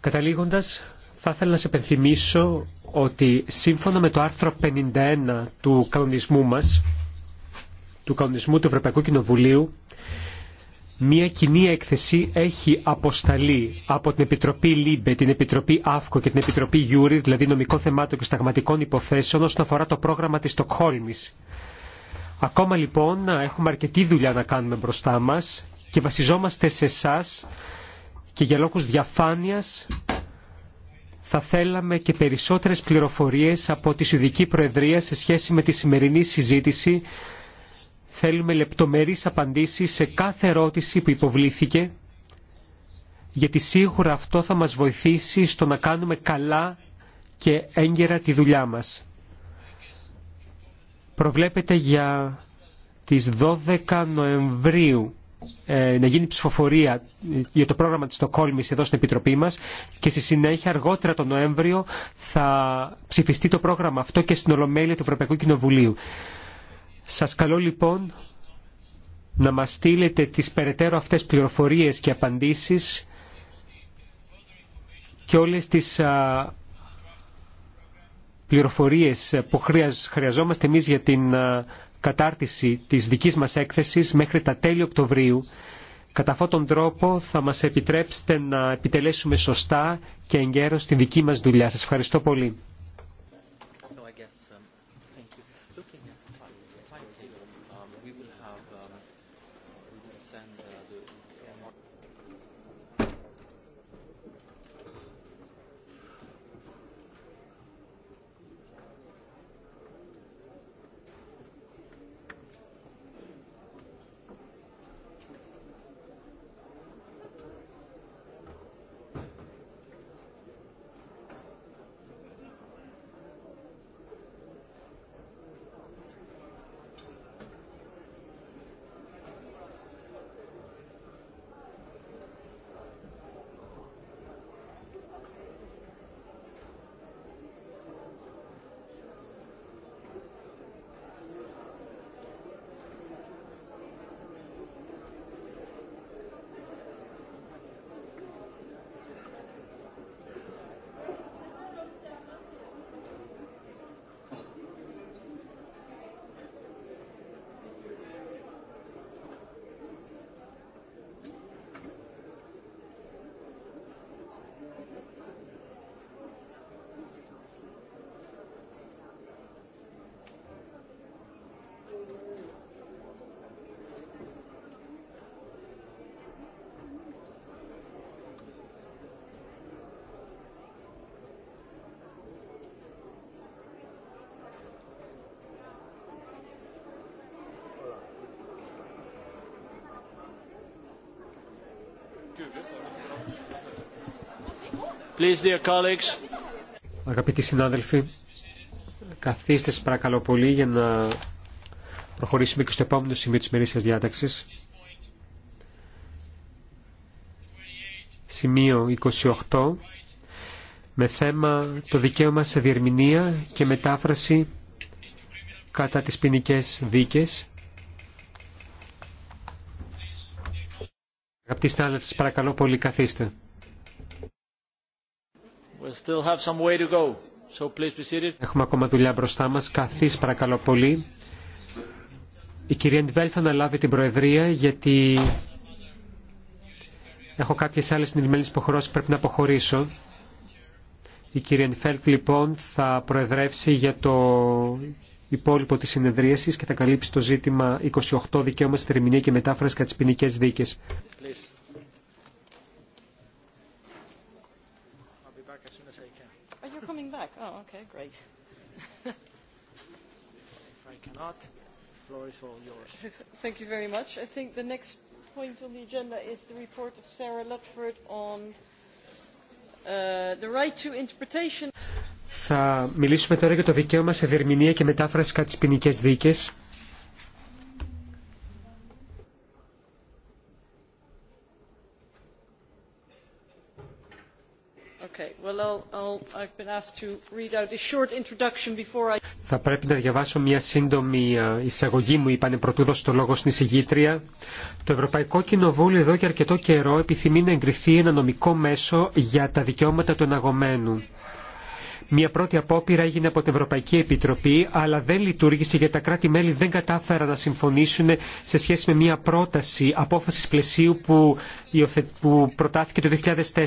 Καταλήγοντας, θα ήθελα να σε επενθυμίσω ότι σύμφωνα με το άρθρο 51 του κανονισμού μας, του κανονισμού του Ευρωπαϊκού Κοινοβουλίου, Μία κοινή έκθεση έχει αποσταλεί από την Επιτροπή ΛΥΜΠΕ, την Επιτροπή ΑΦΚΟ και την Επιτροπή Ιούρι, δηλαδή νομικών θεμάτων και σταγματικών υποθέσεων, όσον αφορά το πρόγραμμα της Στοκχόλμης. Ακόμα λοιπόν έχουμε αρκετή δουλειά να κάνουμε μπροστά μας και βασιζόμαστε σε εσά και για λόγους διαφάνειας θα θέλαμε και περισσότερες πληροφορίες από τη Σουηδική Προεδρία σε σχέση με τη σημερινή συζήτηση Θέλουμε λεπτομερείς απαντήσεις σε κάθε ερώτηση που υποβλήθηκε, γιατί σίγουρα αυτό θα μας βοηθήσει στο να κάνουμε καλά και έγκαιρα τη δουλειά μας. Προβλέπεται για τις 12 Νοεμβρίου ε, να γίνει ψηφοφορία ε, για το πρόγραμμα της Στοκόλμης εδώ στην Επιτροπή μας και στη συνέχεια αργότερα τον Νοέμβριο θα ψηφιστεί το πρόγραμμα αυτό και στην Ολομέλεια του Ευρωπαϊκού Κοινοβουλίου. Σας καλώ λοιπόν να μας στείλετε τις περαιτέρω αυτές πληροφορίες και απαντήσεις και όλες τις πληροφορίες που χρειαζόμαστε εμείς για την κατάρτιση της δικής μας έκθεσης μέχρι τα τέλη Οκτωβρίου. Κατά αυτόν τον τρόπο θα μας επιτρέψετε να επιτελέσουμε σωστά και εγκαίρως τη δική μας δουλειά. Σας ευχαριστώ πολύ. Αγαπητοί συνάδελφοι, καθίστε σας παρακαλώ πολύ για να προχωρήσουμε και στο επόμενο σημείο της μερίσιας διάταξης. Σημείο 28 με θέμα το δικαίωμα σε διερμηνία και μετάφραση κατά τις ποινικέ δίκες. Αγαπητοί συνάδελφοι, παρακαλώ πολύ καθίστε. Έχουμε ακόμα δουλειά μπροστά μας. Καθείς, παρακαλώ πολύ. Η κυρία Ντβέλ θα αναλάβει την Προεδρία γιατί έχω κάποιες άλλες συνειδημένες υποχρεώσεις που πρέπει να αποχωρήσω. Η κυρία Ντβέλ λοιπόν θα προεδρεύσει για το υπόλοιπο της συνεδρίασης και θα καλύψει το ζήτημα 28 δικαίωμα στη και μετάφραση κατά τις ποινικές δίκες. Great. If I cannot, the floor is all yours. Thank you very much. I think the next point on the agenda is the report of Sarah Ludford on the right to interpretation. Θα μιλήσουμε τώρα για το δικαίωμα σε διερμηνία και μετάφραση κατά τις ποινικές δίκες. Θα πρέπει να διαβάσω μια σύντομη ε, εισαγωγή μου, είπανε πρωτού δώσω το λόγο στην εισηγήτρια. Το Ευρωπαϊκό Κοινοβούλιο εδώ και αρκετό καιρό επιθυμεί να εγκριθεί ένα νομικό μέσο για τα δικαιώματα του εναγωμένου. Μια πρώτη απόπειρα έγινε από την Ευρωπαϊκή Επιτροπή, αλλά δεν λειτουργήσε γιατί τα κράτη-μέλη δεν κατάφεραν να συμφωνήσουν σε σχέση με μια πρόταση απόφαση πλαισίου που, προτάθηκε το 2004.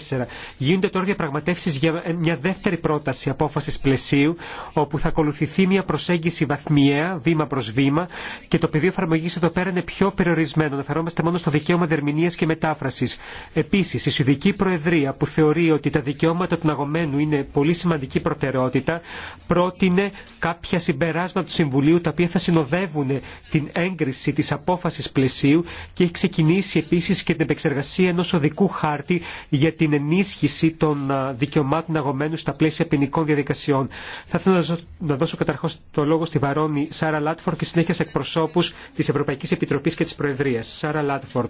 Γίνονται τώρα διαπραγματεύσει για μια δεύτερη πρόταση απόφαση πλαισίου, όπου θα ακολουθηθεί μια προσέγγιση βαθμιαία, βήμα προ βήμα, και το πεδίο εφαρμογή εδώ πέρα είναι πιο περιορισμένο. Αναφερόμαστε μόνο στο δικαίωμα δερμηνία και μετάφραση. Επίση, η Σουηδική Προεδρία, που θεωρεί ότι τα δικαιώματα του αγωμένου είναι πολύ σημαντική προτεραιότητα πρότεινε κάποια συμπεράσματα του Συμβουλίου τα οποία θα συνοδεύουν την έγκριση της απόφασης πλαισίου και έχει ξεκινήσει επίσης και την επεξεργασία ενός οδικού χάρτη για την ενίσχυση των δικαιωμάτων αγωμένου στα πλαίσια ποινικών διαδικασιών. Θα ήθελα να δώσω καταρχώς το λόγο στη Βαρόνη Σάρα Λάτφορντ και συνέχεια σε εκπροσώπους της Ευρωπαϊκής Επιτροπής και της Προεδρίας. Σάρα Λάτφορντ.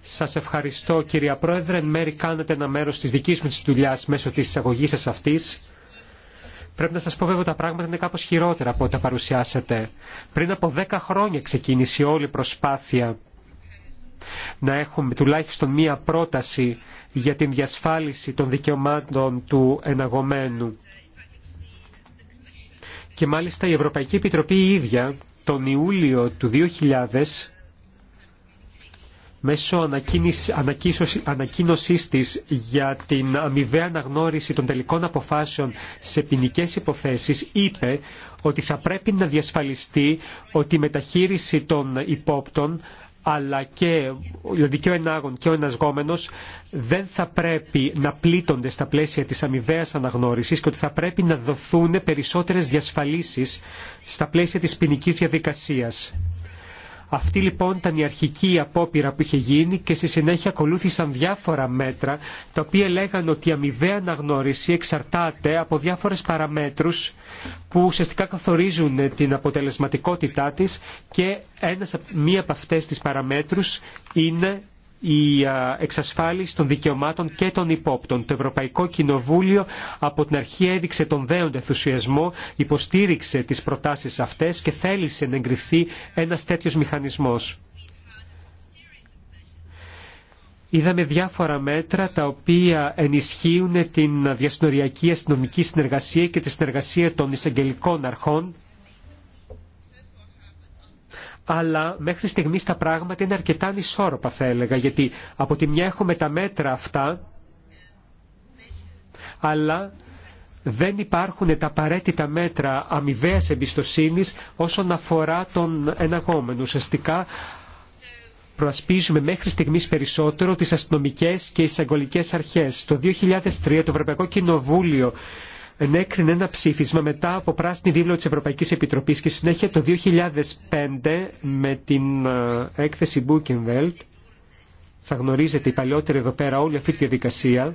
Σας ευχαριστώ κυρία Πρόεδρε. Εν μέρη κάνετε ένα μέρο τη δική μου τη μέσω τη εισαγωγή σα αυτή. Πρέπει να σας πω βέβαια τα πράγματα είναι κάπως χειρότερα από ό,τι τα παρουσιάσατε. Πριν από 10 χρόνια ξεκίνησε όλη η προσπάθεια να έχουμε τουλάχιστον μία πρόταση για την διασφάλιση των δικαιωμάτων του εναγωμένου. Και μάλιστα η Ευρωπαϊκή Επιτροπή η ίδια τον Ιούλιο του 2000 μέσω ανακοίνωσή τη για την αμοιβαία αναγνώριση των τελικών αποφάσεων σε ποινικέ υποθέσει, είπε ότι θα πρέπει να διασφαλιστεί ότι η μεταχείριση των υπόπτων αλλά και, δηλαδή ο ενάγων και ο ενασγόμενος δεν θα πρέπει να πλήττονται στα πλαίσια της αμοιβαία αναγνώρισης και ότι θα πρέπει να δοθούν περισσότερες διασφαλίσεις στα πλαίσια της ποινική διαδικασίας. Αυτή λοιπόν ήταν η αρχική απόπειρα που είχε γίνει και στη συνέχεια ακολούθησαν διάφορα μέτρα τα οποία λέγαν ότι η αμοιβαία αναγνώριση εξαρτάται από διάφορες παραμέτρους που ουσιαστικά καθορίζουν την αποτελεσματικότητά της και ένας, μία από αυτές τις παραμέτρους είναι η εξασφάλιση των δικαιωμάτων και των υπόπτων. Το Ευρωπαϊκό Κοινοβούλιο από την αρχή έδειξε τον δέοντα ενθουσιασμό, υποστήριξε τις προτάσεις αυτές και θέλησε να εγκριθεί ένας τέτοιος μηχανισμός. Είδαμε διάφορα μέτρα τα οποία ενισχύουν την διασυνοριακή αστυνομική συνεργασία και τη συνεργασία των εισαγγελικών αρχών αλλά μέχρι στιγμής τα πράγματα είναι αρκετά ανισόρροπα θα έλεγα, γιατί από τη μια έχουμε τα μέτρα αυτά, αλλά δεν υπάρχουν τα απαραίτητα μέτρα αμοιβαία εμπιστοσύνη όσον αφορά τον εναγόμενο. Ουσιαστικά προασπίζουμε μέχρι στιγμής περισσότερο τις αστυνομικές και εισαγγελικές αρχές. Το 2003 το Ευρωπαϊκό Κοινοβούλιο ενέκρινε ένα ψήφισμα μετά από πράσινη βίβλο της Ευρωπαϊκής Επιτροπής και συνέχεια το 2005 με την ε, έκθεση Buchenwald. Θα γνωρίζετε η παλαιότερη εδώ πέρα όλη αυτή τη διαδικασία.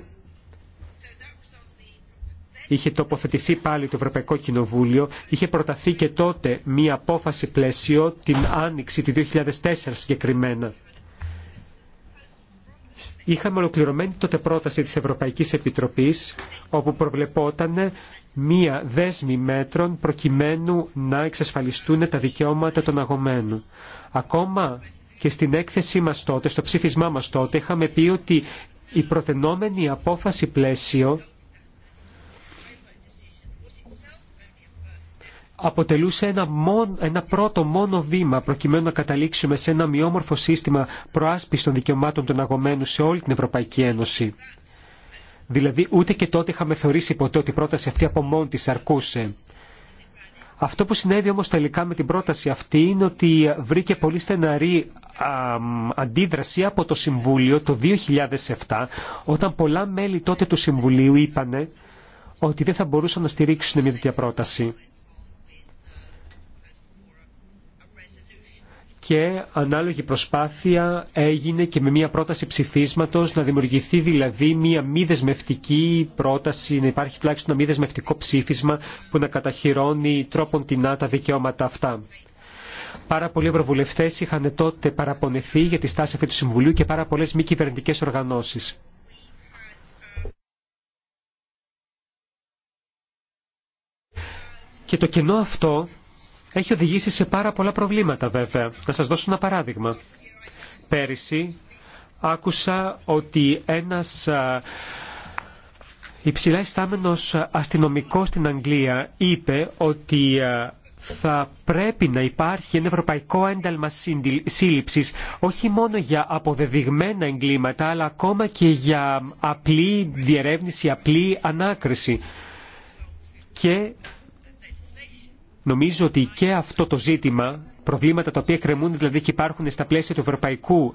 Είχε τοποθετηθεί πάλι το Ευρωπαϊκό Κοινοβούλιο. Είχε προταθεί και τότε μία απόφαση πλαίσιο την άνοιξη του 2004 συγκεκριμένα. Είχαμε ολοκληρωμένη τότε πρόταση της Ευρωπαϊκής Επιτροπής, όπου προβλεπόταν μία δέσμη μέτρων προκειμένου να εξασφαλιστούν τα δικαιώματα των αγωμένων. Ακόμα και στην έκθεσή μας τότε, στο ψήφισμά μας τότε, είχαμε πει ότι η προτενόμενη απόφαση πλαίσιο αποτελούσε ένα, ένα πρώτο μόνο βήμα προκειμένου να καταλήξουμε σε ένα μειόμορφο σύστημα προάσπισης των δικαιωμάτων των αγωμένων σε όλη την Ευρωπαϊκή Ένωση. Δηλαδή ούτε και τότε είχαμε θεωρήσει ποτέ ότι η πρόταση αυτή από μόνη της αρκούσε. Αυτό που συνέβη όμως τελικά με την πρόταση αυτή είναι ότι βρήκε πολύ στεναρή αντίδραση από το Συμβούλιο το 2007 όταν πολλά μέλη τότε του Συμβουλίου είπανε ότι δεν θα μπορούσαν να στηρίξουν μια τέτοια πρόταση. και ανάλογη προσπάθεια έγινε και με μια πρόταση ψηφίσματος να δημιουργηθεί δηλαδή μια μη δεσμευτική πρόταση, να υπάρχει τουλάχιστον ένα μη δεσμευτικό ψήφισμα που να καταχειρώνει τρόπον τεινά τα δικαιώματα αυτά. Πάρα πολλοί ευρωβουλευτέ είχαν τότε παραπονεθεί για τη στάση αυτή του Συμβουλίου και πάρα πολλέ μη κυβερνητικέ οργανώσει. Και το κενό αυτό έχει οδηγήσει σε πάρα πολλά προβλήματα βέβαια. Να σας δώσω ένα παράδειγμα. Πέρυσι άκουσα ότι ένας υψηλά ιστάμενος αστυνομικός στην Αγγλία είπε ότι θα πρέπει να υπάρχει ένα ευρωπαϊκό ένταλμα σύλληψης όχι μόνο για αποδεδειγμένα εγκλήματα αλλά ακόμα και για απλή διερεύνηση, απλή ανάκριση. Και Νομίζω ότι και αυτό το ζήτημα, προβλήματα τα οποία κρεμούν δηλαδή και υπάρχουν στα πλαίσια του ευρωπαϊκού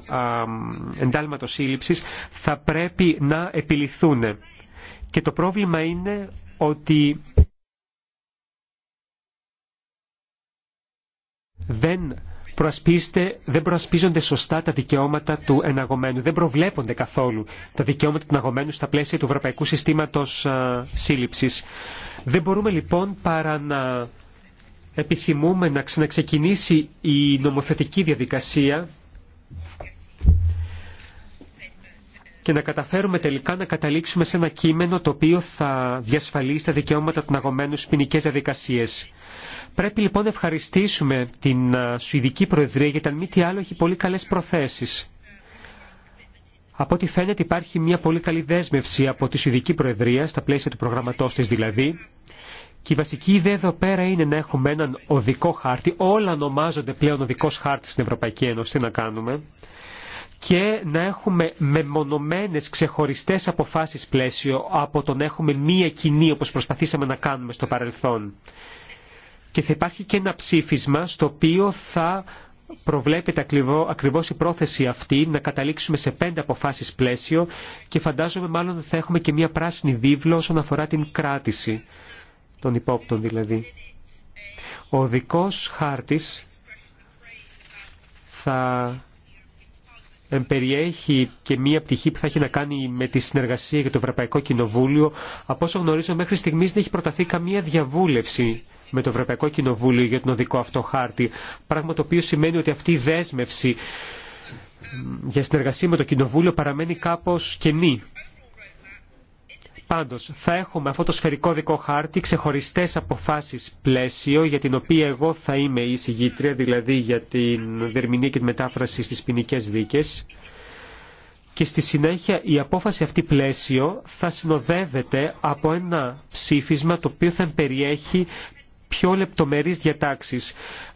εντάλματος σύλληψη, θα πρέπει να επιληθούν. Και το πρόβλημα είναι ότι δεν δεν προασπίζονται σωστά τα δικαιώματα του εναγωμένου. Δεν προβλέπονται καθόλου τα δικαιώματα του εναγωμένου στα πλαίσια του Ευρωπαϊκού Συστήματος Σύλληψης. Δεν μπορούμε λοιπόν παρά να επιθυμούμε να ξαναξεκινήσει η νομοθετική διαδικασία και να καταφέρουμε τελικά να καταλήξουμε σε ένα κείμενο το οποίο θα διασφαλίσει τα δικαιώματα των αγωμένων στις ποινικές διαδικασίες. Πρέπει λοιπόν να ευχαριστήσουμε την Σουηδική Προεδρία γιατί αν μη τι άλλο έχει πολύ καλές προθέσεις. Από ό,τι φαίνεται υπάρχει μια πολύ καλή δέσμευση από τη Σουηδική Προεδρία, στα πλαίσια του προγραμματός της δηλαδή, και η βασική ιδέα εδώ πέρα είναι να έχουμε έναν οδικό χάρτη. Όλα ονομάζονται πλέον οδικό χάρτη στην Ευρωπαϊκή Ένωση. Τι να κάνουμε και να έχουμε μεμονωμένες ξεχωριστές αποφάσεις πλαίσιο από το να έχουμε μία κοινή όπως προσπαθήσαμε να κάνουμε στο παρελθόν. Και θα υπάρχει και ένα ψήφισμα στο οποίο θα προβλέπεται ακριβώς η πρόθεση αυτή να καταλήξουμε σε πέντε αποφάσεις πλαίσιο και φαντάζομαι μάλλον θα έχουμε και μία πράσινη βίβλο όσον αφορά την κράτηση των υπόπτων δηλαδή. Ο δικός χάρτης θα περιέχει και μία πτυχή που θα έχει να κάνει με τη συνεργασία για το Ευρωπαϊκό Κοινοβούλιο. Από όσο γνωρίζω μέχρι στιγμής δεν έχει προταθεί καμία διαβούλευση με το Ευρωπαϊκό Κοινοβούλιο για τον οδικό αυτό χάρτη. Πράγμα το οποίο σημαίνει ότι αυτή η δέσμευση για συνεργασία με το Κοινοβούλιο παραμένει κάπως κενή. Πάντως, θα έχουμε αυτό το σφαιρικό δικό χάρτη, ξεχωριστές αποφάσεις πλαίσιο, για την οποία εγώ θα είμαι η συγγήτρια, δηλαδή για την δερμηνή και τη μετάφραση στις ποινικέ δίκες. Και στη συνέχεια η απόφαση αυτή πλαίσιο θα συνοδεύεται από ένα ψήφισμα το οποίο θα περιέχει πιο λεπτομερείς διατάξεις.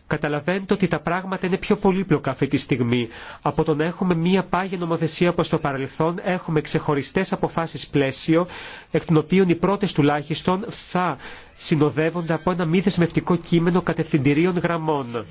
Καταλαβαίνετε ότι τα πράγματα είναι πιο πολύπλοκα αυτή τη στιγμή. Από το να έχουμε μία πάγια νομοθεσία όπω το παρελθόν, έχουμε ξεχωριστέ αποφάσεις πλαίσιο, εκ των οποίων οι πρώτε τουλάχιστον θα συνοδεύονται από ένα μη δεσμευτικό κείμενο κατευθυντηρίων γραμμών.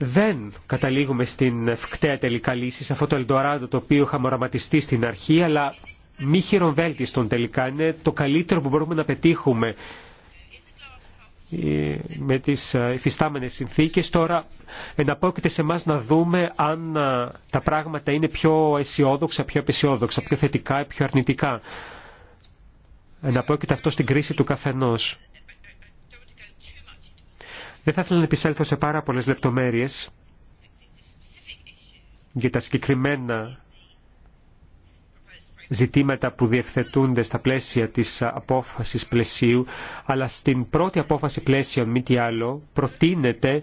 δεν καταλήγουμε στην ευκταία τελικά λύση, σε αυτό το Ελντοράδο το οποίο είχαμε οραματιστεί στην αρχή, αλλά μη χειροβέλτιστον τελικά. Είναι το καλύτερο που μπορούμε να πετύχουμε ε, με τις ε, υφιστάμενες συνθήκες. Τώρα εναπόκειται σε εμά να δούμε αν ε, τα πράγματα είναι πιο αισιόδοξα, πιο απεσιόδοξα, πιο θετικά, πιο αρνητικά. Εναπόκειται αυτό στην κρίση του καθενός. Δεν θα ήθελα να επισέλθω σε πάρα πολλές λεπτομέρειες για τα συγκεκριμένα ζητήματα που διευθετούνται στα πλαίσια της απόφασης πλαισίου, αλλά στην πρώτη απόφαση πλαίσιο, μη τι άλλο, προτείνεται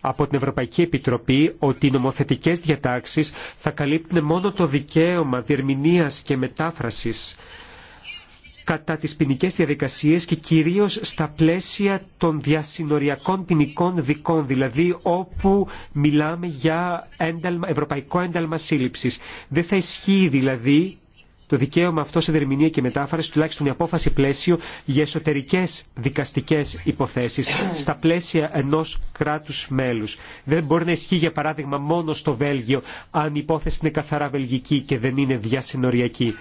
από την Ευρωπαϊκή Επιτροπή ότι οι νομοθετικές διατάξεις θα καλύπτουν μόνο το δικαίωμα διερμηνίας και μετάφρασης κατά τις ποινικέ διαδικασίες και κυρίως στα πλαίσια των διασυνοριακών ποινικών δικών, δηλαδή όπου μιλάμε για ένταλμα, ευρωπαϊκό ένταλμα σύλληψης. Δεν θα ισχύει δηλαδή το δικαίωμα αυτό σε δερμηνία και μετάφραση, τουλάχιστον η απόφαση πλαίσιο για εσωτερικέ δικαστικέ υποθέσει στα πλαίσια ενό κράτου μέλου. Δεν μπορεί να ισχύει, για παράδειγμα, μόνο στο Βέλγιο, αν η υπόθεση είναι καθαρά βελγική και δεν είναι διασυνοριακή.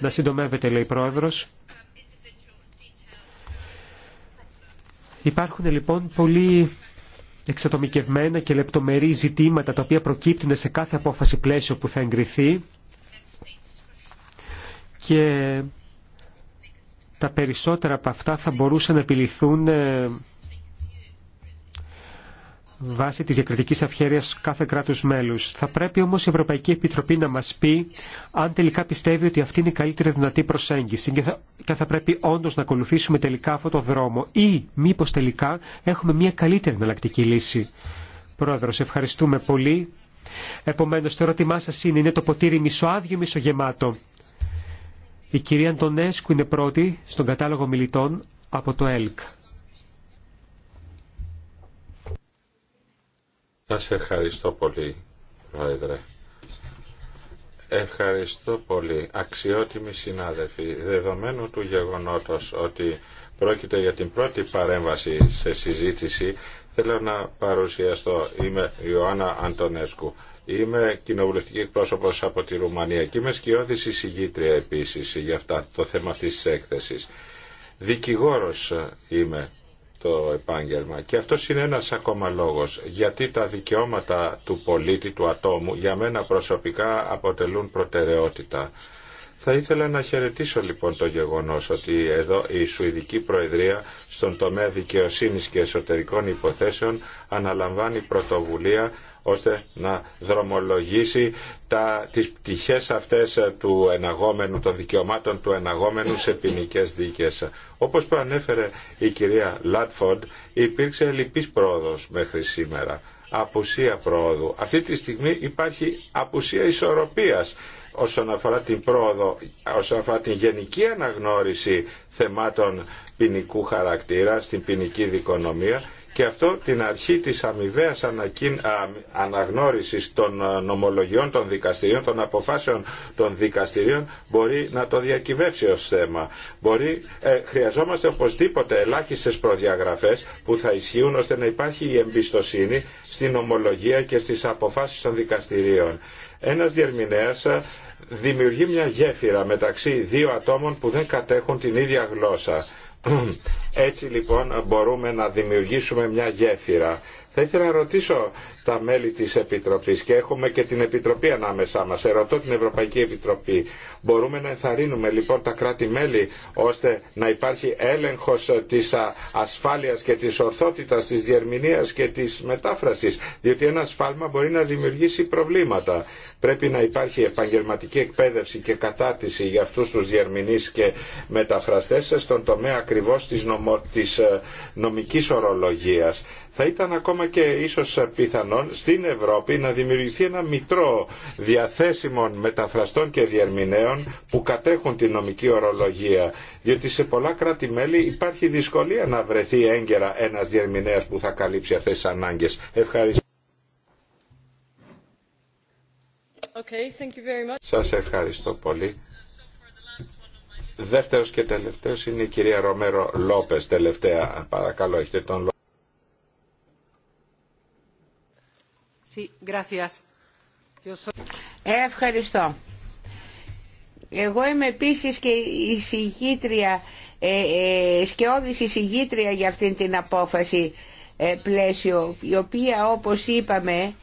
Να συντομεύεται, λέει η Πρόεδρος. Υπάρχουν λοιπόν πολύ εξατομικευμένα και λεπτομερή ζητήματα τα οποία προκύπτουν σε κάθε απόφαση πλαίσιο που θα εγκριθεί και τα περισσότερα από αυτά θα μπορούσαν να επιληθούν ε, βάσει της διακριτικής αυχαίρειας κάθε κράτους μέλους. Θα πρέπει όμως η Ευρωπαϊκή Επιτροπή να μας πει αν τελικά πιστεύει ότι αυτή είναι η καλύτερη δυνατή προσέγγιση και θα, θα πρέπει όντως να ακολουθήσουμε τελικά αυτό το δρόμο ή μήπως τελικά έχουμε μια καλύτερη εναλλακτική λύση. Πρόεδρος, ευχαριστούμε πολύ. Επομένως, το ερώτημά σας είναι, είναι το ποτήρι μισοάδιο ή μισογεμάτο. Η κυρία Αντωνέσκου σας ειναι ειναι το ποτηρι μισοαδιο πρώτη στον κατάλογο μιλητών από το ΕΛΚ. Να σε ευχαριστώ πολύ, Πρόεδρε. Ευχαριστώ πολύ. Αξιότιμοι συνάδελφοι, δεδομένου του γεγονότος ότι πρόκειται για την πρώτη παρέμβαση σε συζήτηση, θέλω να παρουσιαστώ. Είμαι Ιωάννα Αντωνέσκου. Είμαι κοινοβουλευτική εκπρόσωπο από τη Ρουμανία και είμαι σκιώδη εισηγήτρια επίση για αυτά το θέμα αυτή τη έκθεση. Δικηγόρο είμαι το επάγγελμα. Και αυτό είναι ένας ακόμα λόγος, γιατί τα δικαιώματα του πολίτη, του ατόμου, για μένα προσωπικά αποτελούν προτεραιότητα. Θα ήθελα να χαιρετήσω λοιπόν το γεγονός ότι εδώ η Σουηδική Προεδρία στον τομέα δικαιοσύνης και εσωτερικών υποθέσεων αναλαμβάνει πρωτοβουλία ώστε να δρομολογήσει τα, τις πτυχές αυτές του εναγόμενου, των δικαιωμάτων του εναγόμενου σε ποινικέ δίκες. Όπως προανέφερε η κυρία Λάτφοντ, υπήρξε λυπής πρόοδος μέχρι σήμερα. Απουσία πρόοδου. Αυτή τη στιγμή υπάρχει απουσία ισορροπίας όσον αφορά την πρόοδο, όσον αφορά την γενική αναγνώριση θεμάτων ποινικού χαρακτήρα στην ποινική δικονομία και αυτό την αρχή της αμοιβαία αναγνώρισης των ε, νομολογιών των δικαστηρίων, των αποφάσεων των δικαστηρίων μπορεί να το διακυβεύσει ως θέμα. Μπορεί, ε, χρειαζόμαστε οπωσδήποτε ελάχιστες προδιαγραφές που θα ισχύουν ώστε να υπάρχει η εμπιστοσύνη στην ομολογία και στις αποφάσεις των δικαστηρίων. Ένας διερμηνέας ε, δημιουργεί μια γέφυρα μεταξύ δύο ατόμων που δεν κατέχουν την ίδια γλώσσα έτσι λοιπόν μπορούμε να δημιουργήσουμε μια γέφυρα. Θα ήθελα να ρωτήσω τα μέλη της Επιτροπής και έχουμε και την Επιτροπή ανάμεσά μας. Ερωτώ την Ευρωπαϊκή Επιτροπή. Μπορούμε να ενθαρρύνουμε λοιπόν τα κράτη-μέλη ώστε να υπάρχει έλεγχος της ασφάλειας και της ορθότητας, της διερμηνίας και της μετάφρασης. Διότι ένα ασφάλμα μπορεί να δημιουργήσει προβλήματα. Πρέπει να υπάρχει επαγγελματική εκπαίδευση και κατάρτιση για αυτούς τους διερμηνείς και μεταφραστές στον τομέα ακριβώς της της ε, νομικής ορολογίας. Θα ήταν ακόμα και ίσως πιθανόν στην Ευρώπη να δημιουργηθεί ένα μητρό διαθέσιμων μεταφραστών και διερμηνέων που κατέχουν τη νομική ορολογία. Διότι σε πολλά κράτη-μέλη υπάρχει δυσκολία να βρεθεί έγκαιρα ένας διερμηνέας που θα καλύψει αυτές τις ανάγκες. Ευχαριστώ. Okay, thank you Σας ευχαριστώ πολύ. Δεύτερος και τελευταίος είναι η κυρία Ρομέρο Λόπες, τελευταία. Παρακαλώ, έχετε τον λόγο. Ευχαριστώ. Εγώ είμαι επίσης και η συγγήτρια, ε, ε, για αυτήν την απόφαση ε, πλαίσιο, η οποία όπως είπαμε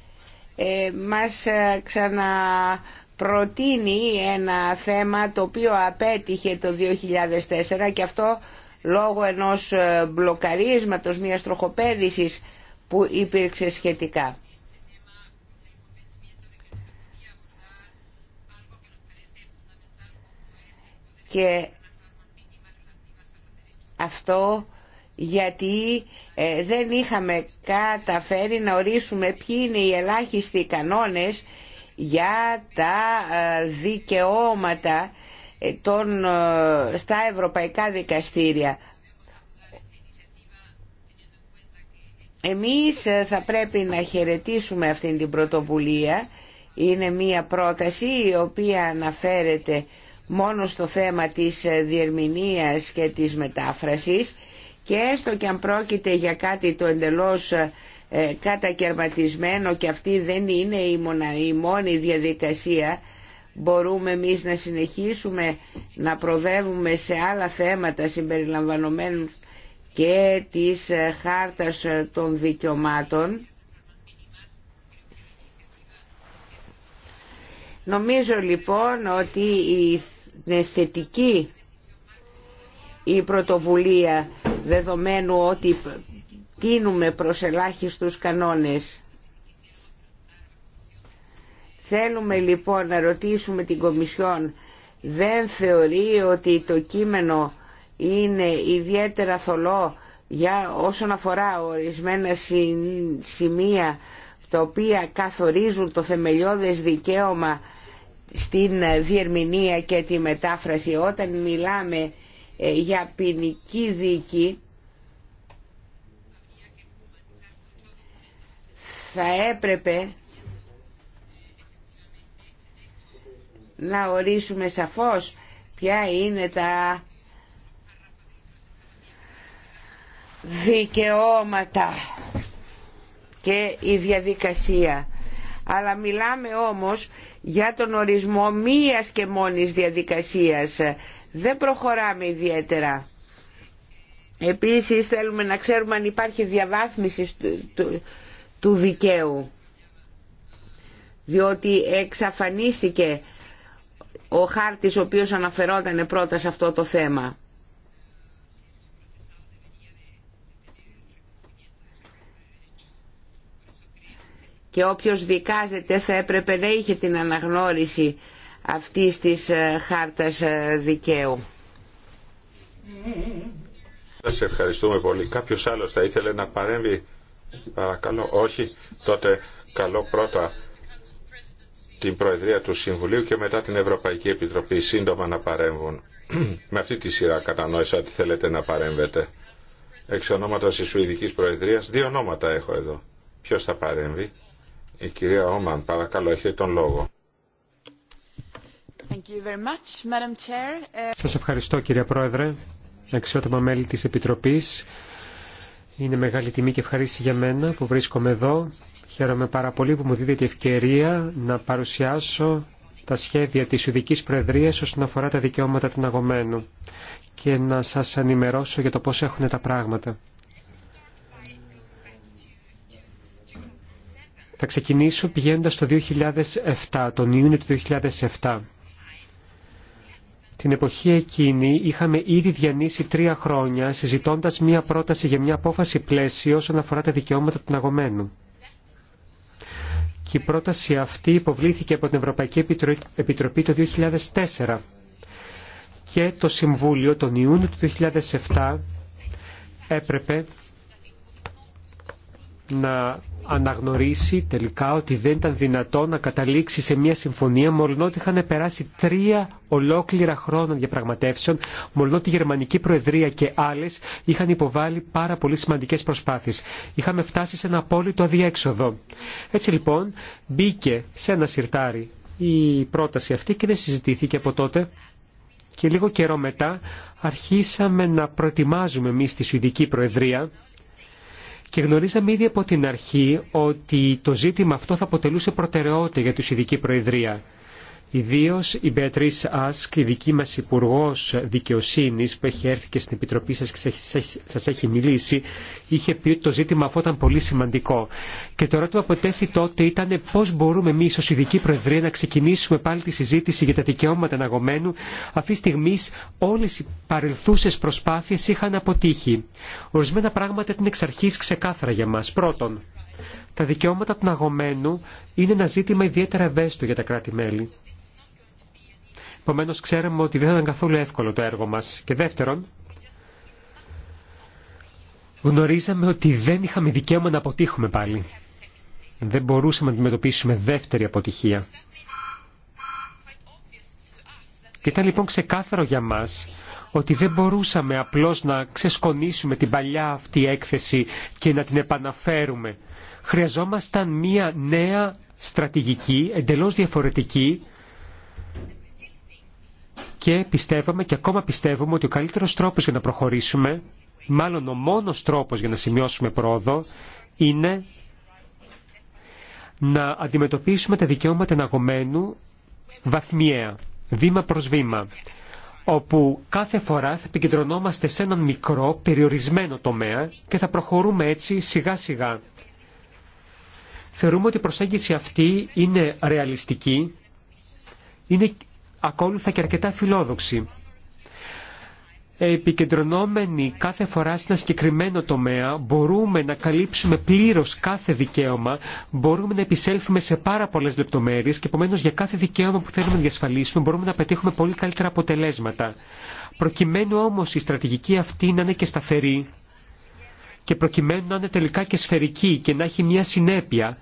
ε, μας ε, ξανα προτείνει ένα θέμα το οποίο απέτυχε το 2004 και αυτό λόγω ενός ε, μπλοκαρίσματος, μιας τροχοπέδησης που υπήρξε σχετικά. Και αυτό γιατί ε, δεν είχαμε καταφέρει να ορίσουμε ποιοι είναι οι ελάχιστοι κανόνες για τα ε, δικαιώματα ε, των, ε, στα ευρωπαϊκά δικαστήρια. Εμείς θα πρέπει να χαιρετήσουμε αυτή την πρωτοβουλία. Είναι μία πρόταση η οποία αναφέρεται μόνο στο θέμα της διερμηνίας και της μετάφρασης και έστω και αν πρόκειται για κάτι το εντελώς ε, κατακαιρματισμένο και αυτή δεν είναι η, μόνη διαδικασία μπορούμε εμείς να συνεχίσουμε να προδεύουμε σε άλλα θέματα συμπεριλαμβανομένου και της ε, χάρτας ε, των δικαιωμάτων Νομίζω λοιπόν ότι η θετική η πρωτοβουλία δεδομένου ότι Τίνουμε προς ελάχιστους κανόνες. Θέλουμε λοιπόν να ρωτήσουμε την Κομισιόν δεν θεωρεί ότι το κείμενο είναι ιδιαίτερα θολό για όσον αφορά ορισμένα σημεία τα οποία καθορίζουν το θεμελιώδες δικαίωμα στην διερμηνία και τη μετάφραση όταν μιλάμε ε, για ποινική δίκη θα έπρεπε να ορίσουμε σαφώς ποια είναι τα δικαιώματα και η διαδικασία. Αλλά μιλάμε όμως για τον ορισμό μίας και μόνης διαδικασίας. Δεν προχωράμε ιδιαίτερα. Επίσης θέλουμε να ξέρουμε αν υπάρχει διαβάθμιση του δικαίου διότι εξαφανίστηκε ο χάρτης ο οποίος αναφερόταν πρώτα σε αυτό το θέμα. Και όποιος δικάζεται θα έπρεπε να είχε την αναγνώριση αυτής της ε, χάρτας ε, δικαίου. Σας ευχαριστούμε πολύ. Κάποιος άλλος θα ήθελε να παρέμβει Παρακαλώ, όχι. Τότε καλό πρώτα την Προεδρία του Συμβουλίου και μετά την Ευρωπαϊκή Επιτροπή σύντομα να παρέμβουν. Με αυτή τη σειρά κατανόησα ότι θέλετε να παρέμβετε. Εξ ονόματο τη Σουηδική προεδρία, δύο ονόματα έχω εδώ. Ποιο θα παρέμβει. Η κυρία Όμαν, παρακαλώ, έχετε τον λόγο. Σα ε, Σας ευχαριστώ κύριε Πρόεδρε, αξιότιμα μέλη της Επιτροπής. Είναι μεγάλη τιμή και ευχαρίστηση για μένα που βρίσκομαι εδώ. Χαίρομαι πάρα πολύ που μου δίδεται ευκαιρία να παρουσιάσω τα σχέδια της Ιδικής Προεδρίας όσον αφορά τα δικαιώματα του ναγωμένου και να σας ενημερώσω για το πώς έχουν τα πράγματα. Θα ξεκινήσω πηγαίνοντας το 2007, τον Ιούνιο του 2007. Την εποχή εκείνη είχαμε ήδη διανύσει τρία χρόνια συζητώντας μία πρόταση για μία απόφαση πλαίσιο όσον αφορά τα δικαιώματα του ναγωμένου. Και η πρόταση αυτή υποβλήθηκε από την Ευρωπαϊκή Επιτροπή το 2004 και το Συμβούλιο τον Ιούνιο του 2007 έπρεπε να αναγνωρίσει τελικά ότι δεν ήταν δυνατό να καταλήξει σε μια συμφωνία μόλον ότι είχαν περάσει τρία ολόκληρα χρόνια διαπραγματεύσεων, μόλον ότι η Γερμανική Προεδρία και άλλες είχαν υποβάλει πάρα πολύ σημαντικές προσπάθειες. Είχαμε φτάσει σε ένα απόλυτο αδιέξοδο. Έτσι λοιπόν μπήκε σε ένα σιρτάρι η πρόταση αυτή και δεν συζητήθηκε από τότε. Και λίγο καιρό μετά αρχίσαμε να προετοιμάζουμε εμεί τη Σουηδική Προεδρία και γνωρίζαμε ήδη από την αρχή ότι το ζήτημα αυτό θα αποτελούσε προτεραιότητα για τους ειδική Προεδρία. Ιδίω η Μπεατρή Άσκ, η δική μα Υπουργό Δικαιοσύνη που έχει έρθει και στην Επιτροπή σα και σα έχει μιλήσει, είχε πει ότι το ζήτημα αυτό ήταν πολύ σημαντικό. Και το ερώτημα που τέθη τότε ήταν πώ μπορούμε εμεί ω ειδική Προεδρία να ξεκινήσουμε πάλι τη συζήτηση για τα δικαιώματα αναγωμένου. Αυτή τη στιγμή όλε οι παρελθούσε προσπάθειε είχαν αποτύχει. Ορισμένα πράγματα ήταν εξ αρχή ξεκάθαρα για μα. Πρώτον, τα δικαιώματα του ναγωμένου είναι ένα ζήτημα ιδιαίτερα ευαίσθητο για τα κράτη-μέλη. Επομένω, ξέραμε ότι δεν ήταν καθόλου εύκολο το έργο μα. Και δεύτερον, γνωρίζαμε ότι δεν είχαμε δικαίωμα να αποτύχουμε πάλι. Δεν μπορούσαμε να αντιμετωπίσουμε δεύτερη αποτυχία. Και ήταν λοιπόν ξεκάθαρο για μας ότι δεν μπορούσαμε απλώς να ξεσκονίσουμε την παλιά αυτή έκθεση και να την επαναφέρουμε χρειαζόμασταν μία νέα στρατηγική, εντελώς διαφορετική και πιστεύαμε και ακόμα πιστεύουμε ότι ο καλύτερος τρόπος για να προχωρήσουμε, μάλλον ο μόνος τρόπος για να σημειώσουμε πρόοδο, είναι να αντιμετωπίσουμε τα δικαιώματα εναγωμένου βαθμιαία, βήμα προς βήμα, όπου κάθε φορά θα επικεντρωνόμαστε σε έναν μικρό, περιορισμένο τομέα και θα προχωρούμε έτσι σιγά σιγά Θεωρούμε ότι η προσέγγιση αυτή είναι ρεαλιστική, είναι ακόλουθα και αρκετά φιλόδοξη. Επικεντρωνόμενοι κάθε φορά σε ένα συγκεκριμένο τομέα, μπορούμε να καλύψουμε πλήρως κάθε δικαίωμα, μπορούμε να επισέλθουμε σε πάρα πολλές λεπτομέρειες και επομένως για κάθε δικαίωμα που θέλουμε να διασφαλίσουμε μπορούμε να πετύχουμε πολύ καλύτερα αποτελέσματα. Προκειμένου όμως η στρατηγική αυτή να είναι και σταθερή και προκειμένου να είναι τελικά και σφαιρική και να έχει μια συνέπεια,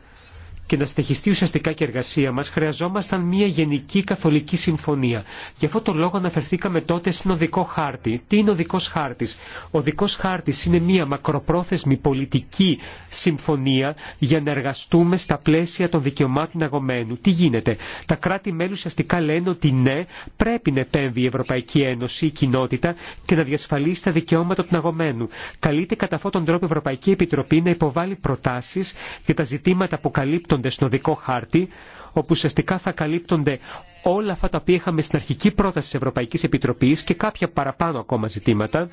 και να συνεχιστεί ουσιαστικά και η εργασία μα χρειαζόμασταν μια γενική καθολική συμφωνία. Γι' αυτό το λόγο αναφερθήκαμε τότε στην οδικό χάρτη. Τι είναι ο οδικός χάρτη, Ο δικό χάρτης είναι μια μακροπρόθεσμη πολιτική συμφωνία για να εργαστούμε στα πλαίσια των δικαιωμάτων αγωμένου. Τι γίνεται? Τα κράτη-μέλη ουσιαστικά λένε ότι ναι, πρέπει να επέμβει η Ευρωπαϊκή Ένωση, η κοινότητα και να διασφαλίσει τα δικαιώματα του αγωμένου. Καλείται κατά αυτόν τον τρόπο η Ευρωπαϊκή Επιτροπή να υποβάλει προτάσει για τα ζητήματα που καλύπτουν στον δικό χάρτη, όπου ουσιαστικά θα καλύπτονται όλα αυτά τα οποία είχαμε στην αρχική πρόταση της Ευρωπαϊκής Επιτροπής και κάποια παραπάνω ακόμα ζητήματα.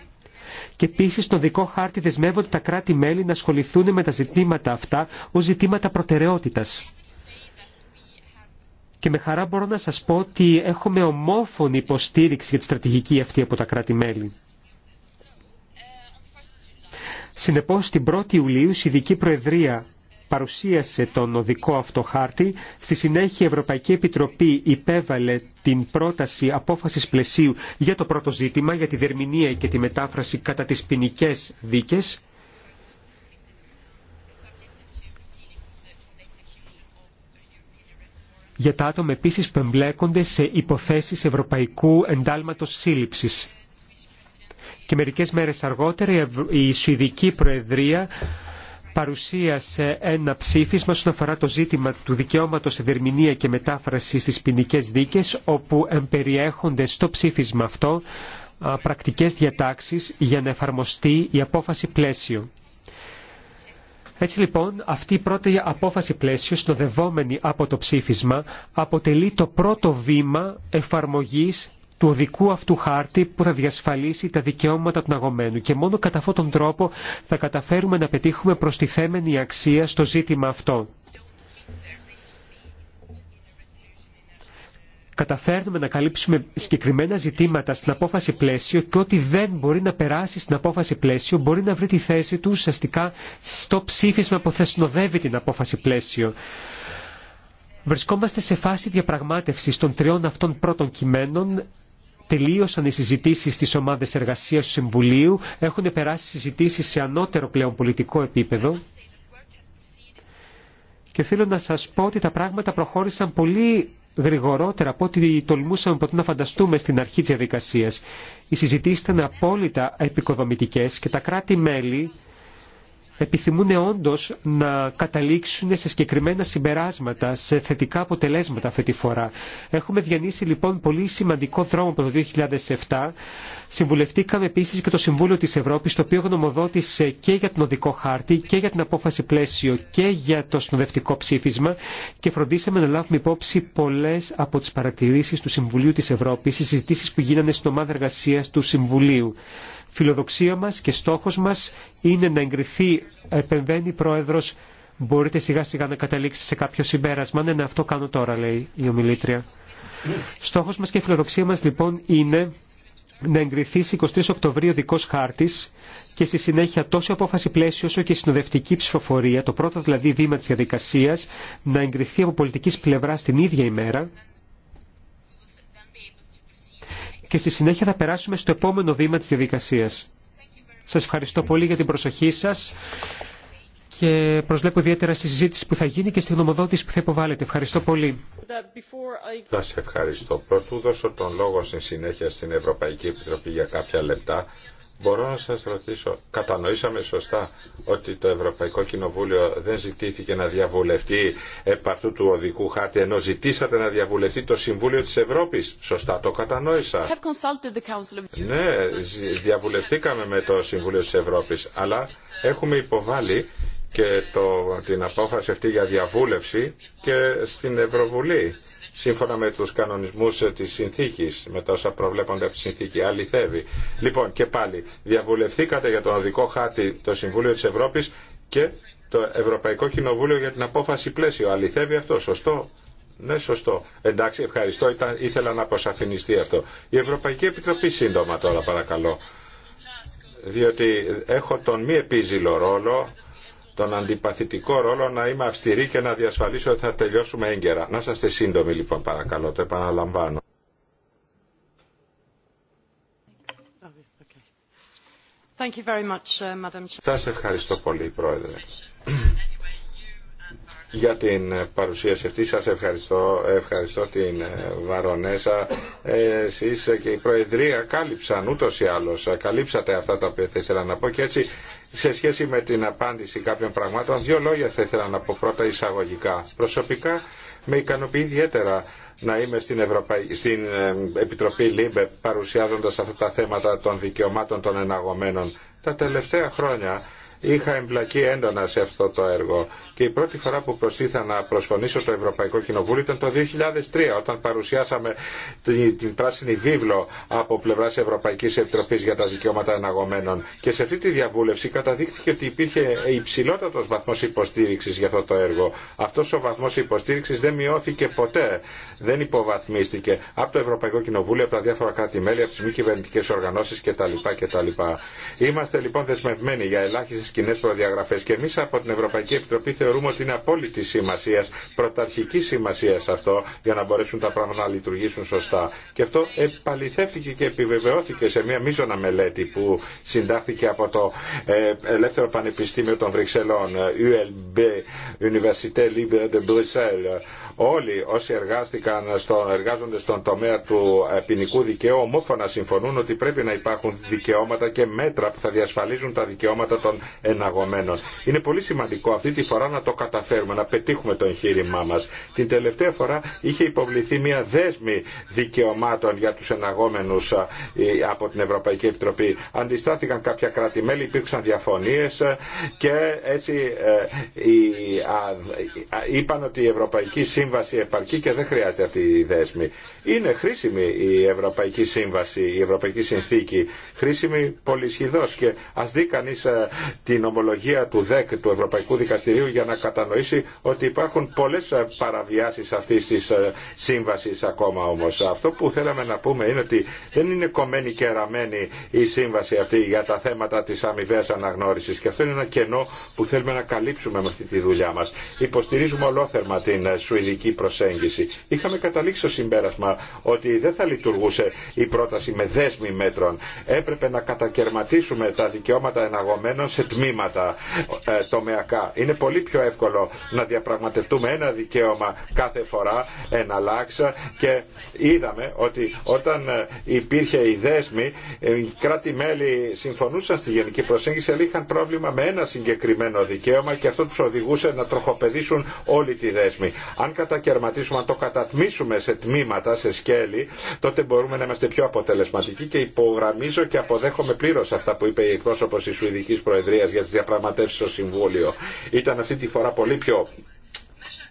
Και επίση στον δικό χάρτη δεσμεύονται τα κράτη-μέλη να ασχοληθούν με τα ζητήματα αυτά ω ζητήματα προτεραιότητας. Και με χαρά μπορώ να σας πω ότι έχουμε ομόφωνη υποστήριξη για τη στρατηγική αυτή από τα κράτη-μέλη. Συνεπώς, την 1η Ιουλίου η Ειδική Προεδρία παρουσίασε τον οδικό αυτό χάρτη. Στη συνέχεια η Ευρωπαϊκή Επιτροπή υπέβαλε την πρόταση απόφασης πλαισίου για το πρώτο ζήτημα, για τη δερμηνία και τη μετάφραση κατά τις ποινικέ δίκες. για τα άτομα επίσης που εμπλέκονται σε υποθέσεις ευρωπαϊκού εντάλματος σύλληψης. Και μερικές μέρες αργότερα η Σουηδική Προεδρία παρουσίασε ένα ψήφισμα όσον αφορά το ζήτημα του δικαιώματος σε δερμηνία και μετάφραση στις ποινικέ δίκες, όπου εμπεριέχονται στο ψήφισμα αυτό πρακτικές διατάξεις για να εφαρμοστεί η απόφαση πλαίσιο. Έτσι λοιπόν αυτή η πρώτη απόφαση πλαίσιο συνοδευόμενη από το ψήφισμα αποτελεί το πρώτο βήμα εφαρμογής του οδικού αυτού χάρτη που θα διασφαλίσει τα δικαιώματα του αγωμένου. Και μόνο κατά αυτόν τον τρόπο θα καταφέρουμε να πετύχουμε προστιθέμενη αξία στο ζήτημα αυτό. καταφέρνουμε να καλύψουμε συγκεκριμένα ζητήματα στην απόφαση πλαίσιο και ό,τι δεν μπορεί να περάσει στην απόφαση πλαίσιο μπορεί να βρει τη θέση του ουσιαστικά στο ψήφισμα που θα συνοδεύει την απόφαση πλαίσιο. Βρισκόμαστε σε φάση διαπραγμάτευσης των τριών αυτών πρώτων κειμένων τελείωσαν οι συζητήσεις στις ομάδες εργασίας του Συμβουλίου, έχουν περάσει συζητήσεις σε ανώτερο πλέον πολιτικό επίπεδο και θέλω να σας πω ότι τα πράγματα προχώρησαν πολύ γρηγορότερα από ό,τι τολμούσαμε ποτέ να φανταστούμε στην αρχή της διαδικασίας. Οι συζητήσεις ήταν απόλυτα επικοδομητικές και τα κράτη-μέλη επιθυμούν όντω να καταλήξουν σε συγκεκριμένα συμπεράσματα, σε θετικά αποτελέσματα αυτή τη φορά. Έχουμε διανύσει λοιπόν πολύ σημαντικό δρόμο από το 2007. Συμβουλευτήκαμε επίση και το Συμβούλιο τη Ευρώπη, το οποίο γνωμοδότησε και για τον οδικό χάρτη και για την απόφαση πλαίσιο και για το συνοδευτικό ψήφισμα και φροντίσαμε να λάβουμε υπόψη πολλέ από τι παρατηρήσει του Συμβουλίου τη Ευρώπη, οι συζητήσει που γίνανε στην ομάδα εργασία του Συμβουλίου. Φιλοδοξία μας και στόχος μας είναι να εγκριθεί, επεμβαίνει πρόεδρος, μπορείτε σιγά σιγά να καταλήξετε σε κάποιο συμπέρασμα. Ναι, ναι, αυτό κάνω τώρα, λέει η ομιλήτρια. Στόχος μας και φιλοδοξία μας λοιπόν είναι να εγκριθεί στις 23 Οκτωβρίου δικός χάρτη και στη συνέχεια τόσο απόφαση πλαίσιο όσο και η συνοδευτική ψηφοφορία, το πρώτο δηλαδή βήμα της διαδικασίας, να εγκριθεί από πολιτικής πλευρά την ίδια ημέρα και στη συνέχεια θα περάσουμε στο επόμενο βήμα της διαδικασίας. Σας ευχαριστώ πολύ για την προσοχή σας και προσλέπω ιδιαίτερα στη συζήτηση που θα γίνει και στη γνωμοδότηση που θα υποβάλλετε. Ευχαριστώ πολύ. Να ευχαριστώ. Πρωτού δώσω τον λόγο στη συνέχεια στην Ευρωπαϊκή Επιτροπή για κάποια λεπτά. Μπορώ να σας ρωτήσω, κατανοήσαμε σωστά ότι το Ευρωπαϊκό Κοινοβούλιο δεν ζητήθηκε να διαβουλευτεί επ' αυτού του οδικού χάρτη, ενώ ζητήσατε να διαβουλευτεί το Συμβούλιο της Ευρώπης. Σωστά το κατανόησα. Ναι, διαβουλευτήκαμε με το Συμβούλιο της Ευρώπης, αλλά έχουμε υποβάλει και το, την απόφαση αυτή για διαβούλευση και στην Ευρωβουλή σύμφωνα με τους κανονισμούς της συνθήκης, με τα όσα προβλέπονται από τη συνθήκη. Αληθεύει. Λοιπόν και πάλι, διαβουλευθήκατε για τον οδικό χάρτη το Συμβούλιο της Ευρώπης και το Ευρωπαϊκό Κοινοβούλιο για την απόφαση πλαίσιο. Αληθεύει αυτό, σωστό. Ναι, σωστό. Εντάξει, ευχαριστώ. ήθελα να αποσαφινιστεί αυτό. Η Ευρωπαϊκή Επιτροπή σύντομα τώρα παρακαλώ. Διότι έχω τον μη επίζηλο ρόλο τον αντιπαθητικό ρόλο να είμαι αυστηρή και να διασφαλίσω ότι θα τελειώσουμε έγκαιρα. Να είστε σύντομοι λοιπόν παρακαλώ, το επαναλαμβάνω. Uh, Σας ευχαριστώ πολύ, Πρόεδρε για την παρουσίαση αυτή. Σας ευχαριστώ, ευχαριστώ την ε, Βαρονέσα. Εσείς και η Προεδρία κάλυψαν ούτως ή άλλως, ε, καλύψατε αυτά τα οποία θα ήθελα να πω και έτσι σε σχέση με την απάντηση κάποιων πραγμάτων, δύο λόγια θα ήθελα να πω πρώτα εισαγωγικά. Προσωπικά με ικανοποιεί ιδιαίτερα να είμαι στην, στην ε, Επιτροπή ΛΥΜΠΕ παρουσιάζοντας αυτά τα θέματα των δικαιωμάτων των εναγωμένων. Τα τελευταία χρόνια είχα εμπλακεί έντονα σε αυτό το έργο και η πρώτη φορά που προσήθα να προσφωνήσω το Ευρωπαϊκό Κοινοβούλιο ήταν το 2003 όταν παρουσιάσαμε την, την πράσινη βίβλο από πλευρά Ευρωπαϊκή Επιτροπή για τα Δικαιώματα Εναγωμένων. Και σε αυτή τη διαβούλευση καταδείχθηκε ότι υπήρχε υψηλότατο βαθμό υποστήριξη για αυτό το έργο. Αυτό ο βαθμό υποστήριξη δεν μειώθηκε ποτέ, δεν υποβαθμίστηκε από το Ευρωπαϊκό Κοινοβούλιο, από τα διάφορα κράτη-μέλη, από τι μη κυβερνητικέ οργανώσει κτλ. Είμαστε λοιπόν δεσμευμένοι για ελάχιστε κοινέ προδιαγραφέ. Και εμεί από την Ευρωπαϊκή Επιτροπή θεωρούμε ότι είναι απόλυτη σημασία, πρωταρχική σημασία αυτό για να μπορέσουν τα πράγματα να λειτουργήσουν σωστά. Και αυτό επαληθεύτηκε και επιβεβαιώθηκε σε μια μείζωνα μελέτη που συντάχθηκε από το ε, Ελεύθερο Πανεπιστήμιο των Βρυξελών, ε, ULB, Université Libre de Bruxelles. Όλοι όσοι εργάστηκαν στο, εργάζονται στον τομέα του ε, ποινικού δικαίου ομόφωνα συμφωνούν ότι πρέπει να υπάρχουν δικαιώματα και μέτρα που θα διασφαλίζουν τα δικαιώματα των εναγωμένων. Είναι πολύ σημαντικό αυτή τη φορά να το καταφέρουμε, να πετύχουμε το εγχείρημά μας. Την τελευταία φορά είχε υποβληθεί μια δέσμη δικαιωμάτων για τους εναγόμενους από την Ευρωπαϊκή Επιτροπή. Αντιστάθηκαν κάποια κράτη-μέλη, υπήρξαν διαφωνίες και έτσι ε, είπαν ότι η Ευρωπαϊκή Σύμβαση επαρκεί και δεν χρειάζεται αυτή η δέσμη. Είναι χρήσιμη η Ευρωπαϊκή Σύμβαση, η Ευρωπαϊκή Συνθήκη, χρήσιμη πολυσχηδώς και δει την ομολογία του ΔΕΚ, του Ευρωπαϊκού Δικαστηρίου, για να κατανοήσει ότι υπάρχουν πολλές ε, παραβιάσεις αυτής της ε, σύμβασης ακόμα όμως. Αυτό που θέλαμε να πούμε είναι ότι δεν είναι κομμένη και ραμμένη η σύμβαση αυτή για τα θέματα της αμοιβαίας αναγνώρισης και αυτό είναι ένα κενό που θέλουμε να καλύψουμε με αυτή τη δουλειά μας. Υποστηρίζουμε ολόθερμα την ε, σουηδική προσέγγιση. Είχαμε καταλήξει στο συμπέρασμα ότι δεν θα λειτουργούσε η πρόταση με δέσμη μέτρων. Έπρεπε να κατακαιρματίσουμε τα δικαιώματα εναγωμένων σε τμήματα ε, τομεακά. Είναι πολύ πιο εύκολο να διαπραγματευτούμε ένα δικαίωμα κάθε φορά, ένα λάξα και είδαμε ότι όταν ε, υπήρχε η δέσμη, οι ε, κράτη-μέλη συμφωνούσαν στη γενική προσέγγιση, αλλά είχαν πρόβλημα με ένα συγκεκριμένο δικαίωμα και αυτό του οδηγούσε να τροχοπεδίσουν όλη τη δέσμη. Αν κατακαιρματίσουμε, αν το κατατμήσουμε σε τμήματα, σε σκέλη, τότε μπορούμε να είμαστε πιο αποτελεσματικοί και υπογραμμίζω και αποδέχομαι πλήρω αυτά που είπε η εκπρόσωπο τη Σουηδική Προεδρία για τι διαπραγματεύσει στο Συμβούλιο. Ήταν αυτή τη φορά πολύ πιο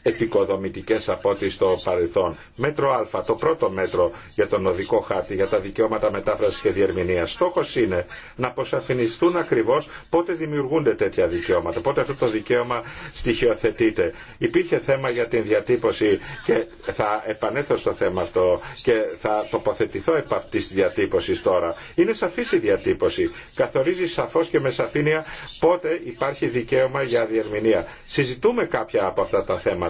επικοδομητικές από ό,τι στο παρελθόν. Μέτρο Α, το πρώτο μέτρο για τον οδικό χάρτη, για τα δικαιώματα μετάφρασης και διερμηνίας. Στόχος είναι να αποσαφινιστούν ακριβώς πότε δημιουργούνται τέτοια δικαιώματα, πότε αυτό το δικαίωμα στοιχειοθετείται. Υπήρχε θέμα για την διατύπωση και θα επανέλθω στο θέμα αυτό και θα τοποθετηθώ επ' αυτής της διατύπωσης τώρα. Είναι σαφής η διατύπωση. Καθορίζει σαφώς και με σαφήνεια πότε υπάρχει δικαίωμα για διερμηνία. Συζητούμε κάποια από αυτά τα θέματα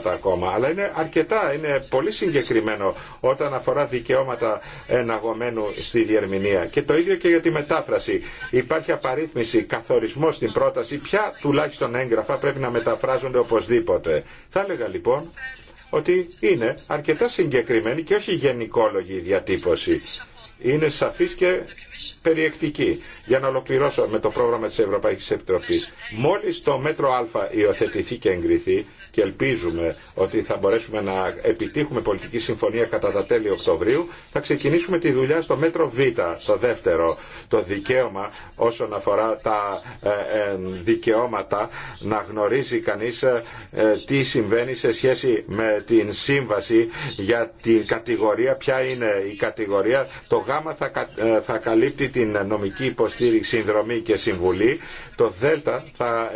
αλλά είναι αρκετά, είναι πολύ συγκεκριμένο όταν αφορά δικαιώματα εναγωμένου στη διερμηνία. Και το ίδιο και για τη μετάφραση. Υπάρχει απαρίθμηση, καθορισμό στην πρόταση, ποια τουλάχιστον έγγραφα πρέπει να μεταφράζονται οπωσδήποτε. Θα έλεγα λοιπόν ότι είναι αρκετά συγκεκριμένη και όχι γενικόλογη η διατύπωση είναι σαφής και περιεκτική. Για να ολοκληρώσω με το πρόγραμμα της Ευρωπαϊκής Επιτροπής. Μόλις το μέτρο Α υιοθετηθεί και εγκριθεί, και ελπίζουμε ότι θα μπορέσουμε να επιτύχουμε πολιτική συμφωνία κατά τα τέλη Οκτωβρίου, θα ξεκινήσουμε τη δουλειά στο μέτρο Β, το δεύτερο, το δικαίωμα όσον αφορά τα ε, ε, δικαιώματα να γνωρίζει κανείς ε, τι συμβαίνει σε σχέση με την σύμβαση για την κατηγορία, ποια είναι η κατηγορία. Το Γ θα, καλύπτει την νομική υποστήριξη, συνδρομή και συμβουλή. Το Δ θα,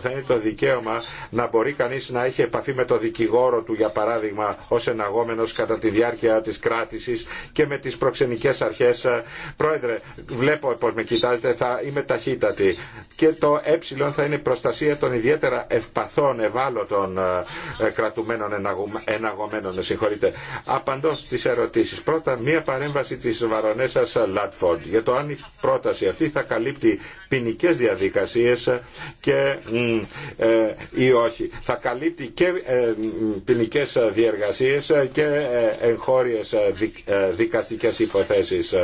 θα είναι το δικαίωμα να μπορεί κανείς κανείς να έχει επαφή με το δικηγόρο του για παράδειγμα ως εναγόμενος κατά τη διάρκεια της κράτησης και με τις προξενικές αρχές. Πρόεδρε, βλέπω πω με κοιτάζετε, θα είμαι ταχύτατη. Και το ε θα είναι προστασία των ιδιαίτερα ευπαθών, ευάλωτων ε, κρατουμένων εναγωμένων. Συγχωρείτε. Απαντώ στις ερωτήσεις. Πρώτα, μία παρέμβαση της Βαρονέσας Λάτφορντ για το αν η πρόταση αυτή θα καλύπτει ποινικέ διαδικασίες και ε, ή όχι καλύπτει και ε, ποινικέ ε, διεργασίες ε, και εγχώριες δικαστικές υποθέσεις.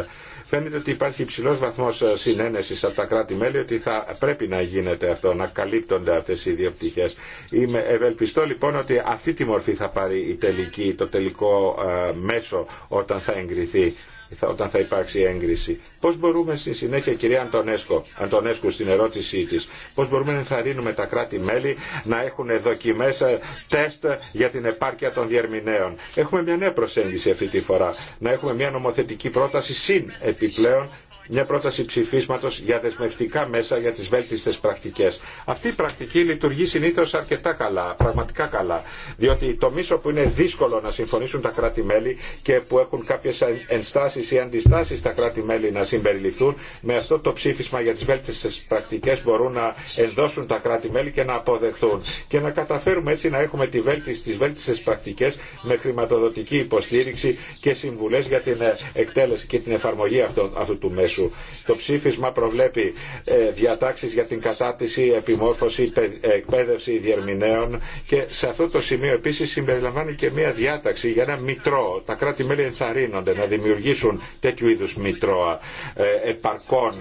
Φαίνεται ότι υπάρχει υψηλό βαθμός συνένεση από τα κράτη-μέλη ότι θα πρέπει να γίνεται αυτό, να καλύπτονται αυτές οι δύο πτυχέ. Είμαι ευελπιστώ λοιπόν ότι αυτή τη μορφή θα πάρει η τελική, το τελικό μέσο όταν θα εγκριθεί όταν θα υπάρξει έγκριση. Πώς μπορούμε στη συνέχεια, κυρία Αντωνέσκο, Αντωνέσκου στην ερώτησή της, πώς μπορούμε να ενθαρρύνουμε τα κράτη-μέλη να έχουν δοκιμές ε, τεστ για την επάρκεια των διερμηνέων. Έχουμε μια νέα προσέγγιση αυτή τη φορά. Να έχουμε μια νομοθετική πρόταση συν επιπλέον μια πρόταση ψηφίσματος για δεσμευτικά μέσα για τις βέλτιστες πρακτικές. Αυτή η πρακτική λειτουργεί συνήθως αρκετά καλά, πραγματικά καλά, διότι το μίσο που είναι δύσκολο να συμφωνήσουν τα κράτη-μέλη και που έχουν κάποιες ενστάσεις ή αντιστάσεις τα κράτη-μέλη να συμπεριληφθούν, με αυτό το ψήφισμα για τις βέλτιστες πρακτικές μπορούν να ενδώσουν τα κράτη-μέλη και να αποδεχθούν και να καταφέρουμε έτσι να έχουμε τη τις βέλτιστες πρακτικές με χρηματοδοτική υποστήριξη και συμβουλές για την ε, εκτέλεση και την εφαρμογή αυτού, αυτού του μέσου το ψήφισμα προβλέπει ε, διατάξεις για την κατάρτιση, επιμόρφωση, ε, εκπαίδευση διερμηνέων και σε αυτό το σημείο επίσης συμπεριλαμβάνει και μια διάταξη για ένα μητρό. Τα κράτη-μέλη ενθαρρύνονται να δημιουργήσουν τέτοιου είδους μητρώα ε, επαρκών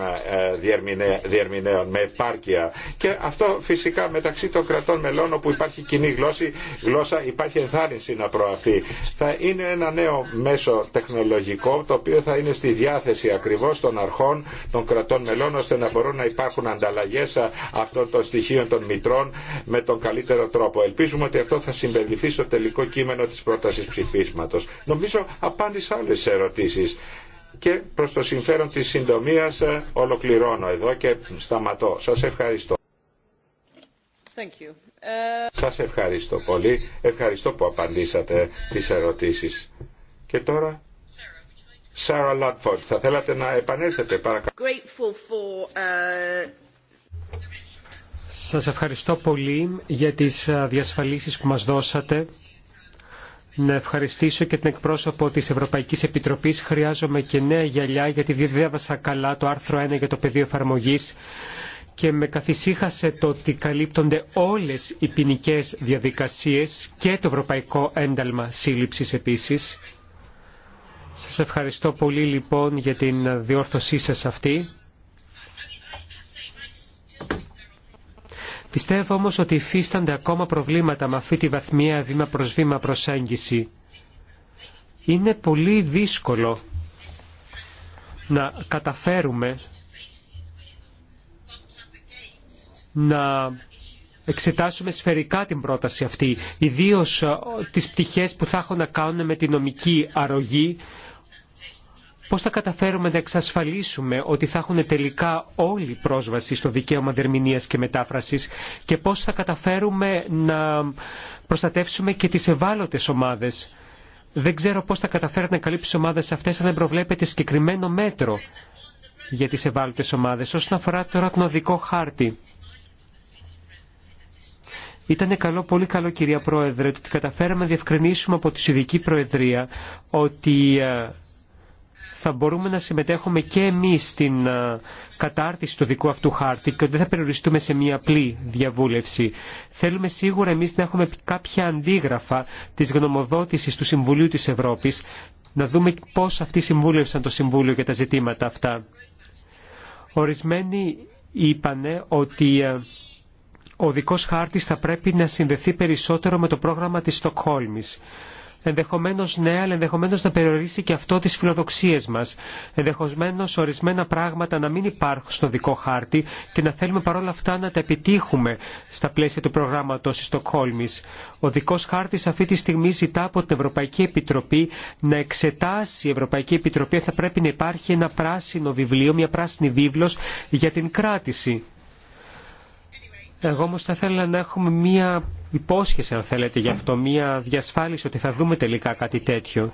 διερμηνέων με επάρκεια και αυτό φυσικά μεταξύ των κρατών μελών όπου υπάρχει κοινή γλώσσα, γλώσσα υπάρχει ενθάρρυνση να προαχθεί. Θα είναι ένα νέο μέσο τεχνολογικό το οποίο θα είναι στη διάθεση ακριβώς των αρχών των κρατών μελών ώστε να μπορούν να υπάρχουν ανταλλαγέ αυτών των στοιχείων των μητρών με τον καλύτερο τρόπο. Ελπίζουμε ότι αυτό θα συμπεριληφθεί στο τελικό κείμενο της πρότασης ψηφίσματος. Νομίζω απάντησα όλες τις ερωτήσει και προς το συμφέρον της συντομίας ολοκληρώνω εδώ και σταματώ. Σας ευχαριστώ. Thank ε, ευχαριστώ πολύ. Ευχαριστώ που απαντήσατε τις ερωτήσεις. Και τώρα θα θέλατε να επανέλθετε uh, Σας ευχαριστώ πολύ για τις uh, διασφαλίσεις που μας δώσατε. Να ευχαριστήσω και την εκπρόσωπο της Ευρωπαϊκής Επιτροπής. Χρειάζομαι και νέα γυαλιά γιατί διαβάσα καλά το άρθρο 1 για το πεδίο εφαρμογή και με καθυσίχασε το ότι καλύπτονται όλες οι ποινικέ διαδικασίες και το Ευρωπαϊκό Ένταλμα Σύλληψης επίσης. Σας ευχαριστώ πολύ λοιπόν για την διόρθωσή σας αυτή. Πιστεύω όμως ότι υφίστανται ακόμα προβλήματα με αυτή τη βαθμία βήμα προς βήμα προσέγγιση. Είναι πολύ δύσκολο να καταφέρουμε να εξετάσουμε σφαιρικά την πρόταση αυτή, ιδίως ε, τις πτυχές που θα έχουν να κάνουν με τη νομική αρρωγή Πώς θα καταφέρουμε να εξασφαλίσουμε ότι θα έχουν τελικά όλοι πρόσβαση στο δικαίωμα δερμηνίας και μετάφρασης και πώς θα καταφέρουμε να προστατεύσουμε και τις ευάλωτες ομάδες. Δεν ξέρω πώς θα καταφέρετε να καλύψει ομάδες αυτές αν δεν προβλέπετε συγκεκριμένο μέτρο για τις ευάλωτες ομάδες. Όσον αφορά τώρα τον οδικό χάρτη. Ήταν καλό, πολύ καλό κυρία Πρόεδρε, ότι καταφέραμε να διευκρινίσουμε από τη Σουηδική Προεδρία ότι ε, θα μπορούμε να συμμετέχουμε και εμείς στην κατάρτιση του δικού αυτού χάρτη και ότι δεν θα περιοριστούμε σε μία απλή διαβούλευση. Θέλουμε σίγουρα εμείς να έχουμε κάποια αντίγραφα της γνωμοδότησης του Συμβουλίου της Ευρώπης, να δούμε πώς αυτοί συμβούλευσαν το Συμβούλιο για τα ζητήματα αυτά. Ορισμένοι είπαν ότι ο δικός χάρτης θα πρέπει να συνδεθεί περισσότερο με το πρόγραμμα της Στοκχόλμης. Ενδεχομένω ναι, αλλά ενδεχομένω να περιορίσει και αυτό τι φιλοδοξίε μα. Ενδεχομένω ορισμένα πράγματα να μην υπάρχουν στο δικό χάρτη και να θέλουμε παρόλα αυτά να τα επιτύχουμε στα πλαίσια του προγράμματο τη Στοκχόλμη. Ο δικό χάρτη αυτή τη στιγμή ζητά από την Ευρωπαϊκή Επιτροπή να εξετάσει η Ευρωπαϊκή Επιτροπή θα πρέπει να υπάρχει ένα πράσινο βιβλίο, μια πράσινη βίβλο για την κράτηση εγώ όμω θα ήθελα να έχουμε μία υπόσχεση, αν θέλετε, γι' αυτό, μία διασφάλιση ότι θα δούμε τελικά κάτι τέτοιο.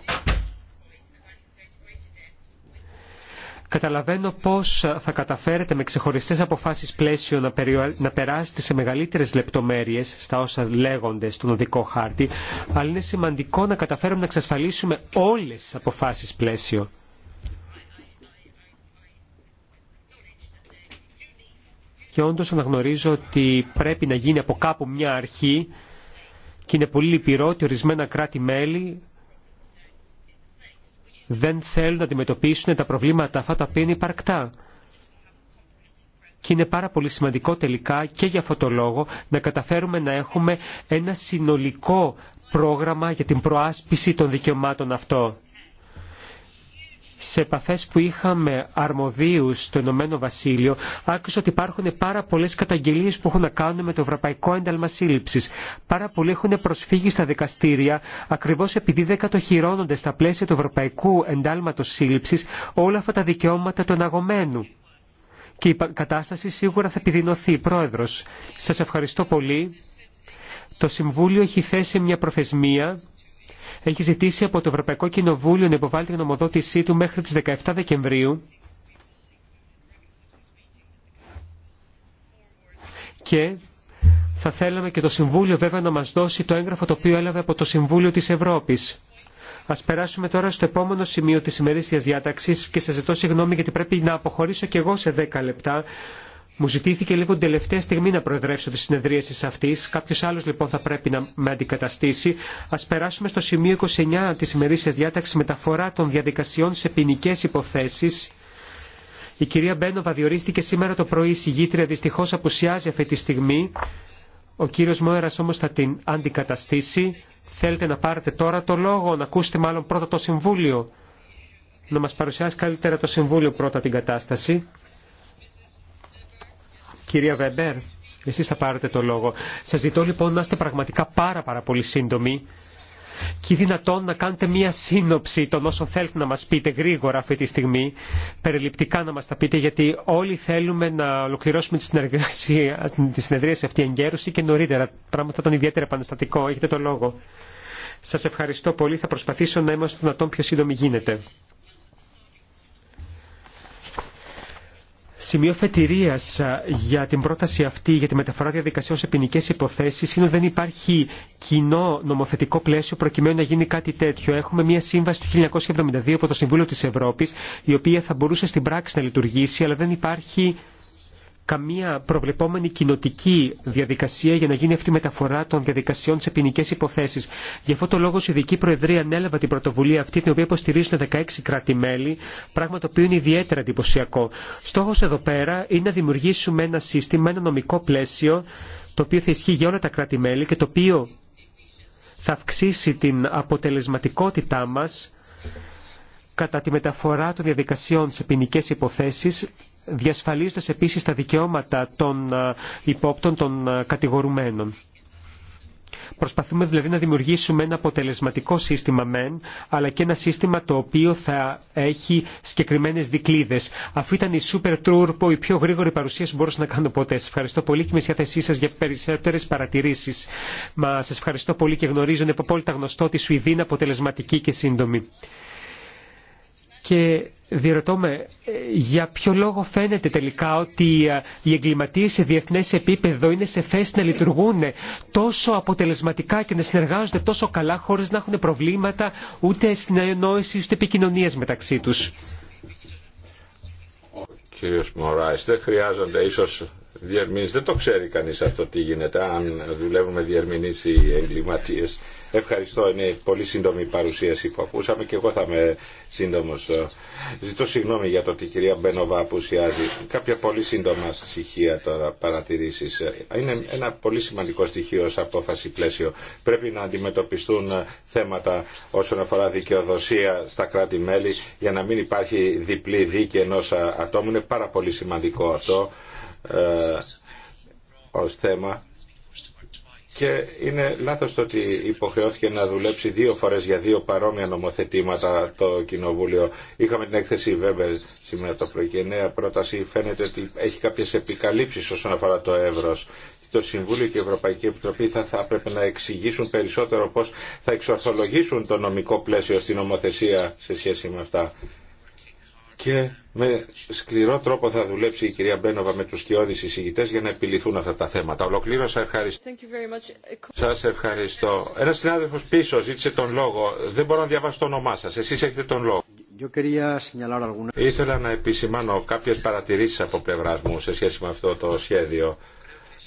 Καταλαβαίνω πώς θα καταφέρετε με ξεχωριστές αποφάσεις πλαίσιο να, να περάσετε σε μεγαλύτερες λεπτομέρειες στα όσα λέγονται στον οδικό χάρτη, αλλά είναι σημαντικό να καταφέρουμε να εξασφαλίσουμε όλες τις αποφάσεις πλαίσιο. και όντως αναγνωρίζω ότι πρέπει να γίνει από κάπου μια αρχή και είναι πολύ λυπηρό ότι ορισμένα κράτη-μέλη δεν θέλουν να αντιμετωπίσουν τα προβλήματα αυτά τα οποία είναι υπαρκτά. Και είναι πάρα πολύ σημαντικό τελικά και για αυτό το λόγο να καταφέρουμε να έχουμε ένα συνολικό πρόγραμμα για την προάσπιση των δικαιωμάτων αυτό σε επαφές που είχαμε αρμοδίους στο Ηνωμένο Βασίλειο, άκουσα ότι υπάρχουν πάρα πολλές καταγγελίες που έχουν να κάνουν με το Ευρωπαϊκό Ένταλμα Σύλληψης. Πάρα πολλοί έχουν προσφύγει στα δικαστήρια, ακριβώς επειδή δεν κατοχυρώνονται στα πλαίσια του Ευρωπαϊκού Εντάλματος Σύλληψης όλα αυτά τα δικαιώματα του εναγωμένου. Και η κατάσταση σίγουρα θα επιδεινωθεί, Πρόεδρος. Σας ευχαριστώ πολύ. Το Συμβούλιο έχει θέσει μια προθεσμία έχει ζητήσει από το Ευρωπαϊκό Κοινοβούλιο να υποβάλει την γνωμοδότησή του μέχρι τις 17 Δεκεμβρίου και θα θέλαμε και το Συμβούλιο βέβαια να μας δώσει το έγγραφο το οποίο έλαβε από το Συμβούλιο της Ευρώπης. Ας περάσουμε τώρα στο επόμενο σημείο της ημερήσιας διάταξης και σας ζητώ συγγνώμη γιατί πρέπει να αποχωρήσω και εγώ σε 10 λεπτά μου ζητήθηκε λίγο την τελευταία στιγμή να προεδρεύσω τη συνεδρίαση αυτή. Κάποιο άλλο λοιπόν θα πρέπει να με αντικαταστήσει. Α περάσουμε στο σημείο 29 τη ημερήσια διάταξη μεταφορά των διαδικασιών σε ποινικέ υποθέσει. Η κυρία Μπένοβα διορίστηκε σήμερα το πρωί συγγήτρια. Δυστυχώ απουσιάζει αυτή τη στιγμή. Ο κύριο Μόερα όμω θα την αντικαταστήσει. Θέλετε να πάρετε τώρα το λόγο, να ακούσετε μάλλον πρώτα το Συμβούλιο. Να μα παρουσιάσει καλύτερα το Συμβούλιο πρώτα την κατάσταση. Κυρία Βέμπερ, εσείς θα πάρετε το λόγο. Σας ζητώ λοιπόν να είστε πραγματικά πάρα πάρα πολύ σύντομοι και δυνατόν να κάνετε μία σύνοψη των όσων θέλετε να μας πείτε γρήγορα αυτή τη στιγμή, περιληπτικά να μας τα πείτε, γιατί όλοι θέλουμε να ολοκληρώσουμε τη, συνεργασία, τη σε αυτή εγκαίρωση και νωρίτερα. Πράγμα θα ήταν ιδιαίτερα επαναστατικό. Έχετε το λόγο. Σας ευχαριστώ πολύ. Θα προσπαθήσω να είμαστε δυνατόν πιο σύντομοι γίνεται. Σημείο φετηρία για την πρόταση αυτή για τη μεταφορά διαδικασιών σε ποινικέ υποθέσει είναι ότι δεν υπάρχει κοινό νομοθετικό πλαίσιο προκειμένου να γίνει κάτι τέτοιο. Έχουμε μια σύμβαση του 1972 από το Συμβούλιο τη Ευρώπη, η οποία θα μπορούσε στην πράξη να λειτουργήσει, αλλά δεν υπάρχει καμία προβλεπόμενη κοινοτική διαδικασία για να γίνει αυτή η μεταφορά των διαδικασιών σε ποινικέ υποθέσει. Γι' αυτό το λόγο η Ειδική Προεδρία ανέλαβε την πρωτοβουλία αυτή, την οποία υποστηρίζουν 16 κράτη-μέλη, πράγμα το οποίο είναι ιδιαίτερα εντυπωσιακό. Στόχο εδώ πέρα είναι να δημιουργήσουμε ένα σύστημα, ένα νομικό πλαίσιο, το οποίο θα ισχύει για όλα τα κράτη-μέλη και το οποίο θα αυξήσει την αποτελεσματικότητά μας κατά τη μεταφορά των διαδικασιών σε ποινικέ υποθέσεις διασφαλίζοντας επίσης τα δικαιώματα των ε, υπόπτων των ε, κατηγορουμένων. Προσπαθούμε δηλαδή να δημιουργήσουμε ένα αποτελεσματικό σύστημα μεν, αλλά και ένα σύστημα το οποίο θα έχει συγκεκριμένε δικλείδε. αφού ήταν η Super Tour που η πιο γρήγορη παρουσίαση που μπορούσα να κάνω ποτέ. Σα ευχαριστώ πολύ και με σχέση σα για περισσότερε παρατηρήσει. Μα σα ευχαριστώ πολύ και γνωρίζω, είναι απόλυτα γνωστό ότι η Σουηδία είναι αποτελεσματική και σύντομη. Διερωτώ με, για ποιο λόγο φαίνεται τελικά ότι ε, οι εγκληματίες σε διεθνές επίπεδο είναι σε θέση να λειτουργούν τόσο αποτελεσματικά και να συνεργάζονται τόσο καλά χωρίς να έχουν προβλήματα ούτε συνεννόηση ούτε επικοινωνία μεταξύ τους. κύριος Μωράης, δεν χρειάζονται ίσως διερμηνείς. Δεν το ξέρει κανείς αυτό τι γίνεται, αν δουλεύουμε διερμηνείς ή εγκληματίες. Ευχαριστώ, είναι πολύ σύντομη η παρουσίαση που ακούσαμε και εγώ θα είμαι σύντομος. Ζητώ συγγνώμη για το ότι η κυρία Μπένοβα απουσιάζει. Κάποια πολύ σύντομα στοιχεία τώρα, παρατηρήσεις. Είναι ένα πολύ σημαντικό στοιχείο ως απόφαση πλαίσιο. Πρέπει να αντιμετωπιστούν θέματα όσον αφορά δικαιοδοσία στα κράτη-μέλη για να μην υπάρχει διπλή δίκη ενός ατόμου. Είναι πάρα πολύ σημαντικό αυτό ε, ως θέμα και είναι λάθος το ότι υποχρεώθηκε να δουλέψει δύο φορές για δύο παρόμοια νομοθετήματα το Κοινοβούλιο. Είχαμε την έκθεση Βέμπερ σήμερα το πρωί και νέα πρόταση φαίνεται ότι έχει κάποιες επικαλύψεις όσον αφορά το εύρος. Το Συμβούλιο και η Ευρωπαϊκή Επιτροπή θα, θα έπρεπε να εξηγήσουν περισσότερο πώς θα εξορθολογήσουν το νομικό πλαίσιο στην νομοθεσία σε σχέση με αυτά και με σκληρό τρόπο θα δουλέψει η κυρία Μπένοβα με τους κοιόδης εισηγητές για να επιληθούν αυτά τα θέματα. Ολοκλήρωσα ευχαριστώ. Σας ευχαριστώ. Ένας συνάδελφος πίσω ζήτησε τον λόγο. Δεν μπορώ να διαβάσω το όνομά σας. Εσείς έχετε τον λόγο. Ήθελα να επισημάνω κάποιες παρατηρήσεις από πλευράς μου σε σχέση με αυτό το σχέδιο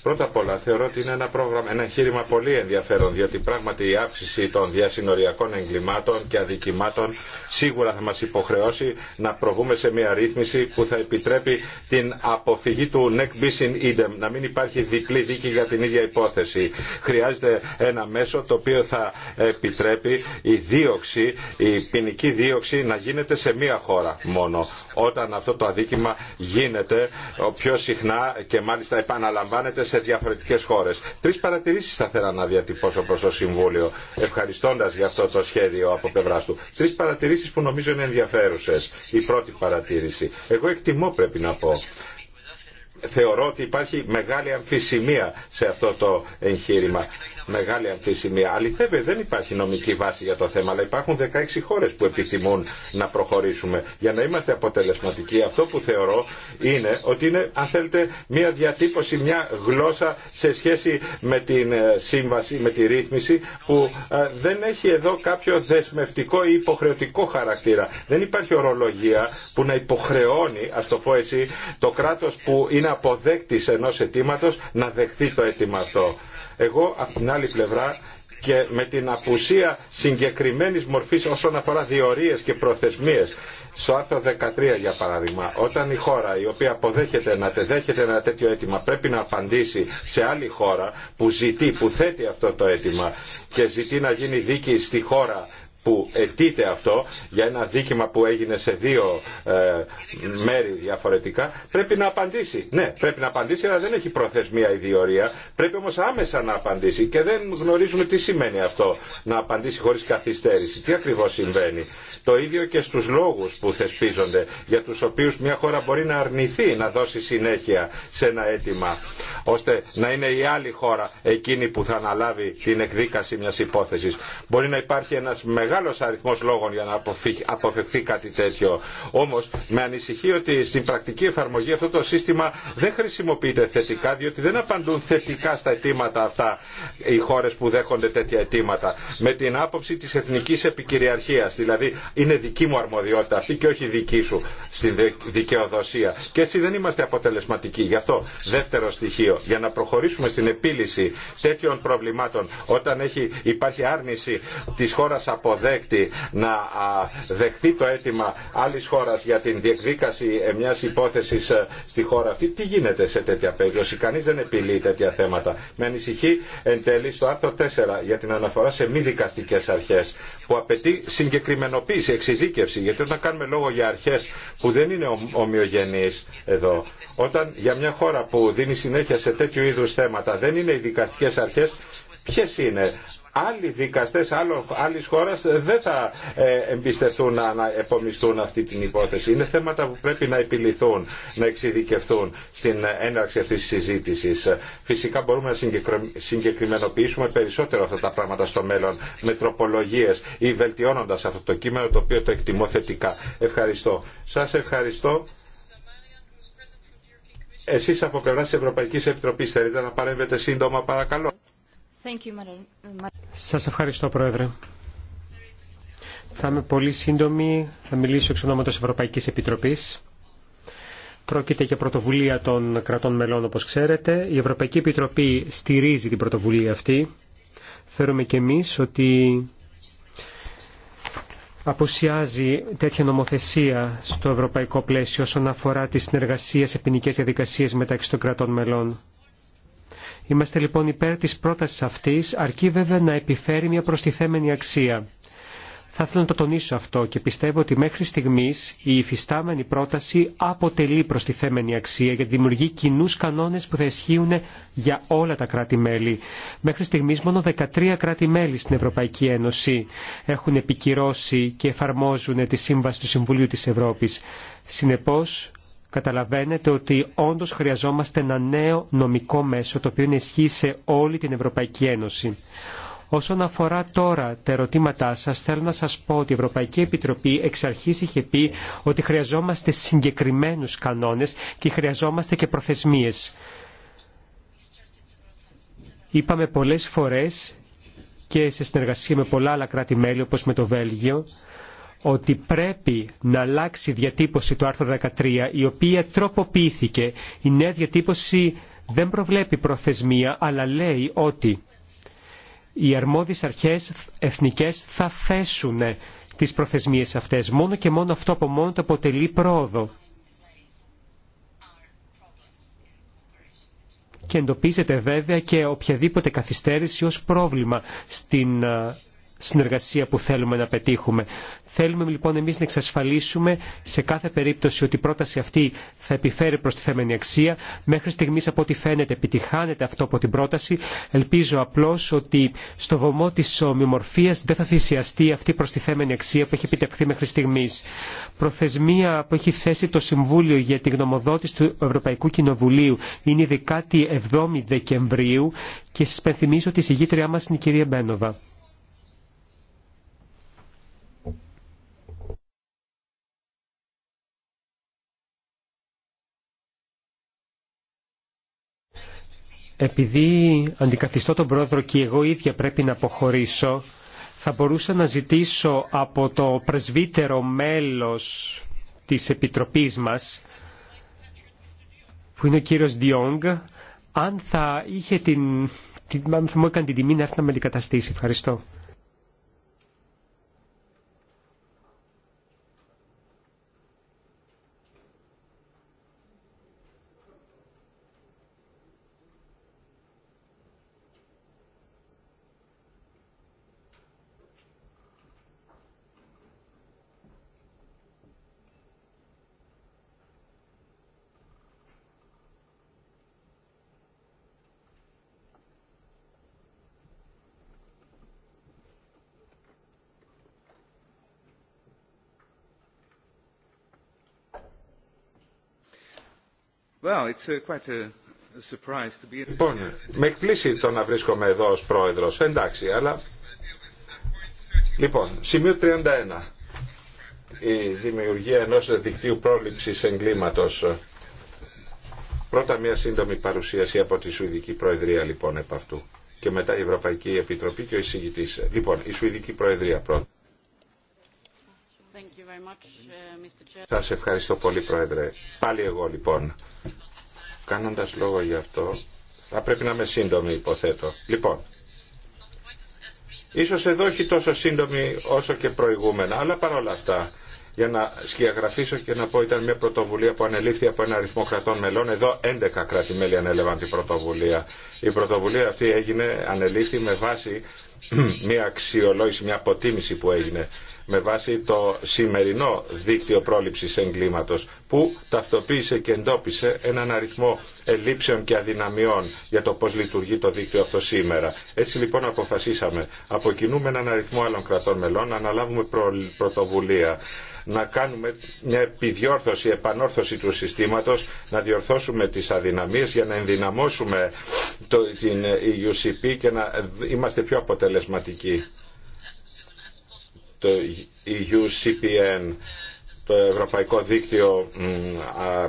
Πρώτα απ' όλα θεωρώ ότι είναι ένα, πρόγραμμα, εγχείρημα πολύ ενδιαφέρον διότι πράγματι η αύξηση των διασυνοριακών εγκλημάτων και αδικημάτων σίγουρα θα μας υποχρεώσει να προβούμε σε μια ρύθμιση που θα επιτρέπει την αποφυγή του nec bis in idem, να μην υπάρχει διπλή δίκη για την ίδια υπόθεση. Χρειάζεται ένα μέσο το οποίο θα επιτρέπει η δίωξη, η ποινική δίωξη να γίνεται σε μία χώρα μόνο. Όταν αυτό το αδίκημα γίνεται πιο συχνά και μάλιστα επαναλαμβάνεται σε διαφορετικές χώρες. Τρεις παρατηρήσεις θα θέλα να διατυπώσω προ το Συμβούλιο, ευχαριστώντα για αυτό το σχέδιο από πλευρά του. Τρεις παρατηρήσεις που νομίζω είναι ενδιαφέρουσε. Η πρώτη παρατήρηση. Εγώ εκτιμώ πρέπει να πω θεωρώ ότι υπάρχει μεγάλη αμφισημία σε αυτό το εγχείρημα. Μεγάλη αμφισημία. Αληθεύει, δεν υπάρχει νομική βάση για το θέμα, αλλά υπάρχουν 16 χώρες που επιθυμούν να προχωρήσουμε. Για να είμαστε αποτελεσματικοί, αυτό που θεωρώ είναι ότι είναι, αν θέλετε, μια διατύπωση, μια γλώσσα σε σχέση με την ε, σύμβαση, με τη ρύθμιση, που ε, δεν έχει εδώ κάποιο δεσμευτικό ή υποχρεωτικό χαρακτήρα. Δεν υπάρχει ορολογία που να υποχρεώνει, ας το πω το κράτος που είναι είναι αποδέκτης ενός αιτήματο να δεχθεί το αίτημα αυτό. Εγώ από την άλλη πλευρά και με την απουσία συγκεκριμένης μορφής όσον αφορά διορίες και προθεσμίες. Στο άρθρο 13 για παράδειγμα, όταν η χώρα η οποία αποδέχεται να τεδέχεται ένα τέτοιο αίτημα πρέπει να απαντήσει σε άλλη χώρα που ζητεί, που θέτει αυτό το αίτημα και ζητεί να γίνει δίκη στη χώρα που αιτείται αυτό για ένα δίκημα που έγινε σε δύο ε, μέρη διαφορετικά πρέπει να απαντήσει. Ναι, πρέπει να απαντήσει αλλά δεν έχει προθεσμία η διορία. Πρέπει όμως άμεσα να απαντήσει και δεν γνωρίζουμε τι σημαίνει αυτό να απαντήσει χωρίς καθυστέρηση. Τι ακριβώς συμβαίνει. Το ίδιο και στους λόγους που θεσπίζονται για τους οποίους μια χώρα μπορεί να αρνηθεί να δώσει συνέχεια σε ένα αίτημα ώστε να είναι η άλλη χώρα εκείνη που θα αναλάβει την εκδίκαση μια υπόθεση. Μπορεί να υπάρχει ένας μεγάλος μεγάλο αριθμό λόγων για να αποφευθεί κάτι τέτοιο. Όμω, με ανησυχεί ότι στην πρακτική εφαρμογή αυτό το σύστημα δεν χρησιμοποιείται θετικά διότι δεν απαντούν θετικά στα αιτήματα αυτά οι χώρε που δέχονται τέτοια αιτήματα. Με την άποψη τη εθνική επικυριαρχίας, δηλαδή είναι δική μου αρμοδιότητα αυτή και όχι δική σου στην δικαιοδοσία. Και έτσι δεν είμαστε αποτελεσματικοί. Γι' αυτό δεύτερο στοιχείο, για να προχωρήσουμε στην επίλυση τέτοιων προβλημάτων όταν έχει, υπάρχει άρνηση της χώρας από να δεχθεί το αίτημα άλλης χώρας για την διεκδίκαση ε, μιας υπόθεσης ε, στη χώρα αυτή, τι γίνεται σε τέτοια περίπτωση. Κανείς δεν επιλύει τέτοια θέματα. Με ανησυχεί εν τέλει στο άρθρο 4 για την αναφορά σε μη δικαστικές αρχές που απαιτεί συγκεκριμενοποίηση, εξειδίκευση. Γιατί όταν κάνουμε λόγο για αρχές που δεν είναι ομοιογενείς εδώ, όταν για μια χώρα που δίνει συνέχεια σε τέτοιου είδους θέματα δεν είναι οι δικαστικές αρχές, ποιε είναι άλλοι δικαστές άλλη άλλης ε, δεν θα ε, εμπιστευτούν να επομιστούν αυτή την υπόθεση. Είναι θέματα που πρέπει να επιληθούν, να εξειδικευτούν στην έναρξη αυτής της συζήτησης. Φυσικά μπορούμε να συγκεκριμενοποιήσουμε περισσότερο αυτά τα πράγματα στο μέλλον με τροπολογίες ή βελτιώνοντας αυτό το κείμενο το οποίο το εκτιμώ θετικά. Ευχαριστώ. Σας ευχαριστώ. Εσείς από πλευρά της Ευρωπαϊκής Επιτροπής θέλετε να παρέμβετε σύντομα παρακαλώ. Σας ευχαριστώ, Πρόεδρε. Θα είμαι πολύ σύντομη. Θα μιλήσω εξ ονόματος Ευρωπαϊκής Επιτροπής. Πρόκειται για πρωτοβουλία των κρατών μελών, όπως ξέρετε. Η Ευρωπαϊκή Επιτροπή στηρίζει την πρωτοβουλία αυτή. Θεωρούμε και εμείς ότι αποσιάζει τέτοια νομοθεσία στο ευρωπαϊκό πλαίσιο όσον αφορά τις συνεργασίες, ποινικέ διαδικασίες μεταξύ των κρατών μελών. Είμαστε λοιπόν υπέρ της πρότασης αυτής, αρκεί βέβαια να επιφέρει μια προστιθέμενη αξία. Θα ήθελα να το τονίσω αυτό και πιστεύω ότι μέχρι στιγμής η υφιστάμενη πρόταση αποτελεί προστιθέμενη αξία γιατί δημιουργεί κοινού κανόνες που θα ισχύουν για όλα τα κράτη-μέλη. Μέχρι στιγμής μόνο 13 κράτη-μέλη στην Ευρωπαϊκή Ένωση έχουν επικυρώσει και εφαρμόζουν τη Σύμβαση του Συμβουλίου της Ευρώπης. Συνεπώς, καταλαβαίνετε ότι όντως χρειαζόμαστε ένα νέο νομικό μέσο το οποίο ισχύει σε όλη την Ευρωπαϊκή Ένωση. Όσον αφορά τώρα τα ερωτήματά σα, θέλω να σας πω ότι η Ευρωπαϊκή Επιτροπή εξ αρχής είχε πει ότι χρειαζόμαστε συγκεκριμένους κανόνες και χρειαζόμαστε και προθεσμίες. Είπαμε πολλές φορές και σε συνεργασία με πολλά άλλα κράτη-μέλη όπως με το Βέλγιο ότι πρέπει να αλλάξει η διατύπωση του άρθρου 13, η οποία τροποποιήθηκε. Η νέα διατύπωση δεν προβλέπει προθεσμία, αλλά λέει ότι οι αρμόδιες αρχές εθνικές θα θέσουν τις προθεσμίες αυτές. Μόνο και μόνο αυτό από μόνο το αποτελεί πρόοδο. Και εντοπίζεται βέβαια και οποιαδήποτε καθυστέρηση ως πρόβλημα στην συνεργασία που θέλουμε να πετύχουμε. Θέλουμε λοιπόν εμείς να εξασφαλίσουμε σε κάθε περίπτωση ότι η πρόταση αυτή θα επιφέρει προς τη θέμενη αξία. Μέχρι στιγμής από ό,τι φαίνεται επιτυχάνεται αυτό από την πρόταση. Ελπίζω απλώς ότι στο βωμό της ομιμορφίας δεν θα θυσιαστεί αυτή προς τη θέμενη αξία που έχει επιτευχθεί μέχρι στιγμής. Προθεσμία που έχει θέσει το Συμβούλιο για την γνωμοδότηση του Ευρωπαϊκού Κοινοβουλίου είναι η 17η Δεκεμβρίου και σας πενθυμίζω ότι η συγγήτριά μας είναι η κυρία Μπένοβα. επειδή αντικαθιστώ τον πρόεδρο και εγώ ίδια πρέπει να αποχωρήσω, θα μπορούσα να ζητήσω από το πρεσβύτερο μέλος της Επιτροπής μας, που είναι ο κύριος Διόγκ, αν θα είχε την... αν μου την τιμή να έρθει να με αντικαταστήσει. Ευχαριστώ. Uh, λοιπόν, με εκπλήσει το να βρίσκομαι εδώ ως πρόεδρος, εντάξει, αλλά... Λοιπόν, σημείο 31. Η δημιουργία ενός δικτύου πρόληψης εγκλήματος. Πρώτα μια σύντομη παρουσίαση από τη Σουηδική Προεδρία, λοιπόν, επ' αυτού. Και μετά η Ευρωπαϊκή Επιτροπή και ο εισηγητής. Λοιπόν, η Σουηδική Προεδρία πρώτα. Uh, Σας ευχαριστώ πολύ, Πρόεδρε. Πάλι εγώ, λοιπόν κάνοντας λόγο γι' αυτό, θα πρέπει να είμαι σύντομη υποθέτω. Λοιπόν, ίσως εδώ όχι τόσο σύντομη όσο και προηγούμενα, αλλά παρόλα αυτά, για να σκιαγραφίσω και να πω ήταν μια πρωτοβουλία που ανελήφθη από ένα αριθμό κρατών μελών. Εδώ 11 κράτη-μέλη ανέλαβαν την πρωτοβουλία. Η πρωτοβουλία αυτή έγινε, ανελήφθη με βάση μια αξιολόγηση, μια αποτίμηση που έγινε με βάση το σημερινό δίκτυο πρόληψης εγκλήματος που ταυτοποίησε και εντόπισε έναν αριθμό ελλείψεων και αδυναμιών για το πώς λειτουργεί το δίκτυο αυτό σήμερα. Έτσι λοιπόν αποφασίσαμε, αποκινούμε έναν αριθμό άλλων κρατών μελών, αναλάβουμε πρωτοβουλία να κάνουμε μια επιδιόρθωση, επανόρθωση του συστήματος, να διορθώσουμε τις αδυναμίες για να ενδυναμώσουμε το, την UCP ε και να είμαστε πιο αποτελεσματικοί. Το UCPN ε το Ευρωπαϊκό Δίκτυο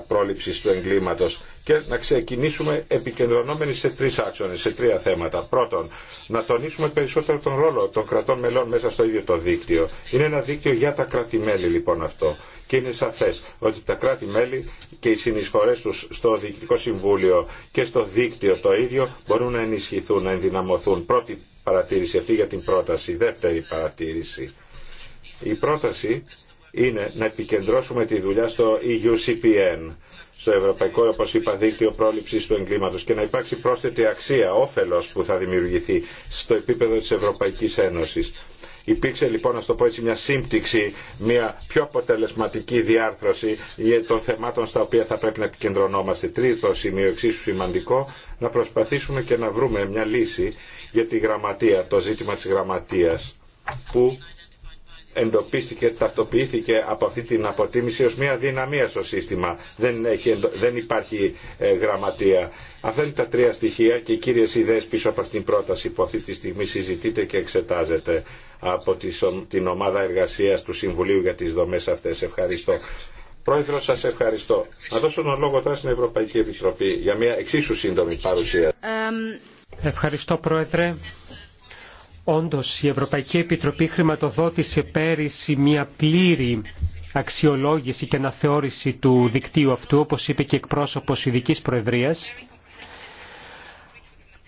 Πρόληψης του Εγκλήματος και να ξεκινήσουμε επικεντρωνόμενοι σε τρεις άξονες, σε τρία θέματα. Πρώτον, να τονίσουμε περισσότερο τον ρόλο των κρατών μελών μέσα στο ίδιο το δίκτυο. Είναι ένα δίκτυο για τα κράτη-μέλη λοιπόν αυτό. Και είναι σαφές ότι τα κράτη-μέλη και οι συνεισφορές τους στο Διοικητικό Συμβούλιο και στο δίκτυο το ίδιο μπορούν να ενισχυθούν, να ενδυναμωθούν. Πρώτη παρατήρηση αυτή για την πρόταση. Δεύτερη παρατήρηση. Η πρόταση είναι να επικεντρώσουμε τη δουλειά στο EUCPN, στο Ευρωπαϊκό, όπω είπα, Δίκτυο Πρόληψη του Εγκλήματο και να υπάρξει πρόσθετη αξία, όφελο που θα δημιουργηθεί στο επίπεδο τη Ευρωπαϊκή Ένωση. Υπήρξε λοιπόν, να το πω έτσι, μια σύμπτυξη, μια πιο αποτελεσματική διάρθρωση των θεμάτων στα οποία θα πρέπει να επικεντρωνόμαστε. Τρίτο σημείο, εξίσου σημαντικό, να προσπαθήσουμε και να βρούμε μια λύση για τη γραμματεία, το ζήτημα της γραμματείας που εντοπίστηκε, ταυτοποιήθηκε από αυτή την αποτίμηση ως μια δυναμία στο σύστημα. Δεν, υπάρχει ε, γραμματεία. Αυτά είναι τα τρία στοιχεία και οι κύριες ιδέες πίσω από αυτήν την πρόταση που αυτή τη στιγμή συζητείται και εξετάζεται από την ομάδα εργασίας του Συμβουλίου για τις δομές αυτές. Ευχαριστώ. Πρόεδρο, σα ευχαριστώ. Να δώσω τον λόγο τώρα στην Ευρωπαϊκή Επιτροπή για μια εξίσου σύντομη παρουσία. Ευχαριστώ, Πρόεδρε. Όντως, η Ευρωπαϊκή Επιτροπή χρηματοδότησε πέρυσι μια πλήρη αξιολόγηση και αναθεώρηση του δικτύου αυτού, όπως είπε και εκπρόσωπος ειδική Προεδρίας.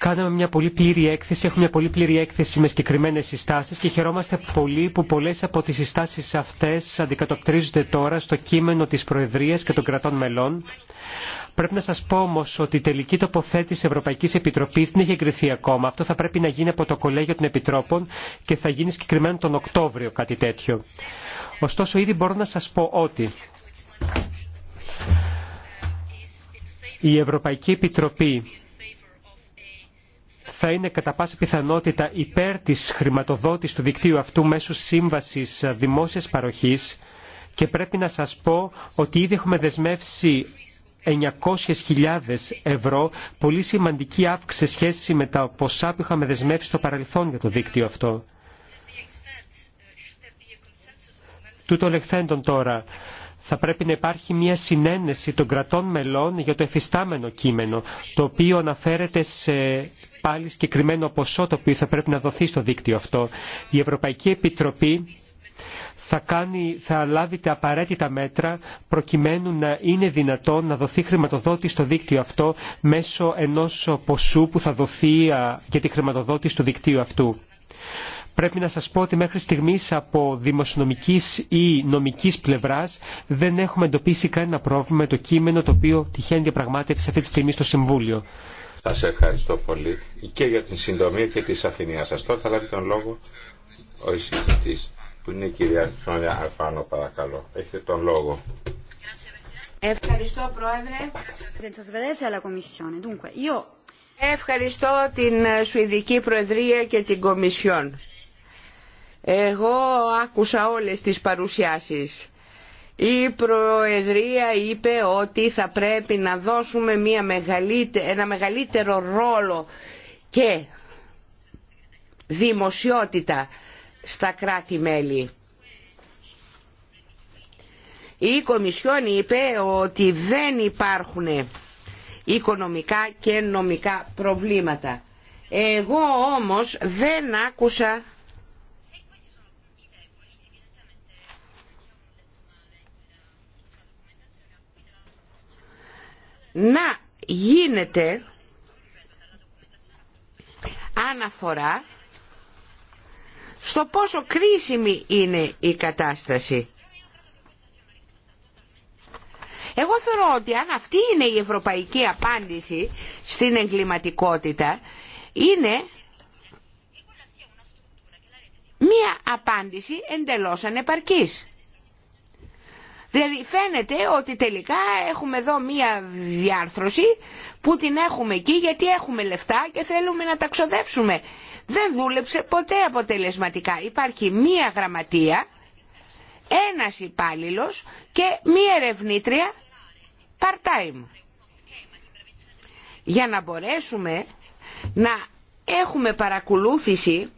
Κάναμε μια πολύ πλήρη έκθεση, έχουμε μια πολύ πλήρη έκθεση με συγκεκριμένε συστάσει και χαιρόμαστε πολύ που πολλέ από τι συστάσει αυτέ αντικατοπτρίζονται τώρα στο κείμενο τη Προεδρία και των κρατών μελών. Πρέπει να σα πω όμω ότι η τελική τοποθέτηση Ευρωπαϊκή Επιτροπή δεν έχει εγκριθεί ακόμα. Αυτό θα πρέπει να γίνει από το Κολέγιο των Επιτρόπων και θα γίνει συγκεκριμένα τον Οκτώβριο κάτι τέτοιο. Ωστόσο, ήδη μπορώ να σα πω ότι η Ευρωπαϊκή Επιτροπή θα είναι κατά πάσα πιθανότητα υπέρ της χρηματοδότησης του δικτύου αυτού μέσω σύμβασης δημόσιας παροχής και πρέπει να σας πω ότι ήδη έχουμε δεσμεύσει 900.000 ευρώ, πολύ σημαντική αύξηση σχέση με τα ποσά που είχαμε δεσμεύσει στο παρελθόν για το δίκτυο αυτό. Τούτο λεχθέντον τώρα, θα πρέπει να υπάρχει μια συνένεση των κρατών μελών για το εφιστάμενο κείμενο, το οποίο αναφέρεται σε πάλι συγκεκριμένο ποσό το οποίο θα πρέπει να δοθεί στο δίκτυο αυτό. Η Ευρωπαϊκή Επιτροπή θα, κάνει, θα λάβει τα απαραίτητα μέτρα προκειμένου να είναι δυνατόν να δοθεί χρηματοδότηση στο δίκτυο αυτό μέσω ενός ποσού που θα δοθεί για τη χρηματοδότηση του δικτύου αυτού. Πρέπει να σας πω ότι μέχρι στιγμής από δημοσιονομικής ή νομικής πλευράς δεν έχουμε εντοπίσει κανένα πρόβλημα με το κείμενο το οποίο τυχαίνει διαπραγμάτευση αυτή τη στιγμή στο Συμβούλιο. Σας ευχαριστώ πολύ και για την συντομία και τη σαφηνία σας. Τώρα θα λάβει τον λόγο ο εισηγητής που είναι η κυρία Σόνια Αρφάνο, παρακαλώ. Έχετε τον λόγο. Ευχαριστώ Πρόεδρε. Ευχαριστώ την Σουηδική Προεδρία και την Κομισιόν. Εγώ άκουσα όλες τις παρουσιάσεις. Η Προεδρία είπε ότι θα πρέπει να δώσουμε μια μεγαλύτε, ένα μεγαλύτερο ρόλο και δημοσιότητα στα κράτη-μέλη. Η Κομισιόν είπε ότι δεν υπάρχουν οικονομικά και νομικά προβλήματα. Εγώ όμως δεν άκουσα να γίνεται αναφορά στο πόσο κρίσιμη είναι η κατάσταση. Εγώ θεωρώ ότι αν αυτή είναι η ευρωπαϊκή απάντηση στην εγκληματικότητα, είναι μία απάντηση εντελώς ανεπαρκής. Δηλαδή φαίνεται ότι τελικά έχουμε εδώ μία διάρθρωση που την έχουμε εκεί γιατί έχουμε λεφτά και θέλουμε να τα ξοδέψουμε. Δεν δούλεψε ποτέ αποτελεσματικά. Υπάρχει μία γραμματεία, ένας υπάλληλος και μία ερευνήτρια part-time. Για να μπορέσουμε να έχουμε παρακολούθηση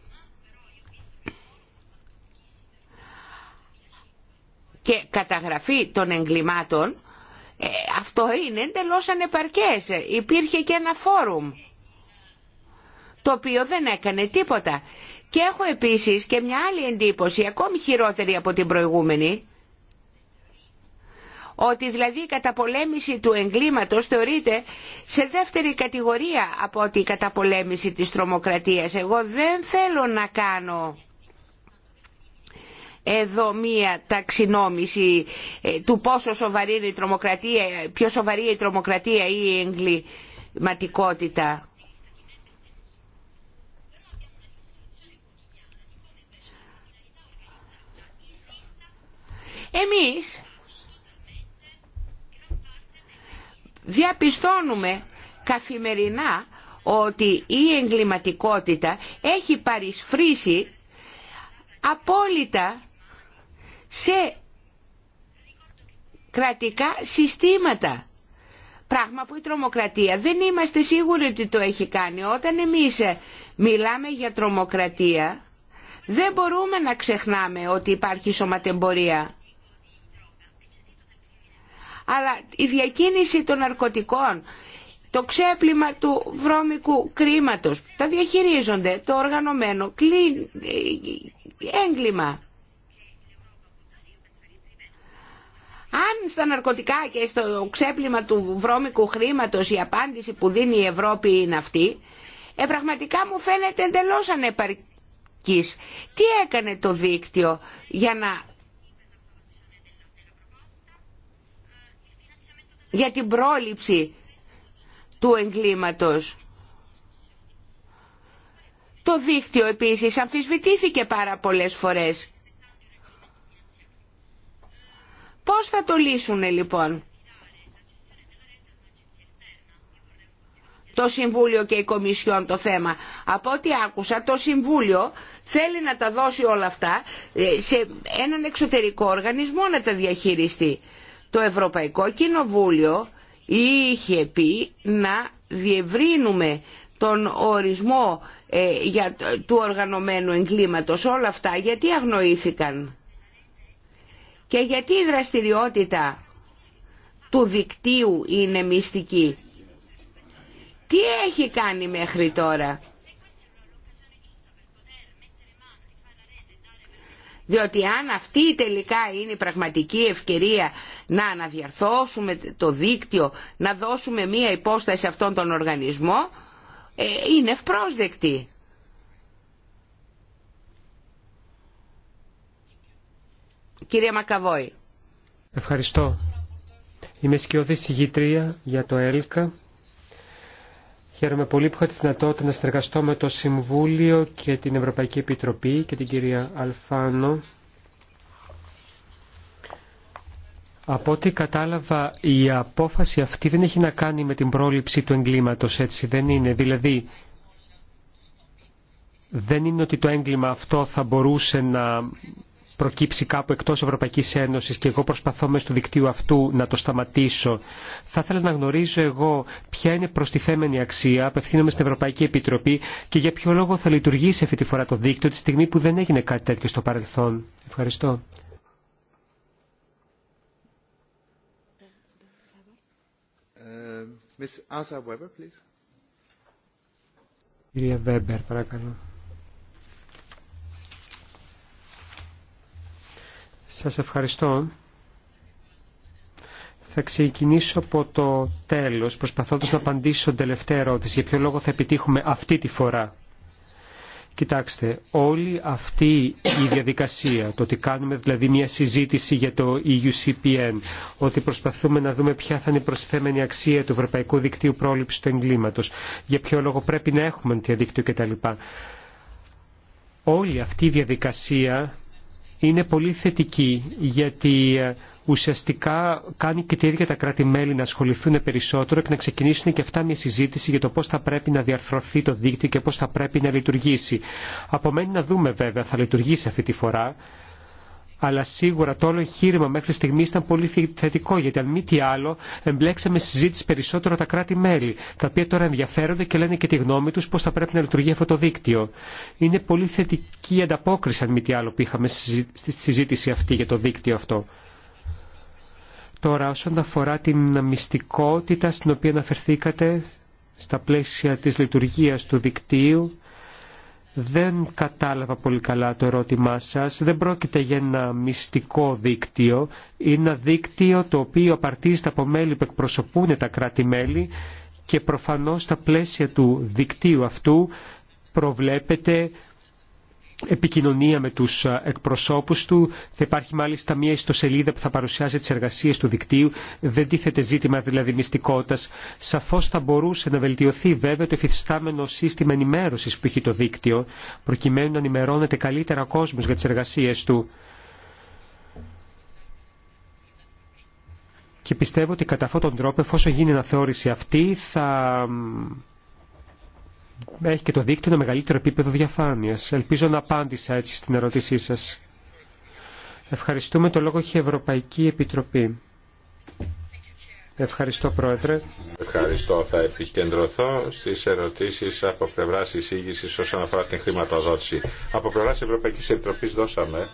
και καταγραφή των εγκλημάτων ε, αυτό είναι εντελώς ανεπαρκές. Υπήρχε και ένα φόρουμ το οποίο δεν έκανε τίποτα. Και έχω επίσης και μια άλλη εντύπωση, ακόμη χειρότερη από την προηγούμενη, ότι δηλαδή η καταπολέμηση του εγκλήματος θεωρείται σε δεύτερη κατηγορία από ότι η καταπολέμηση της τρομοκρατίας. Εγώ δεν θέλω να κάνω εδώ μία ταξινόμηση ε, του πόσο σοβαρή είναι η τρομοκρατία, πιο σοβαρή η τρομοκρατία ή η εγκληματικότητα. Εμείς διαπιστώνουμε καθημερινά ότι η εγκληματικότητα έχει παρισφρήσει απόλυτα σε κρατικά συστήματα. Πράγμα που η τρομοκρατία δεν είμαστε σίγουροι ότι το έχει κάνει. Όταν εμείς μιλάμε για τρομοκρατία δεν μπορούμε να ξεχνάμε ότι υπάρχει σωματεμπορία. Αλλά η διακίνηση των ναρκωτικών, το ξέπλυμα του βρώμικου κρίματος, τα διαχειρίζονται το οργανωμένο ε, έγκλημα. στα ναρκωτικά και στο ξέπλυμα του βρώμικου χρήματος η απάντηση που δίνει η Ευρώπη είναι αυτή, ε, πραγματικά μου φαίνεται εντελώς ανεπαρκής. Τι έκανε το δίκτυο για να... για την πρόληψη του εγκλήματος. Το δίκτυο επίσης αμφισβητήθηκε πάρα πολλές φορές. Πώς θα το λύσουν λοιπόν το Συμβούλιο και η Κομισιόν το θέμα. Από ό,τι άκουσα το Συμβούλιο θέλει να τα δώσει όλα αυτά ε, σε έναν εξωτερικό οργανισμό να τα διαχειριστεί. Το Ευρωπαϊκό Κοινοβούλιο είχε πει να διευρύνουμε τον ορισμό ε, για, του οργανωμένου εγκλήματος όλα αυτά γιατί αγνοήθηκαν. Και γιατί η δραστηριότητα του δικτύου είναι μυστική. Τι έχει κάνει μέχρι τώρα. Διότι αν αυτή τελικά είναι η πραγματική ευκαιρία να αναδιαρθώσουμε το δίκτυο, να δώσουμε μία υπόσταση σε αυτόν τον οργανισμό, ε, είναι ευπρόσδεκτη. Κυρία Μακαβόη. Ευχαριστώ. Είμαι σκιώδη συγγήτρια για το ΕΛΚΑ. Χαίρομαι πολύ που είχα τη δυνατότητα να συνεργαστώ με το Συμβούλιο και την Ευρωπαϊκή Επιτροπή και την κυρία Αλφάνο. Από ό,τι κατάλαβα, η απόφαση αυτή δεν έχει να κάνει με την πρόληψη του εγκλήματος, έτσι δεν είναι. Δηλαδή, δεν είναι ότι το έγκλημα αυτό θα μπορούσε να προκύψει κάπου εκτός Ευρωπαϊκής Ένωσης και εγώ προσπαθώ μέσω του δικτύου αυτού να το σταματήσω. Θα ήθελα να γνωρίζω εγώ ποια είναι προστιθέμενη αξία, απευθύνομαι στην Ευρωπαϊκή Επιτροπή και για ποιο λόγο θα λειτουργήσει αυτή τη φορά το δίκτυο τη στιγμή που δεν έγινε κάτι τέτοιο στο παρελθόν. Ευχαριστώ. Ε, Κυρία Βέμπερ, παρακαλώ. Σας ευχαριστώ. Θα ξεκινήσω από το τέλος, προσπαθώντας να απαντήσω στον τελευταίο ερώτηση. Για ποιο λόγο θα επιτύχουμε αυτή τη φορά. Κοιτάξτε, όλη αυτή η διαδικασία, το ότι κάνουμε δηλαδή μια συζήτηση για το EUCPN, ότι προσπαθούμε να δούμε ποια θα είναι η προσθέμενη αξία του Ευρωπαϊκού Δικτύου Πρόληψης του Εγκλήματος, για ποιο λόγο πρέπει να έχουμε διαδίκτυο κτλ. Όλη αυτή η διαδικασία είναι πολύ θετική γιατί ε, ουσιαστικά κάνει και τα ίδια τα κράτη-μέλη να ασχοληθούν περισσότερο και να ξεκινήσουν και αυτά μια συζήτηση για το πώς θα πρέπει να διαρθρωθεί το δίκτυο και πώς θα πρέπει να λειτουργήσει. Απομένει να δούμε βέβαια θα λειτουργήσει αυτή τη φορά αλλά σίγουρα το όλο εγχείρημα μέχρι στιγμή ήταν πολύ θετικό, γιατί αν μη τι άλλο εμπλέξαμε συζήτηση περισσότερο τα κράτη-μέλη, τα οποία τώρα ενδιαφέρονται και λένε και τη γνώμη του πώ θα πρέπει να λειτουργεί αυτό το δίκτυο. Είναι πολύ θετική η ανταπόκριση, αν μη τι άλλο, που είχαμε στη συζήτηση αυτή για το δίκτυο αυτό. Τώρα, όσον αφορά την μυστικότητα στην οποία αναφερθήκατε στα πλαίσια της λειτουργίας του δικτύου, δεν κατάλαβα πολύ καλά το ερώτημά σας. Δεν πρόκειται για ένα μυστικό δίκτυο. Είναι ένα δίκτυο το οποίο απαρτίζεται από μέλη που εκπροσωπούν τα κράτη-μέλη και προφανώς στα πλαίσια του δικτύου αυτού προβλέπεται επικοινωνία με τους ε, εκπροσώπους του. Θα υπάρχει μάλιστα μια ιστοσελίδα που θα παρουσιάζει τις εργασίες του δικτύου. Δεν τίθεται ζήτημα δηλαδή μυστικότητας. Σαφώς θα μπορούσε να βελτιωθεί βέβαια το εφιστάμενο σύστημα ενημέρωσης που έχει το δίκτυο, προκειμένου να ενημερώνεται καλύτερα ο κόσμος για τις εργασίες του. Και πιστεύω ότι κατά αυτόν τον τρόπο, εφόσον γίνει αναθεώρηση αυτή, θα έχει και το δίκτυο ένα μεγαλύτερο επίπεδο διαφάνειας. Ελπίζω να απάντησα έτσι στην ερώτησή σας. Ευχαριστούμε. Το λόγο έχει η Ευρωπαϊκή Επιτροπή. Ευχαριστώ Πρόεδρε. Ευχαριστώ. Θα επικεντρωθώ στι ερωτήσει από πλευρά εισήγηση όσον αφορά την χρηματοδότηση. Από πλευρά Ευρωπαϊκή Επιτροπή δώσαμε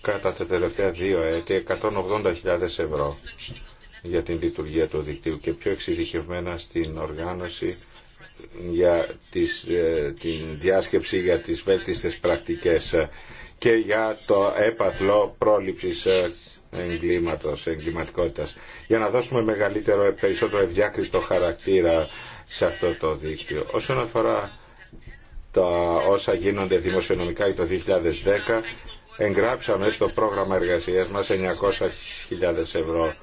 κατά τα τελευταία δύο έτη 180.000 ευρώ για την λειτουργία του δικτύου και πιο εξειδικευμένα στην οργάνωση για τις, ε, την διάσκεψη για τις βέλτιστες πρακτικές ε, και για το έπαθλο πρόληψης ε, εγκλήματος, εγκληματικότητας. Για να δώσουμε μεγαλύτερο, περισσότερο ευδιάκριτο χαρακτήρα σε αυτό το δίκτυο. Όσον αφορά τα όσα γίνονται δημοσιονομικά για το 2010, εγγράψαμε στο πρόγραμμα εργασίας μας 900.000 ευρώ.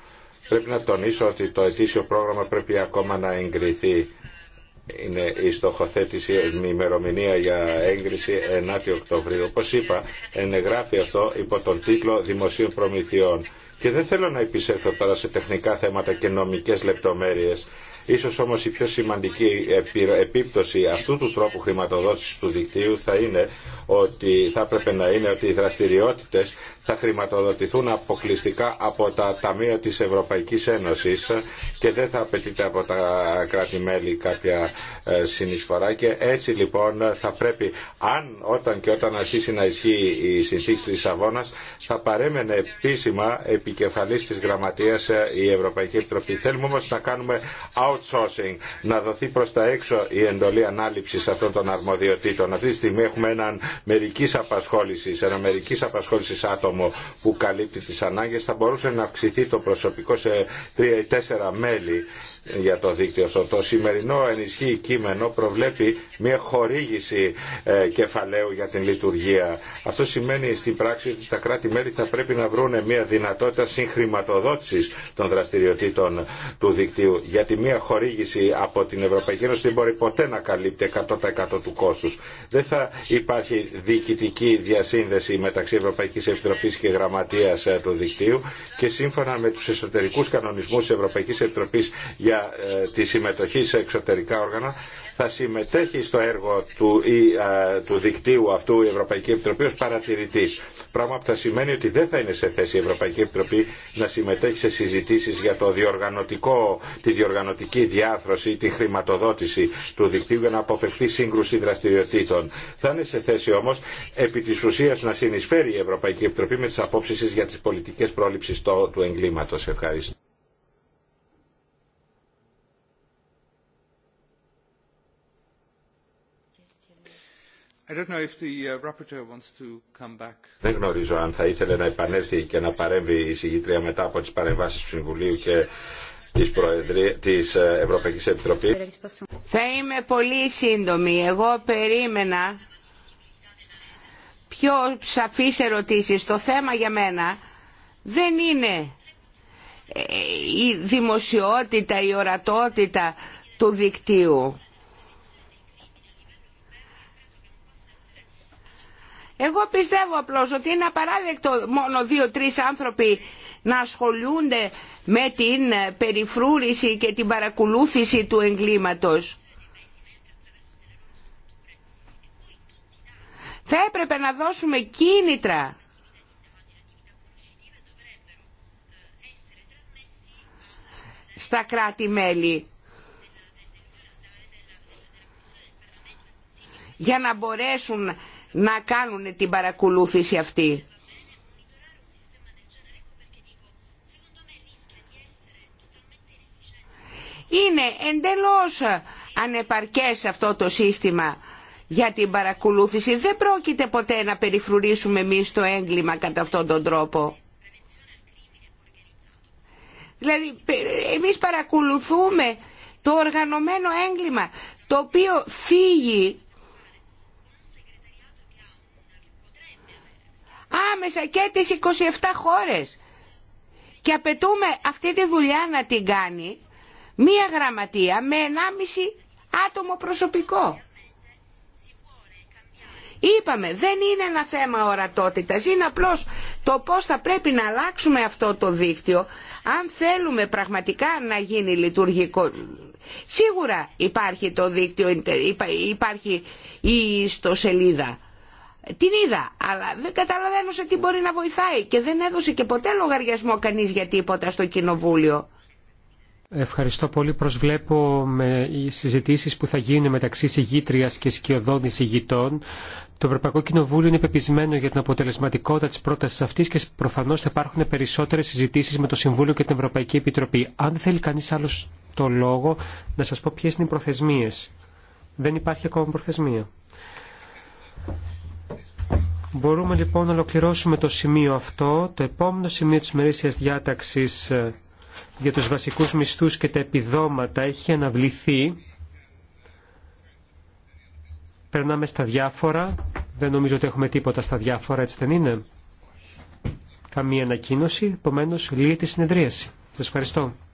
Πρέπει να τονίσω ότι το ετήσιο πρόγραμμα πρέπει ακόμα να εγκριθεί είναι η στοχοθέτηση, η ημερομηνία για έγκριση 9 Οκτωβρίου. Όπω είπα, ενεγράφει αυτό υπό τον τίτλο Δημοσίων Προμηθειών. Και δεν θέλω να επισέλθω τώρα σε τεχνικά θέματα και νομικές λεπτομέρειες Ίσως όμως η πιο σημαντική επίπτωση αυτού του τρόπου χρηματοδότησης του δικτύου θα είναι ότι θα έπρεπε να είναι ότι οι δραστηριότητες θα χρηματοδοτηθούν αποκλειστικά από τα ταμεία της Ευρωπαϊκής Ένωσης και δεν θα απαιτείται από τα κράτη-μέλη κάποια ε, συνεισφορά και έτσι λοιπόν θα πρέπει αν όταν και όταν αρχίσει να ισχύει η συνθήκη της Σαβόνας θα παρέμενε επίσημα επικεφαλής της Γραμματείας ε, η Ευρωπαϊκή Επιτροπή. Θέλουμε όμως να κάνουμε outsourcing, να δοθεί προς τα έξω η εντολή ανάληψης αυτών των αρμοδιοτήτων. Αυτή τη στιγμή έχουμε έναν μερικής απασχόλησης, ένα μερικής απασχόλησης άτομο που καλύπτει τις ανάγκες. Θα μπορούσε να αυξηθεί το προσωπικό σε τρία ή τέσσερα μέλη για το δίκτυο αυτό. Το σημερινό ενισχύει κείμενο προβλέπει μια χορήγηση ε, κεφαλαίου για την λειτουργία. Αυτό σημαίνει στην πράξη ότι τα κράτη-μέλη θα πρέπει να βρουν μια δυνατότητα συγχρηματοδότησης των δραστηριοτήτων του δικτύου. Γιατί μια χορήγηση από την Ευρωπαϊκή Ένωση δεν μπορεί ποτέ να καλύπτει 100% του κόστους. Δεν θα υπάρχει διοικητική διασύνδεση μεταξύ Ευρωπαϊκής Επιτροπής και Γραμματείας ε, του δικτύου και σύμφωνα με τους εσωτερικούς κανονισμούς της Ευρωπαϊκής Επιτροπής για ε, τη συμμετοχή σε εξωτερικά όργανα θα συμμετέχει στο έργο του, δικτύου αυτού η Ευρωπαϊκή Επιτροπή ως παρατηρητής. Πράγμα που θα σημαίνει ότι δεν θα είναι σε θέση η Ευρωπαϊκή Επιτροπή να συμμετέχει σε συζητήσεις για το διοργανωτικό, τη διοργανωτική διάρθρωση ή τη χρηματοδότηση του δικτύου για να αποφευθεί σύγκρουση δραστηριοτήτων. Θα είναι σε θέση όμως επί της ουσίας να συνεισφέρει η Ευρωπαϊκή Επιτροπή με τις απόψεις για τις πολιτικές πρόληψεις του εγκλήματος. Ευχαριστώ. Δεν γνωρίζω αν θα ήθελε να επανέλθει και να παρέμβει η συγγήτρια μετά από τις παρεμβάσεις του Συμβουλίου και της, Ευρωπαϊκή της ε, Ευρωπαϊκής Επιτροπής. Θα είμαι πολύ σύντομη. Εγώ περίμενα πιο σαφείς ερωτήσεις. Το θέμα για μένα δεν είναι ε, η δημοσιότητα, η ορατότητα του δικτύου Εγώ πιστεύω απλώς ότι είναι απαράδεκτο μόνο δύο-τρεις άνθρωποι να ασχολούνται με την περιφρούρηση και την παρακολούθηση του εγκλήματος. Θα έπρεπε να δώσουμε κίνητρα στα κράτη-μέλη για να μπορέσουν να κάνουν την παρακολούθηση αυτή. Είναι εντελώς ανεπαρκές αυτό το σύστημα για την παρακολούθηση. Δεν πρόκειται ποτέ να περιφρουρήσουμε εμεί το έγκλημα κατά αυτόν τον τρόπο. Δηλαδή, εμείς παρακολουθούμε το οργανωμένο έγκλημα, το οποίο φύγει άμεσα και τις 27 χώρες. Και απαιτούμε αυτή τη δουλειά να την κάνει μία γραμματεία με 1,5 άτομο προσωπικό. Είπαμε, δεν είναι ένα θέμα ορατότητας, είναι απλώς το πώς θα πρέπει να αλλάξουμε αυτό το δίκτυο αν θέλουμε πραγματικά να γίνει λειτουργικό. Σίγουρα υπάρχει το δίκτυο, υπάρχει η ιστοσελίδα την είδα, αλλά δεν καταλαβαίνω σε τι μπορεί να βοηθάει και δεν έδωσε και ποτέ λογαριασμό κανείς για τίποτα στο Κοινοβούλιο. Ευχαριστώ πολύ. Προσβλέπω με οι συζητήσεις που θα γίνουν μεταξύ συγγήτριας και σκιωδών συγγητών. Το Ευρωπαϊκό Κοινοβούλιο είναι πεπισμένο για την αποτελεσματικότητα της πρότασης αυτής και προφανώς θα υπάρχουν περισσότερες συζητήσεις με το Συμβούλιο και την Ευρωπαϊκή Επιτροπή. Αν θέλει κανεί άλλο το λόγο, να σα πω ποιε είναι οι προθεσμίε. Δεν υπάρχει ακόμα προθεσμία. Μπορούμε λοιπόν να ολοκληρώσουμε το σημείο αυτό. Το επόμενο σημείο της μερίσιας διάταξης ε, για τους βασικούς μισθούς και τα επιδόματα έχει αναβληθεί. Περνάμε στα διάφορα. Δεν νομίζω ότι έχουμε τίποτα στα διάφορα, έτσι δεν είναι. Καμία ανακοίνωση, επομένω λύεται τη συνεδρίαση. Σας ευχαριστώ.